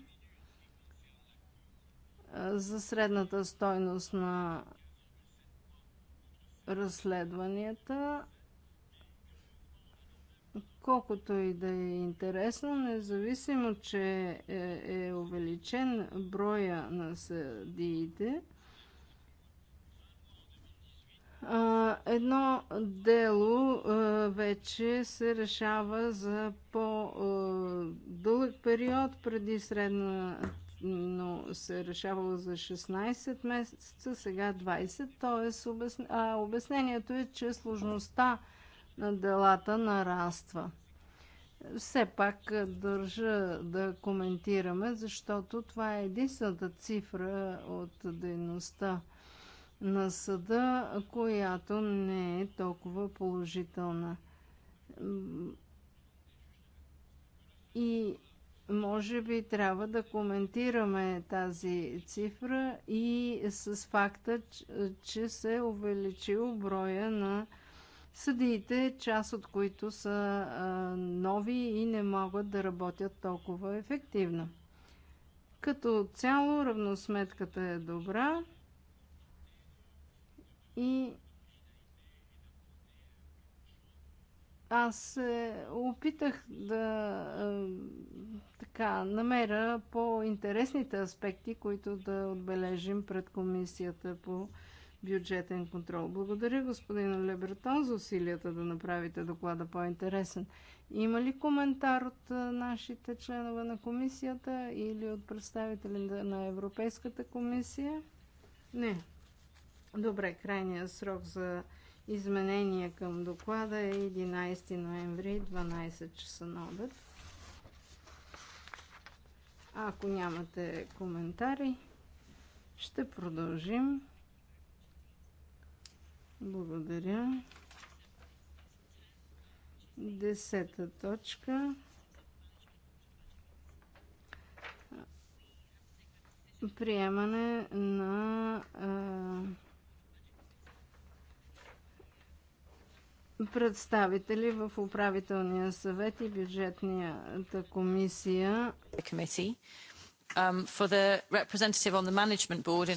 За средната стойност на разследванията колкото и да е интересно, независимо, че е, е увеличен броя на съдиите, едно дело вече се решава за по-дълъг период, преди средно но се решавало за 16 месеца, сега 20, т.е. обяснението е, че сложността на делата нараства. Все пак е, държа да коментираме, защото това е единствената цифра от дейността на съда, която не е толкова положителна. И може би трябва да коментираме тази цифра и с факта, че се е увеличил броя на съдиите, част от които са нови и не могат да работят толкова ефективно. Като цяло равносметката е добра и аз се опитах да така, намеря по-интересните аспекти, които да отбележим пред комисията по бюджетен контрол. Благодаря, господин Лебертон, за усилията да направите доклада по-интересен. Има ли коментар от нашите членове на комисията или от представители на Европейската комисия? Не. Добре, крайният срок за изменения към доклада е 11 ноември, 12 часа на обед. Ако нямате коментари, ще продължим. Благодаря. Десета точка. Приемане на а, представители в управителния съвет и бюджетната комисия. Um,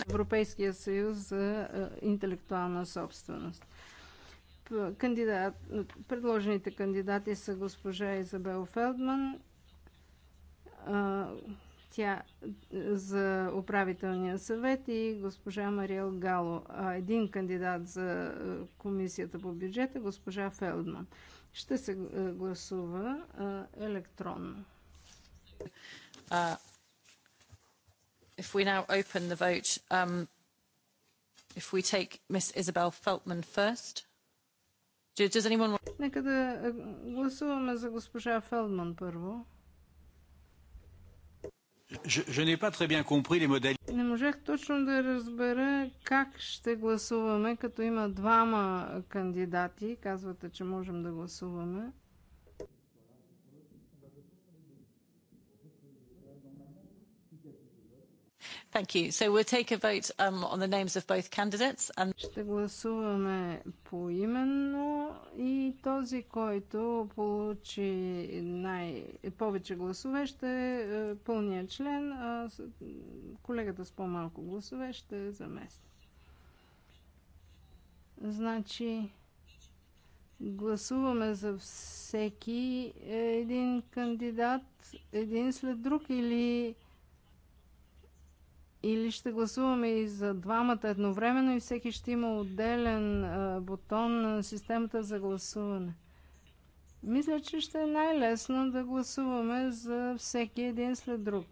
Европейския съюз за е, интелектуална собственост. предложените кандидати са госпожа Изабел Фелдман, е, тя е, за управителния съвет и госпожа Мариел Гало. Един кандидат за комисията по бюджета, госпожа Фелдман. Ще се гласува електронно if we now open the vote, um, if we take Miss Isabel Feltman first. Does anyone want... Нека да е, гласуваме за госпожа Фелдман първо. Je, je pas très bien les Не можах точно да разбера как ще гласуваме, като има двама кандидати. Казвате, че можем да гласуваме. Thank you. So we'll take a vote um, on the names of both candidates. And... Ще гласуваме поименно и този, който получи най- повече гласове, ще е пълния член, а колегата с по-малко гласове ще замести. Значи, гласуваме за всеки един кандидат, един след друг или или ще гласуваме и за двамата едновременно и всеки ще има отделен бутон на системата за гласуване. Мисля, че ще е най-лесно да гласуваме за всеки един след друг.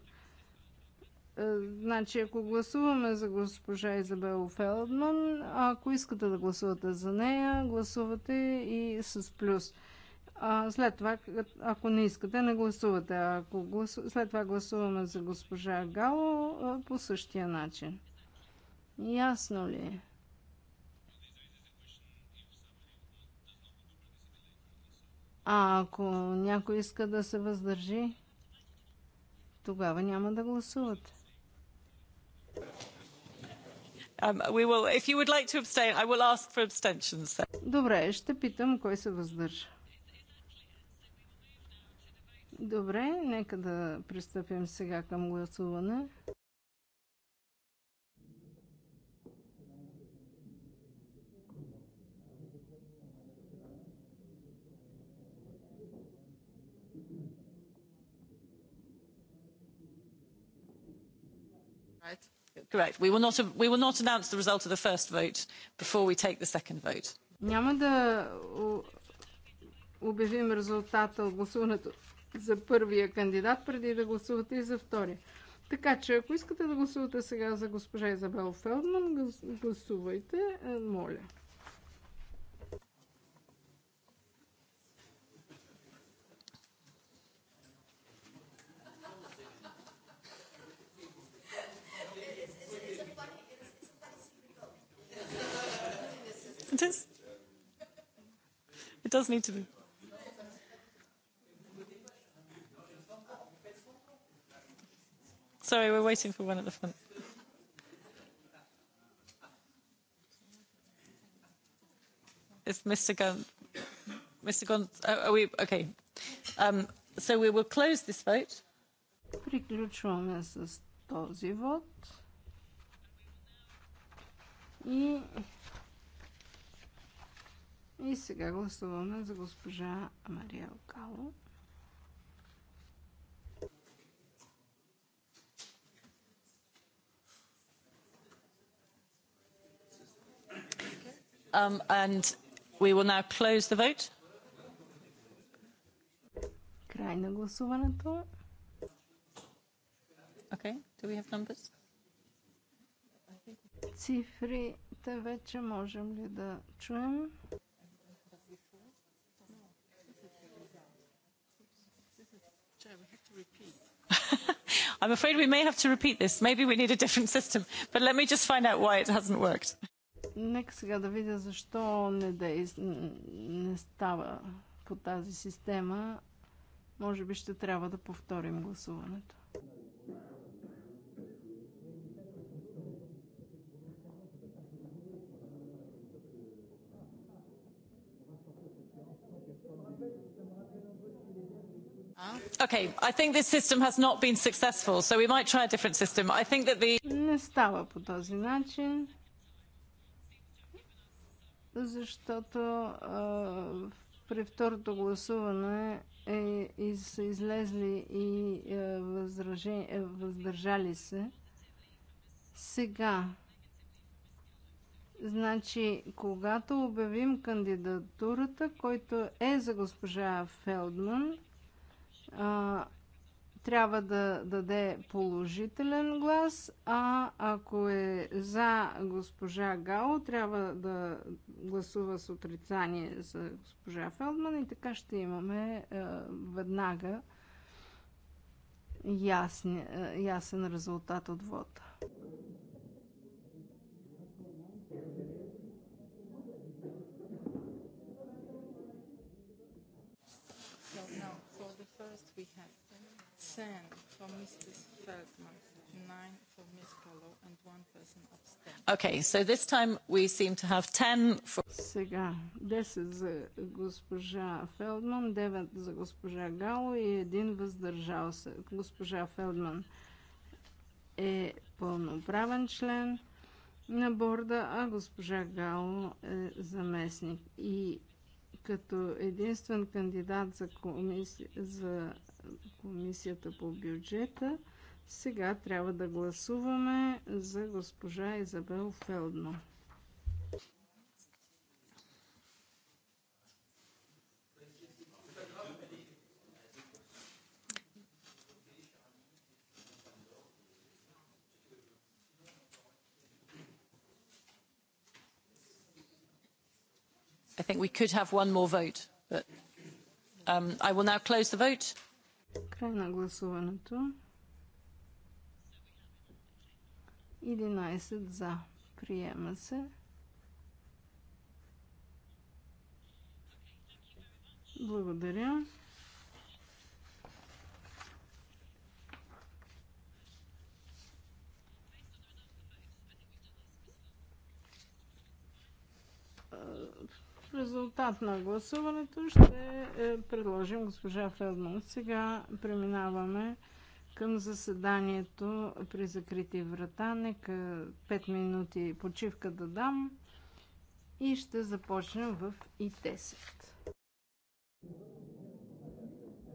Значи, ако гласуваме за госпожа Изабел Фелдман, ако искате да гласувате за нея, гласувате и с плюс. А, след това, ако не искате, не гласувате. Ако гласу... След това гласуваме за госпожа Гало по същия начин. Ясно ли е? А ако някой иска да се въздържи, тогава няма да гласувате. Добре, ще питам кой се въздържа. Добре, нека да пристъпим сега към гласуване. Correct. We will not, we will not announce the result of the first vote before we take the second vote. Няма да обявим резултата от гласуването за първия кандидат, преди да гласувате и за втория. Така че, ако искате да гласувате сега за госпожа Изабел Фелдман, гласувайте, е, моля. It does need to be. Sorry, we're waiting for one at the front. It's Mr. Gunn. Mr. Gunn, are we okay? Um, so we will close this vote. Приключваме с този вод. И, и сега гласуваме за госпожа Мария Окалов. Um, and we will now close the vote. Край на гласуването. Okay, do we have numbers? Цифрите вече можем ли да чуем? I'm afraid we may have to repeat this. Maybe we need a different system. But let me just find out why it hasn't worked. Нека сега да видя защо не, да из... не става по тази система. Може би ще трябва да повторим гласуването. Okay, I think this system has not been successful, so we might try a different system. I think that the... Не става по този начин защото а, при второто гласуване е, и са излезли и е, възражи, е, въздържали се. Сега, значи, когато обявим кандидатурата, който е за госпожа Фелдман, а, трябва да даде положителен глас, а ако е за госпожа Гао, трябва да гласува с отрицание за госпожа Фелдман и така ще имаме е, веднага ясен, е, ясен резултат от вода. we have 10 for Mrs. Feldman, 9 for Ms. and person abstained. Okay, so this time we seem to have 10 for... Сега 10 за госпожа Фелдман, 9 за госпожа Гало и 1 въздържал се. Госпожа Фелдман е пълноправен член на борда, а госпожа Гало е заместник. И като единствен кандидат за, комисия, за Комисията по бюджета. Сега трябва да гласуваме за госпожа Изабел Фелдно. I think we could have one more vote, but um, I will now close the vote. Край на гласуването. 11 за. Приема се. Благодаря. В резултат на гласуването ще е, предложим госпожа Фелдман. Сега преминаваме към заседанието при закрити врата. Нека 5 минути почивка да дам и ще започнем в И10.